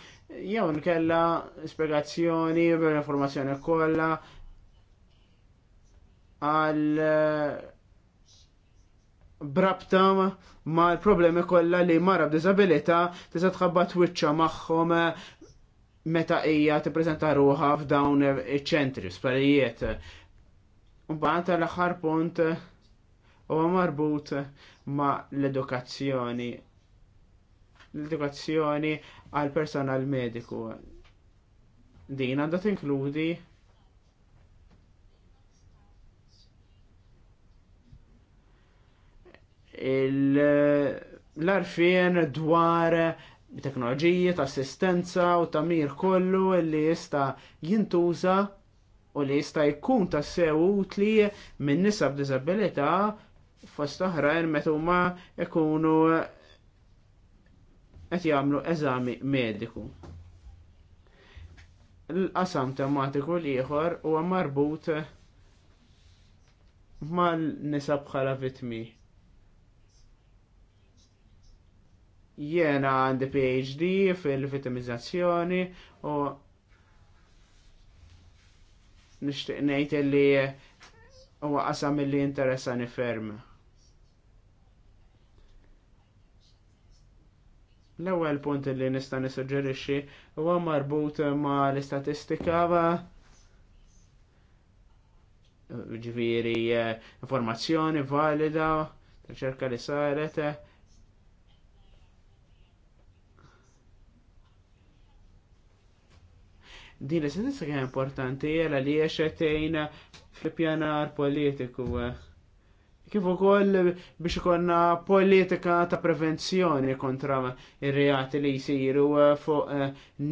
jew nkella spiegazzjoni bil-informazzjoni kollha għal eh, brabtam ma l-problemi kollha li mara b'diżabilità tista' tħabba twiċċa magħhom meta hija tippreżenta ruħa f'dawn iċ-ċentri sparijiet. Mbagħad tal-aħħar punt u marbut ma' l-edukazzjoni l-edukazzjoni għal personal mediku. Din għandha tinkludi l-arfien dwar teknoloġiji ta' assistenza u ta' mir kollu li jista' jintuża u li jista' jkun ta' sew utli minn nisa b'diżabilità fost oħrajn meta huma jkunu qed jagħmlu eżami mediku. L-qasam tematiku ieħor huwa marbut mal-nisa bħala vitmi. Jiena għandi PhD fil vitamizzazzjoni u nishtiq ngħid li huwa qasam li interessani ferm. L-ewwel punt li nista' nissuġġerixxi huwa marbut ma' l-istatistika ġviri eh, informazzjoni valida, riċerka li saret. Eh. Din l-istatistika importanti għaliex tgħin fil-pjanar politiku. Eh kif ukoll biex ikonna politika ta' prevenzjoni kontra ir-reati li jsiru eh, fuq eh,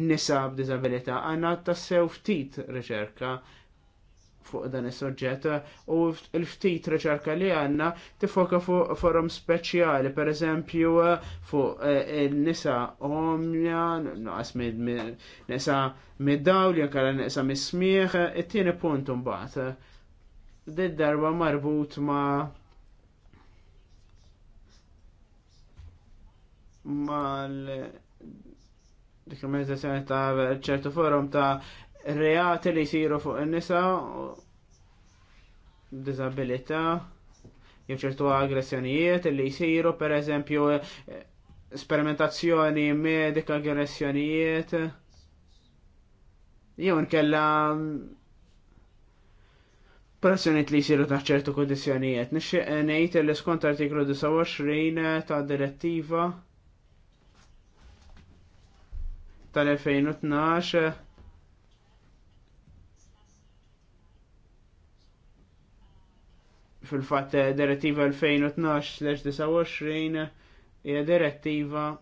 nisa b'diżabilità. Għandna tassew ftit riċerka fuq dan is-soġġett u l-ftit riċerka li għandna tifoka fuq forum speċjali, pereżempju eh, fuq il-nisa omja, naqas nisa mid-dawl, jankara nisa mis-smieħ, it-tieni punt mbagħad. Did darba marbut ma' mal dikriminalizzazzjoni ta' ċertu forum ta' reati li jisiru fuq in-nisa disabilità jew ċertu aggressjonijiet li jisiru per eżempju sperimentazzjoni medika aggressjonijiet jew nkella mm, Pressjoniet li jisiru taħt ċertu kondizjonijiet. nixtieq ngħid li skont artiklu 29 ta' direttiva tal-2012 fil-fatt eh, direttiva 2012-29 hija direttiva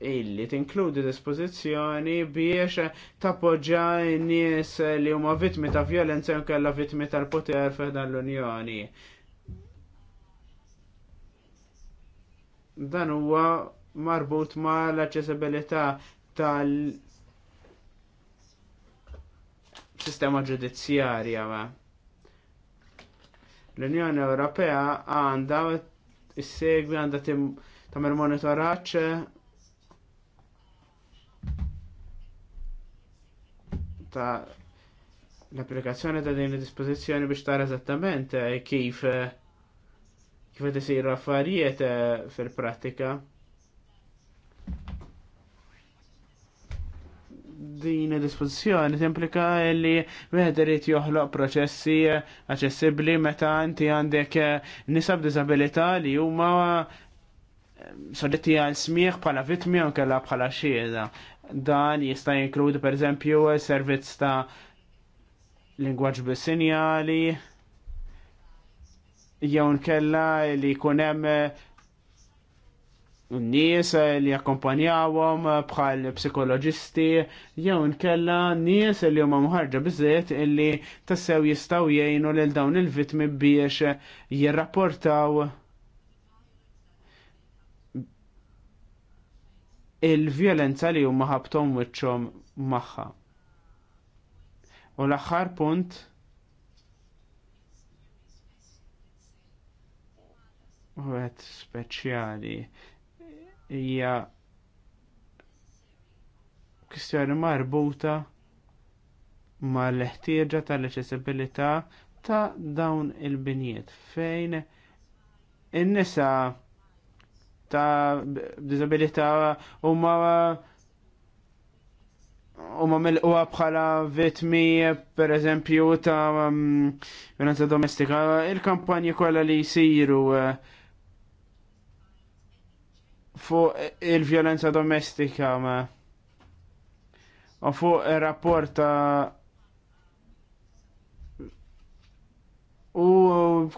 illi tinkludi dispożizzjoni biex tappoġġja n-nies li huma vittmi ta' violenza jew kellha vittmi tal-poter f'dan l-Unjoni. Dan huwa marbut ma' l-aċċessibilità tal sistema ġudizzjarja ma. L-Unjoni Ewropea għandha segwi għandha tagħmel monitoraċċe ta' l-applikazzjoni ta' din id-dispożizzjoni biex tara eżattament eh, kif eh, kif qed isiru affarijiet eh, fil-prattika. Din id-dispożizzjoni timplika li wieħed irid joħloq proċessi aċċessibbli meta inti għandek nisab b'diżabilità li huma sodetti għal smieħ bħala vittmi u bħala xieda. Dan jista' jinkludi pereżempju servizz ta' lingwaġġ bis-sinjali jew nkella li jkun hemm eh, nies li jakkompanjawhom bħal psikoloġisti jew nkella n-nies li huma mħarġa biżejt illi tassew jistgħu jgħinu lil dawn il-vittmi biex jirrapportaw il-vjolenza li huma ħabtom wiċċhom magħha. U l-aħħar punt wet speċjali hija kwistjoni marbuta mal-ħtieġa tal-aċċessibilità ta' dawn il-binijiet fejn in-nisa ta' disabilita' huma huma mill-qwa bħala vitmi eżempju ta' mm, violenza domestika. Il-kampanji kollha li jsiru eh, fuq il-violenza domestika ma u fuq ir-rapport ta' u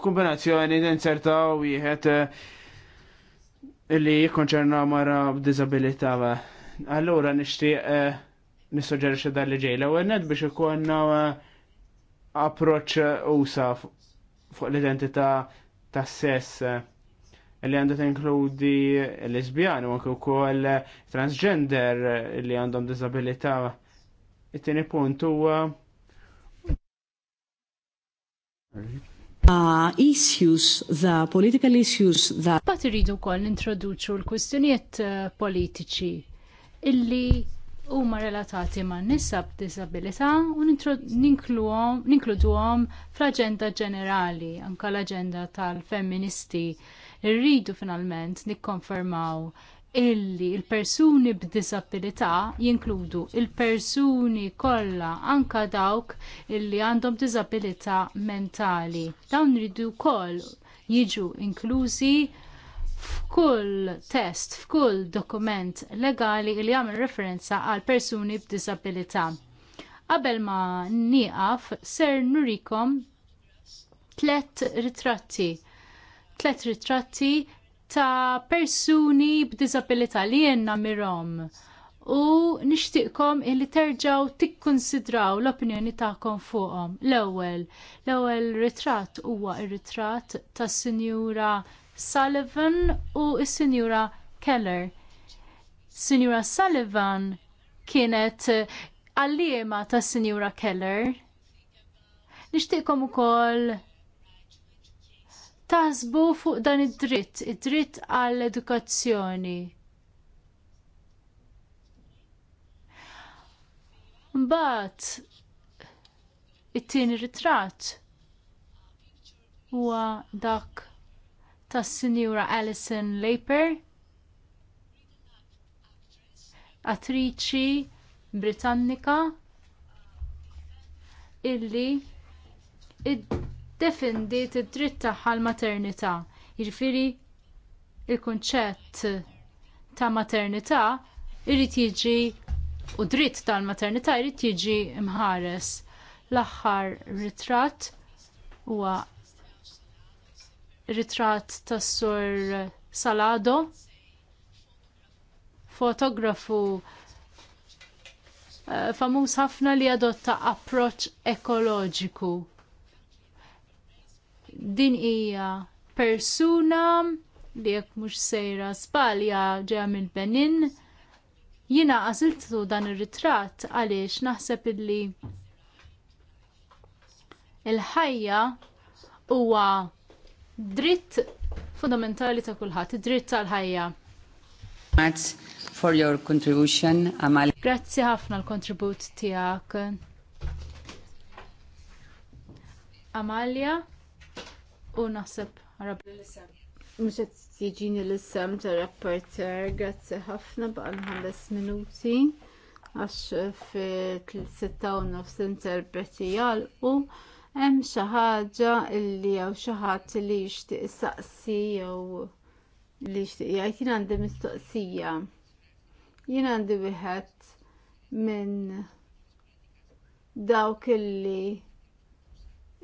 kombinazzjoni din certa wieħed li jikkonċerna mara b'dizabilità. Allura nixtieq eh, nissuġġerixxi dan li ġej l-ewwel net biex ikonna eh, approċċ usa fuq l-identità tas-sess eh, li għandha tinkludi l-lesbjan u anke wkoll transgender li għandhom disabilità. It-tieni punt huwa Uh, issues, the political issues that... Bat irridu kol nintroduċu l-kwistjoniet uh, politiċi illi huma relatati ma' nisa b'disabilità u għom fl agenda ġenerali, anka l-aġenda tal-femministi. Irridu finalment nikkonfermaw illi il-persuni b'disabilità jinkludu il-persuni kollha anka dawk illi għandhom disabilità mentali. Dawn ridu wkoll jiġu inklużi f'kull test, f'kull dokument legali li jagħmel referenza għal persuni b'disabilità. Qabel ma nieqaf ser nurikom tlet ritratti. Tlet ritratti ta' persuni b'diżabilità li jenna mirom u nixtieqkom illi terġaw tikkonsidraw l-opinjoni tagħkom fuqhom. L-ewwel, l-ewwel ritratt huwa r-ritratt tas-Sinjura Sullivan u s-Sinjura Keller. Sinjura Sullivan kienet għalliema tas-Sinjura Keller. Nixtieqkom ukoll taħsbu fuq dan id-dritt, id-dritt għall edukazzjoni Mbagħad it-tieni ritratt huwa dak tas-Sinjura Alison Laper, attriċi Britannika illi id defendiet id-dritt tagħha l-maternità. Jiġifieri il-kunċett ta' maternità irid jiġi u dritt tal-maternità irid jiġi mħares. L-aħħar ritratt huwa ritratt tas-sur Salado, fotografu eh, famuż ħafna li adotta approċċ ekoloġiku din hija persuna li jekk mhux sejra Spalja ġeja minn Benin. Jiena għażiltu dan ir-ritratt għaliex naħseb illi il-ħajja huwa dritt fundamentali ta' kulħadd, id-dritt tal-ħajja. for your contribution, Amal. Grazzi ħafna l-kontribut tiegħek. Amalia u naħseb rabbi l Mxet tiġini l-isem ta' rapporter, grazzi ħafna ba' ħames minuti, għax fi 36 u nofs interpreti jalqu, hemm xi ħaġa illi jew xi ħadd li jixtieq saqsi jew li jixtieq jgħajt jien għandi mistoqsija. Jien għandi wieħed minn dawk illi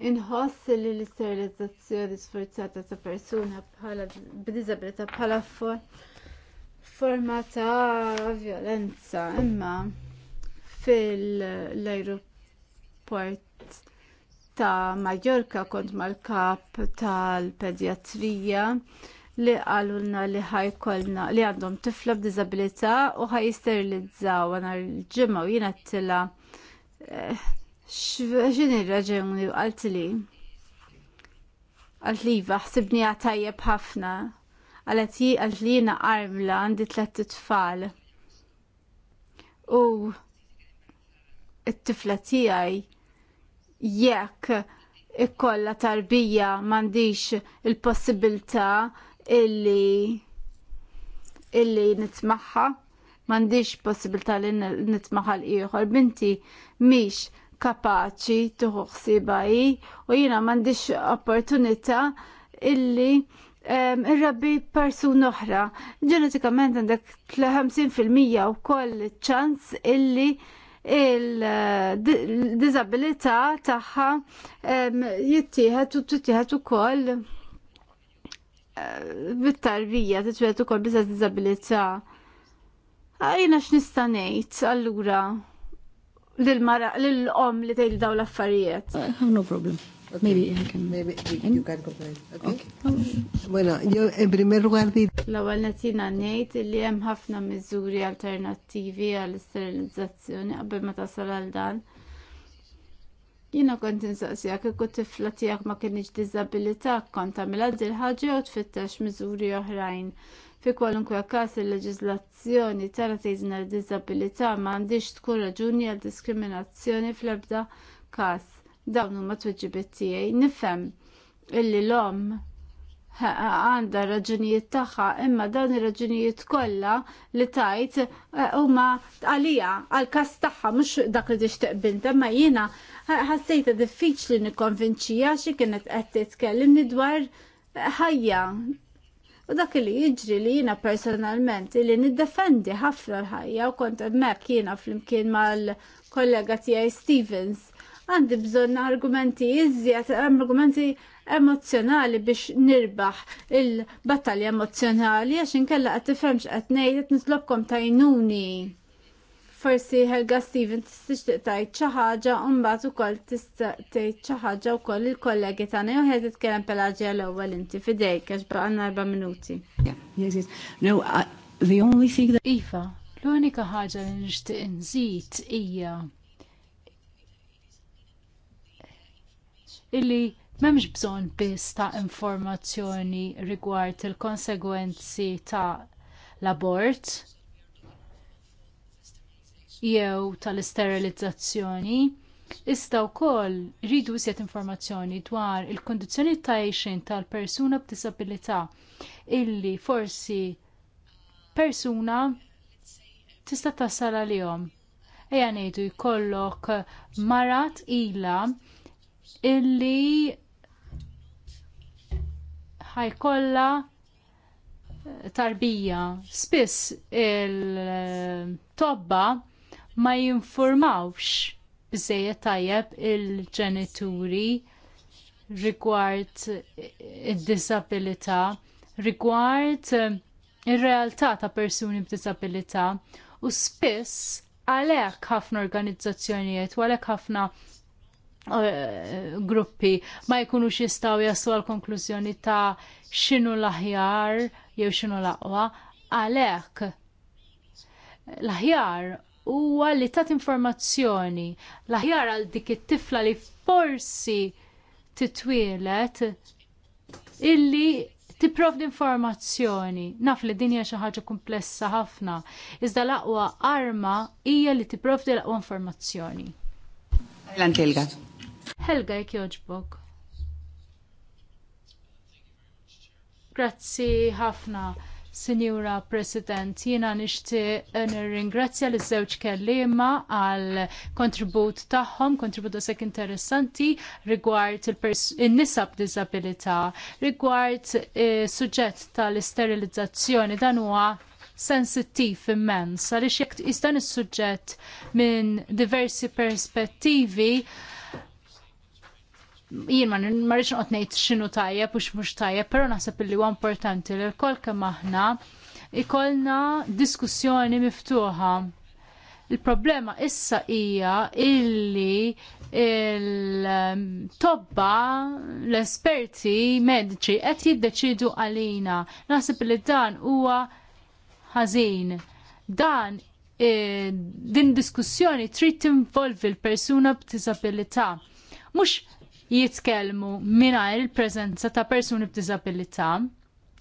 Inħoss li l-isterilizzazzjoni sforzata ta' persuna bħala b'diżabilità bħala forma ta' violenza imma fil-aeroport ta' Majorka kont mal-kap tal-pedjatrija li għalulna li ħajkolna li għandhom tifla b'dizabilità u sterilizzaw għana l-ġimma u jina t x'in ir-raġuni qalt li. Qalt li iva għatajja tajjeb ħafna. Qalet hi li jiena armla għandi tlet tfal. U it-tifla tiegħi jekk ikkolla tarbija m'għandix il possibilta illi illi nitmaħħa m'għandix possibilità li nitmaħħa l iħor Binti miex kapaċi tuħu ħsibaji u jiena m'għandix opportunità illi irrabbi persun oħra. Ġenetikament għandek 50% u koll ċans illi il-disabilità tagħha jittieħed u tittieħed ukoll eh, bit-tarbija u ukoll biża disabilità. Għajna x'nistanejt ngħid allura lil-mara lil-om li tgħid dawn l-affarijiet. I uh, have no problem. Maybe I can. Maybe you hmm? can go play. okay. Oh. Bueno, yo en primer lugar di. L-ewwel netina ngħid li hemm ħafna miżuri alternattivi għall sterilizzazzjoni għabbe ma tasal għal dan. Jiena kont insaqsija kieku tifla tiegħek ma kienx diżabilità kont tagħmilha dil ħaġa u tfittex miżuri oħrajn Fi kwalunkwe każ il-leġiżlazzjoni tara tgħidna l-diżabilità m'għandix tkun raġuni għal diskriminazzjoni fl-ebda każ. Dawn huma tweġibiet tiegħi. Nifhem illi l-om għanda raġunijiet tagħha, imma dawn ir-raġunijiet kollha li tajt eh, huma għalija għal każ tagħha mhux dak li tixtieq bint, imma jiena ħassejta diffiċli nikkonvinċija xi kienet qed titkellimni dwar ħajja U dak li jiġri li jina personalment li niddefendi ħafna l-ħajja u kont hemmhekk jiena flimkien mal-kollega tiegħi Stevens għandi bżonn argumenti iżjed argumenti emozjonali biex nirbaħ il-battalja emozjonali għax inkella qed tifhemx qed ngħid nitlobkom tajnuni. Forsi Helga Steven tistixtiq tajt xi ħaġa u mbagħad ukoll tista' tgħid xi ħaġa wkoll il-kollegi tagħna jew ħed titkellem pelaġija l-ewwel inti fidejk għax baqgħna erba' minuti. Iva, l-unika ħaġa li nixtieq inżid hija illi m'hemmx bżonn biss ta' informazzjoni rigward il-konsegwenzi ta' l-abort jew tal-isterilizzazzjoni. Iżda wkoll ridu iżjed informazzjoni dwar il kundizzjoni ta' għejxin tal-persuna b'disabilità illi forsi persuna tista' tassal għalihom. Ejja ngħidu jkollok marat ilha illi ħajkollha tarbija. Spiss il-tobba ma jinformawx bżejjed tajjeb il-ġenituri rigward id-disabilità, rigward eh, ir-realtà ta' persuni b'diżabilità, u spiss għalhekk ħafna organizzazzjonijiet u għalhekk ħafna uh, gruppi ma jkunux jistgħu jaslu għal konklużjoni ta' x'inhu l-aħjar jew x'inhu l-aqwa għalhekk l-aħjar huwa li tat informazzjoni l-aħjar għal dik it-tifla li forsi titwielet illi tipprovdi informazzjoni. Naf li dinja xi ħaġa komplessa ħafna, iżda l-aqwa arma hija li tipprovdi l-aqwa informazzjoni. Helga. Helga jekk joġbok. Grazzi ħafna. Sinjura President, jiena nixtieq nirringrazzja l żewġ kelliema għal kontribut tagħhom, kontribut sekk interessanti rigward in-nisa b'diżabilità, rigward eh, suġġett tal-isterilizzazzjoni dan huwa sensittiv immens għaliex jekk isdan is-suġġett minn diversi perspettivi jien ma marriċ nqot ngħid x'inhu tajjeb u x'mhux tajjeb, però naħseb li huwa importanti li l-kol kemm aħna ikollna diskussjoni miftuħa. Il-problema issa hija illi il-tobba l-esperti mediċi qed jiddeċidu għalina. Naħseb li dan huwa ħażin. Dan eh, din diskussjoni trid tinvolvi l-persuna b'disabilità. Mhux jitkellmu mingħajr il-preżenza ta' persuni b'diżabilità.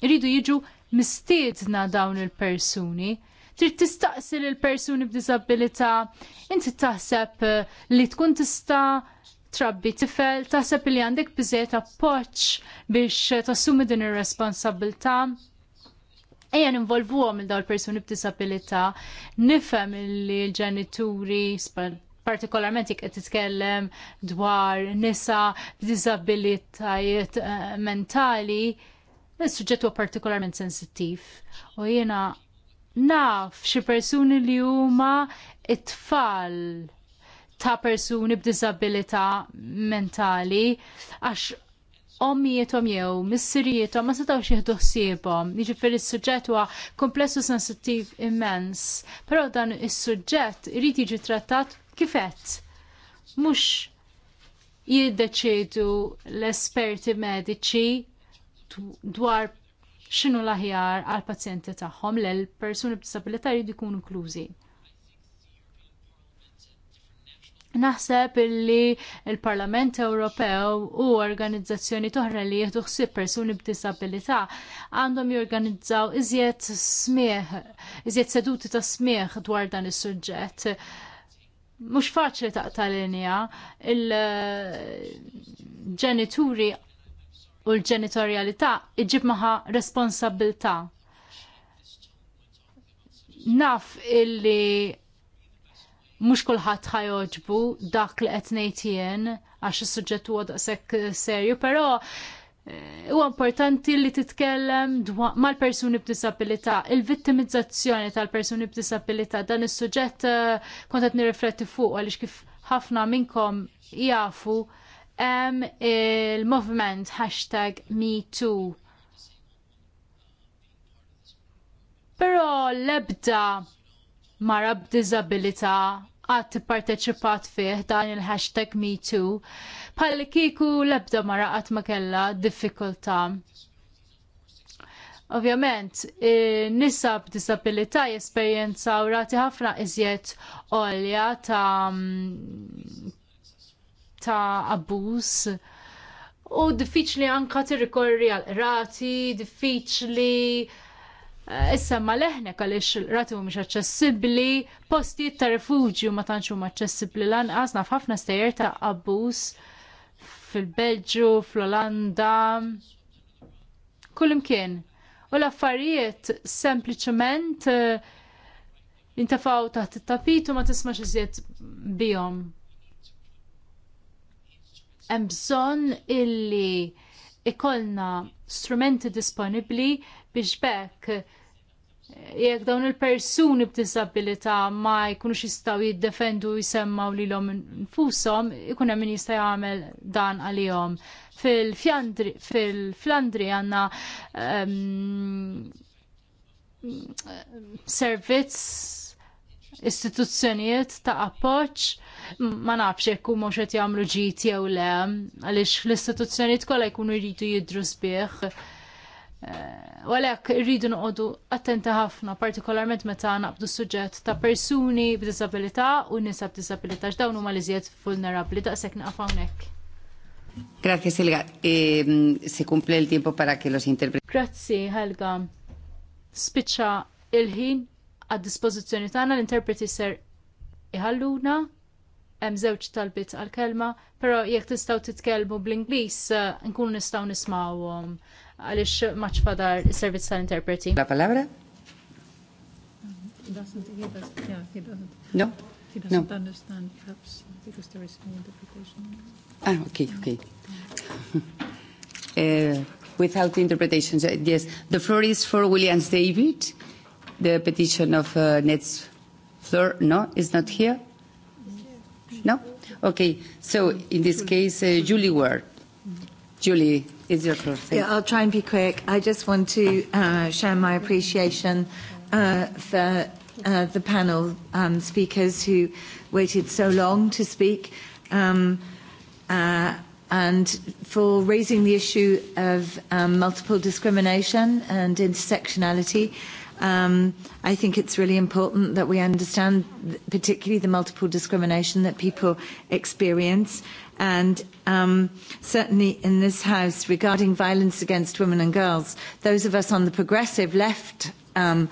jridu jiġu mistiedna dawn il-persuni. Trid tistaqsi lill persuni b'diżabilità, inti taħseb eh, li tkun tista' trabbi tifel, taħseb li għandek biżejjed appoġġ biex eh, tassumi din ir-responsabilità. Ejja ninvolvuhom għom il-daw l-persuni b'disabilità, nifem li l-ġenituri, partikolarment jekk qed titkellem dwar nisa b'diżabilitajiet eh, mentali, is-suġġett huwa partikolarment sensittiv. U jiena naf xi persuni li huma it-tfal ta' persuni b'diżabilità mentali għax omijietom jew missirietom ma setgħu jieħdu ħsiebhom. Jiġifieri s-suġġett huwa komplessu sensittiv immens. Però dan is-suġġett irid jiġi trattat kif qed. Mhux jiddeċiedu l-esperti mediċi dwar x'inhu l-aħjar għall pazjenti tagħhom l persuni b'disabilità jridu jkunu inklużi. Naħseb illi il-Parlament Ewropew u organizzazzjoni toħra li jieħdu ħsieb persuni b'disabilità għandhom jorganizzaw iżjed smieħ, iżjed seduti ta' smieħ dwar dan is-suġġett. Mhux faċli taqta' linja il-ġenituri u l-ġenitorjalità iġib maħa responsabilta. Naf illi mhux kulħadd ħajoġbu dak li qed ngħid jien għax is-suġġett huwa daqshekk eh, serju, però eh, huwa importanti li titkellem mal-persuni b'disabilità, il-vittimizzazzjoni tal-persuni b'disabilità, dan is-suġġett eh, kont qed nirrifletti fuq għaliex kif ħafna minnkom jafu hemm il-movement hashtag MeToo. Però l-ebda mara b'diżabilità għad tipparteċipat fih dan il-hashtag MeToo, bħal kiku lebda mara qatt ma kellha diffikultà. Ovvjament, nisa b'disabilità jesperjenzaw rati ħafna iżjed għolja ta' ta' abbuż u diffiċli anka tirrikorri għal rati, diffiċli Eh, issa ma leħnek għalix rati mhumiex aċċessibbli, postijiet ta' rifugju ma tanċu ma aċċessibbli lanqas naf ħafna stejjer ta' abbuż fil-Belġu, fl-Olanda, kien. U l-affarijiet sempliċement jintafaw eh, taħt it-tapitu ma tismax iżjed bihom. Hemm bżonn illi ikollna strumenti disponibbli biex bekk jekk dawn il-persuni b'disabilità ma jkunux jistgħu jiddefendu jisemmaw lilhom infushom, ikun hemm min jista' jagħmel dan għalihom. Fil-Flandri fil għandna um, servizz istituzzjonijiet ta' appoġġ ma nafx jekk huma xed jagħmlu ġiti jew le għaliex l-istituzzjonijiet kollha jkunu jridu jidru sbieħ U eh, għalhekk irridu noqogħdu attenti ħafna, partikolarment meta naqbdu suġġett ta' persuni b'disabilità u nisa b'disabilità x'dawn huma li żjed vulnerabbli daqshekk naqaf hawnhekk. Grazie Silga, ehm, se cumple il tempo para che los interpreti. Grazie Helga. Spiċċa il-ħin għad dispożizzjoni tagħna l-interpreti ser iħalluna hemm żewġ talbit għal-kelma, però jekk tistgħu titkellmu bl-Ingliż eh, nkunu nistgħu nismawhom għalix maċ fadar is-servizz tal-interpreti. La palabra? No? He doesn't no. understand perhaps because there is interpretation. Ah, okay, okay. uh, without interpretations, uh, yes. The floor is for Williams David. The petition of uh, Nets Floor, no, is not here? No? Okay, so in this case, uh, Julie Ward. Julie is your first yeah, I'll try and be quick. I just want to uh, share my appreciation uh, for uh, the panel um, speakers who waited so long to speak um, uh, and for raising the issue of um, multiple discrimination and intersectionality. Um, I think it's really important that we understand particularly the multiple discrimination that people experience and um, certainly in this House regarding violence against women and girls, those of us on the progressive left um,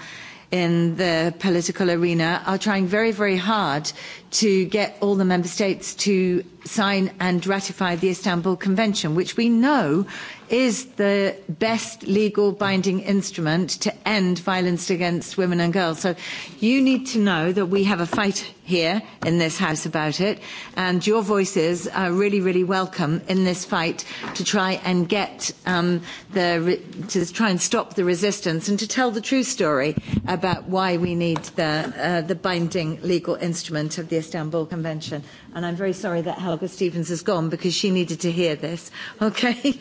in the political arena are trying very, very hard to get all the member states to sign and ratify the Istanbul Convention, which we know is the best legal binding instrument to end violence against women and girls. So you need to know that we have a fight here in this House about it, and your voices are really, really welcome in this fight to try and get um, the, to try and stop the resistance and to tell the true story about why we need the, uh, the binding legal instrument of the Istanbul Convention. And I'm very sorry that Helga Stevens has gone because she needed to hear this. Okay?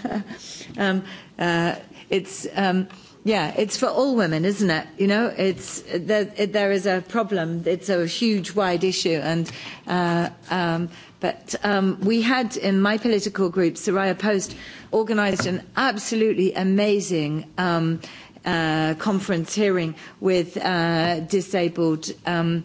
um, uh, it's, um, yeah, it's for all women, isn't it? You know, it's, there, it, there is a problem. It's a huge, wide issue. And, uh, um, but um, we had in my political group, Soraya Post, organised an absolutely amazing um, uh, conference hearing with uh, disabled um,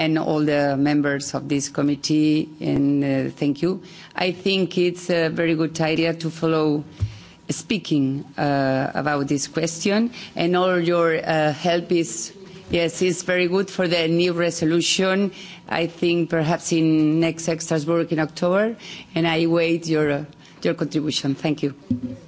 and all the members of this committee, and uh, thank you. I think it's a very good idea to follow speaking uh, about this question, and all your uh, help is, yes, is very good for the new resolution. I think perhaps in next Strasbourg in October, and I await your, uh, your contribution. Thank you.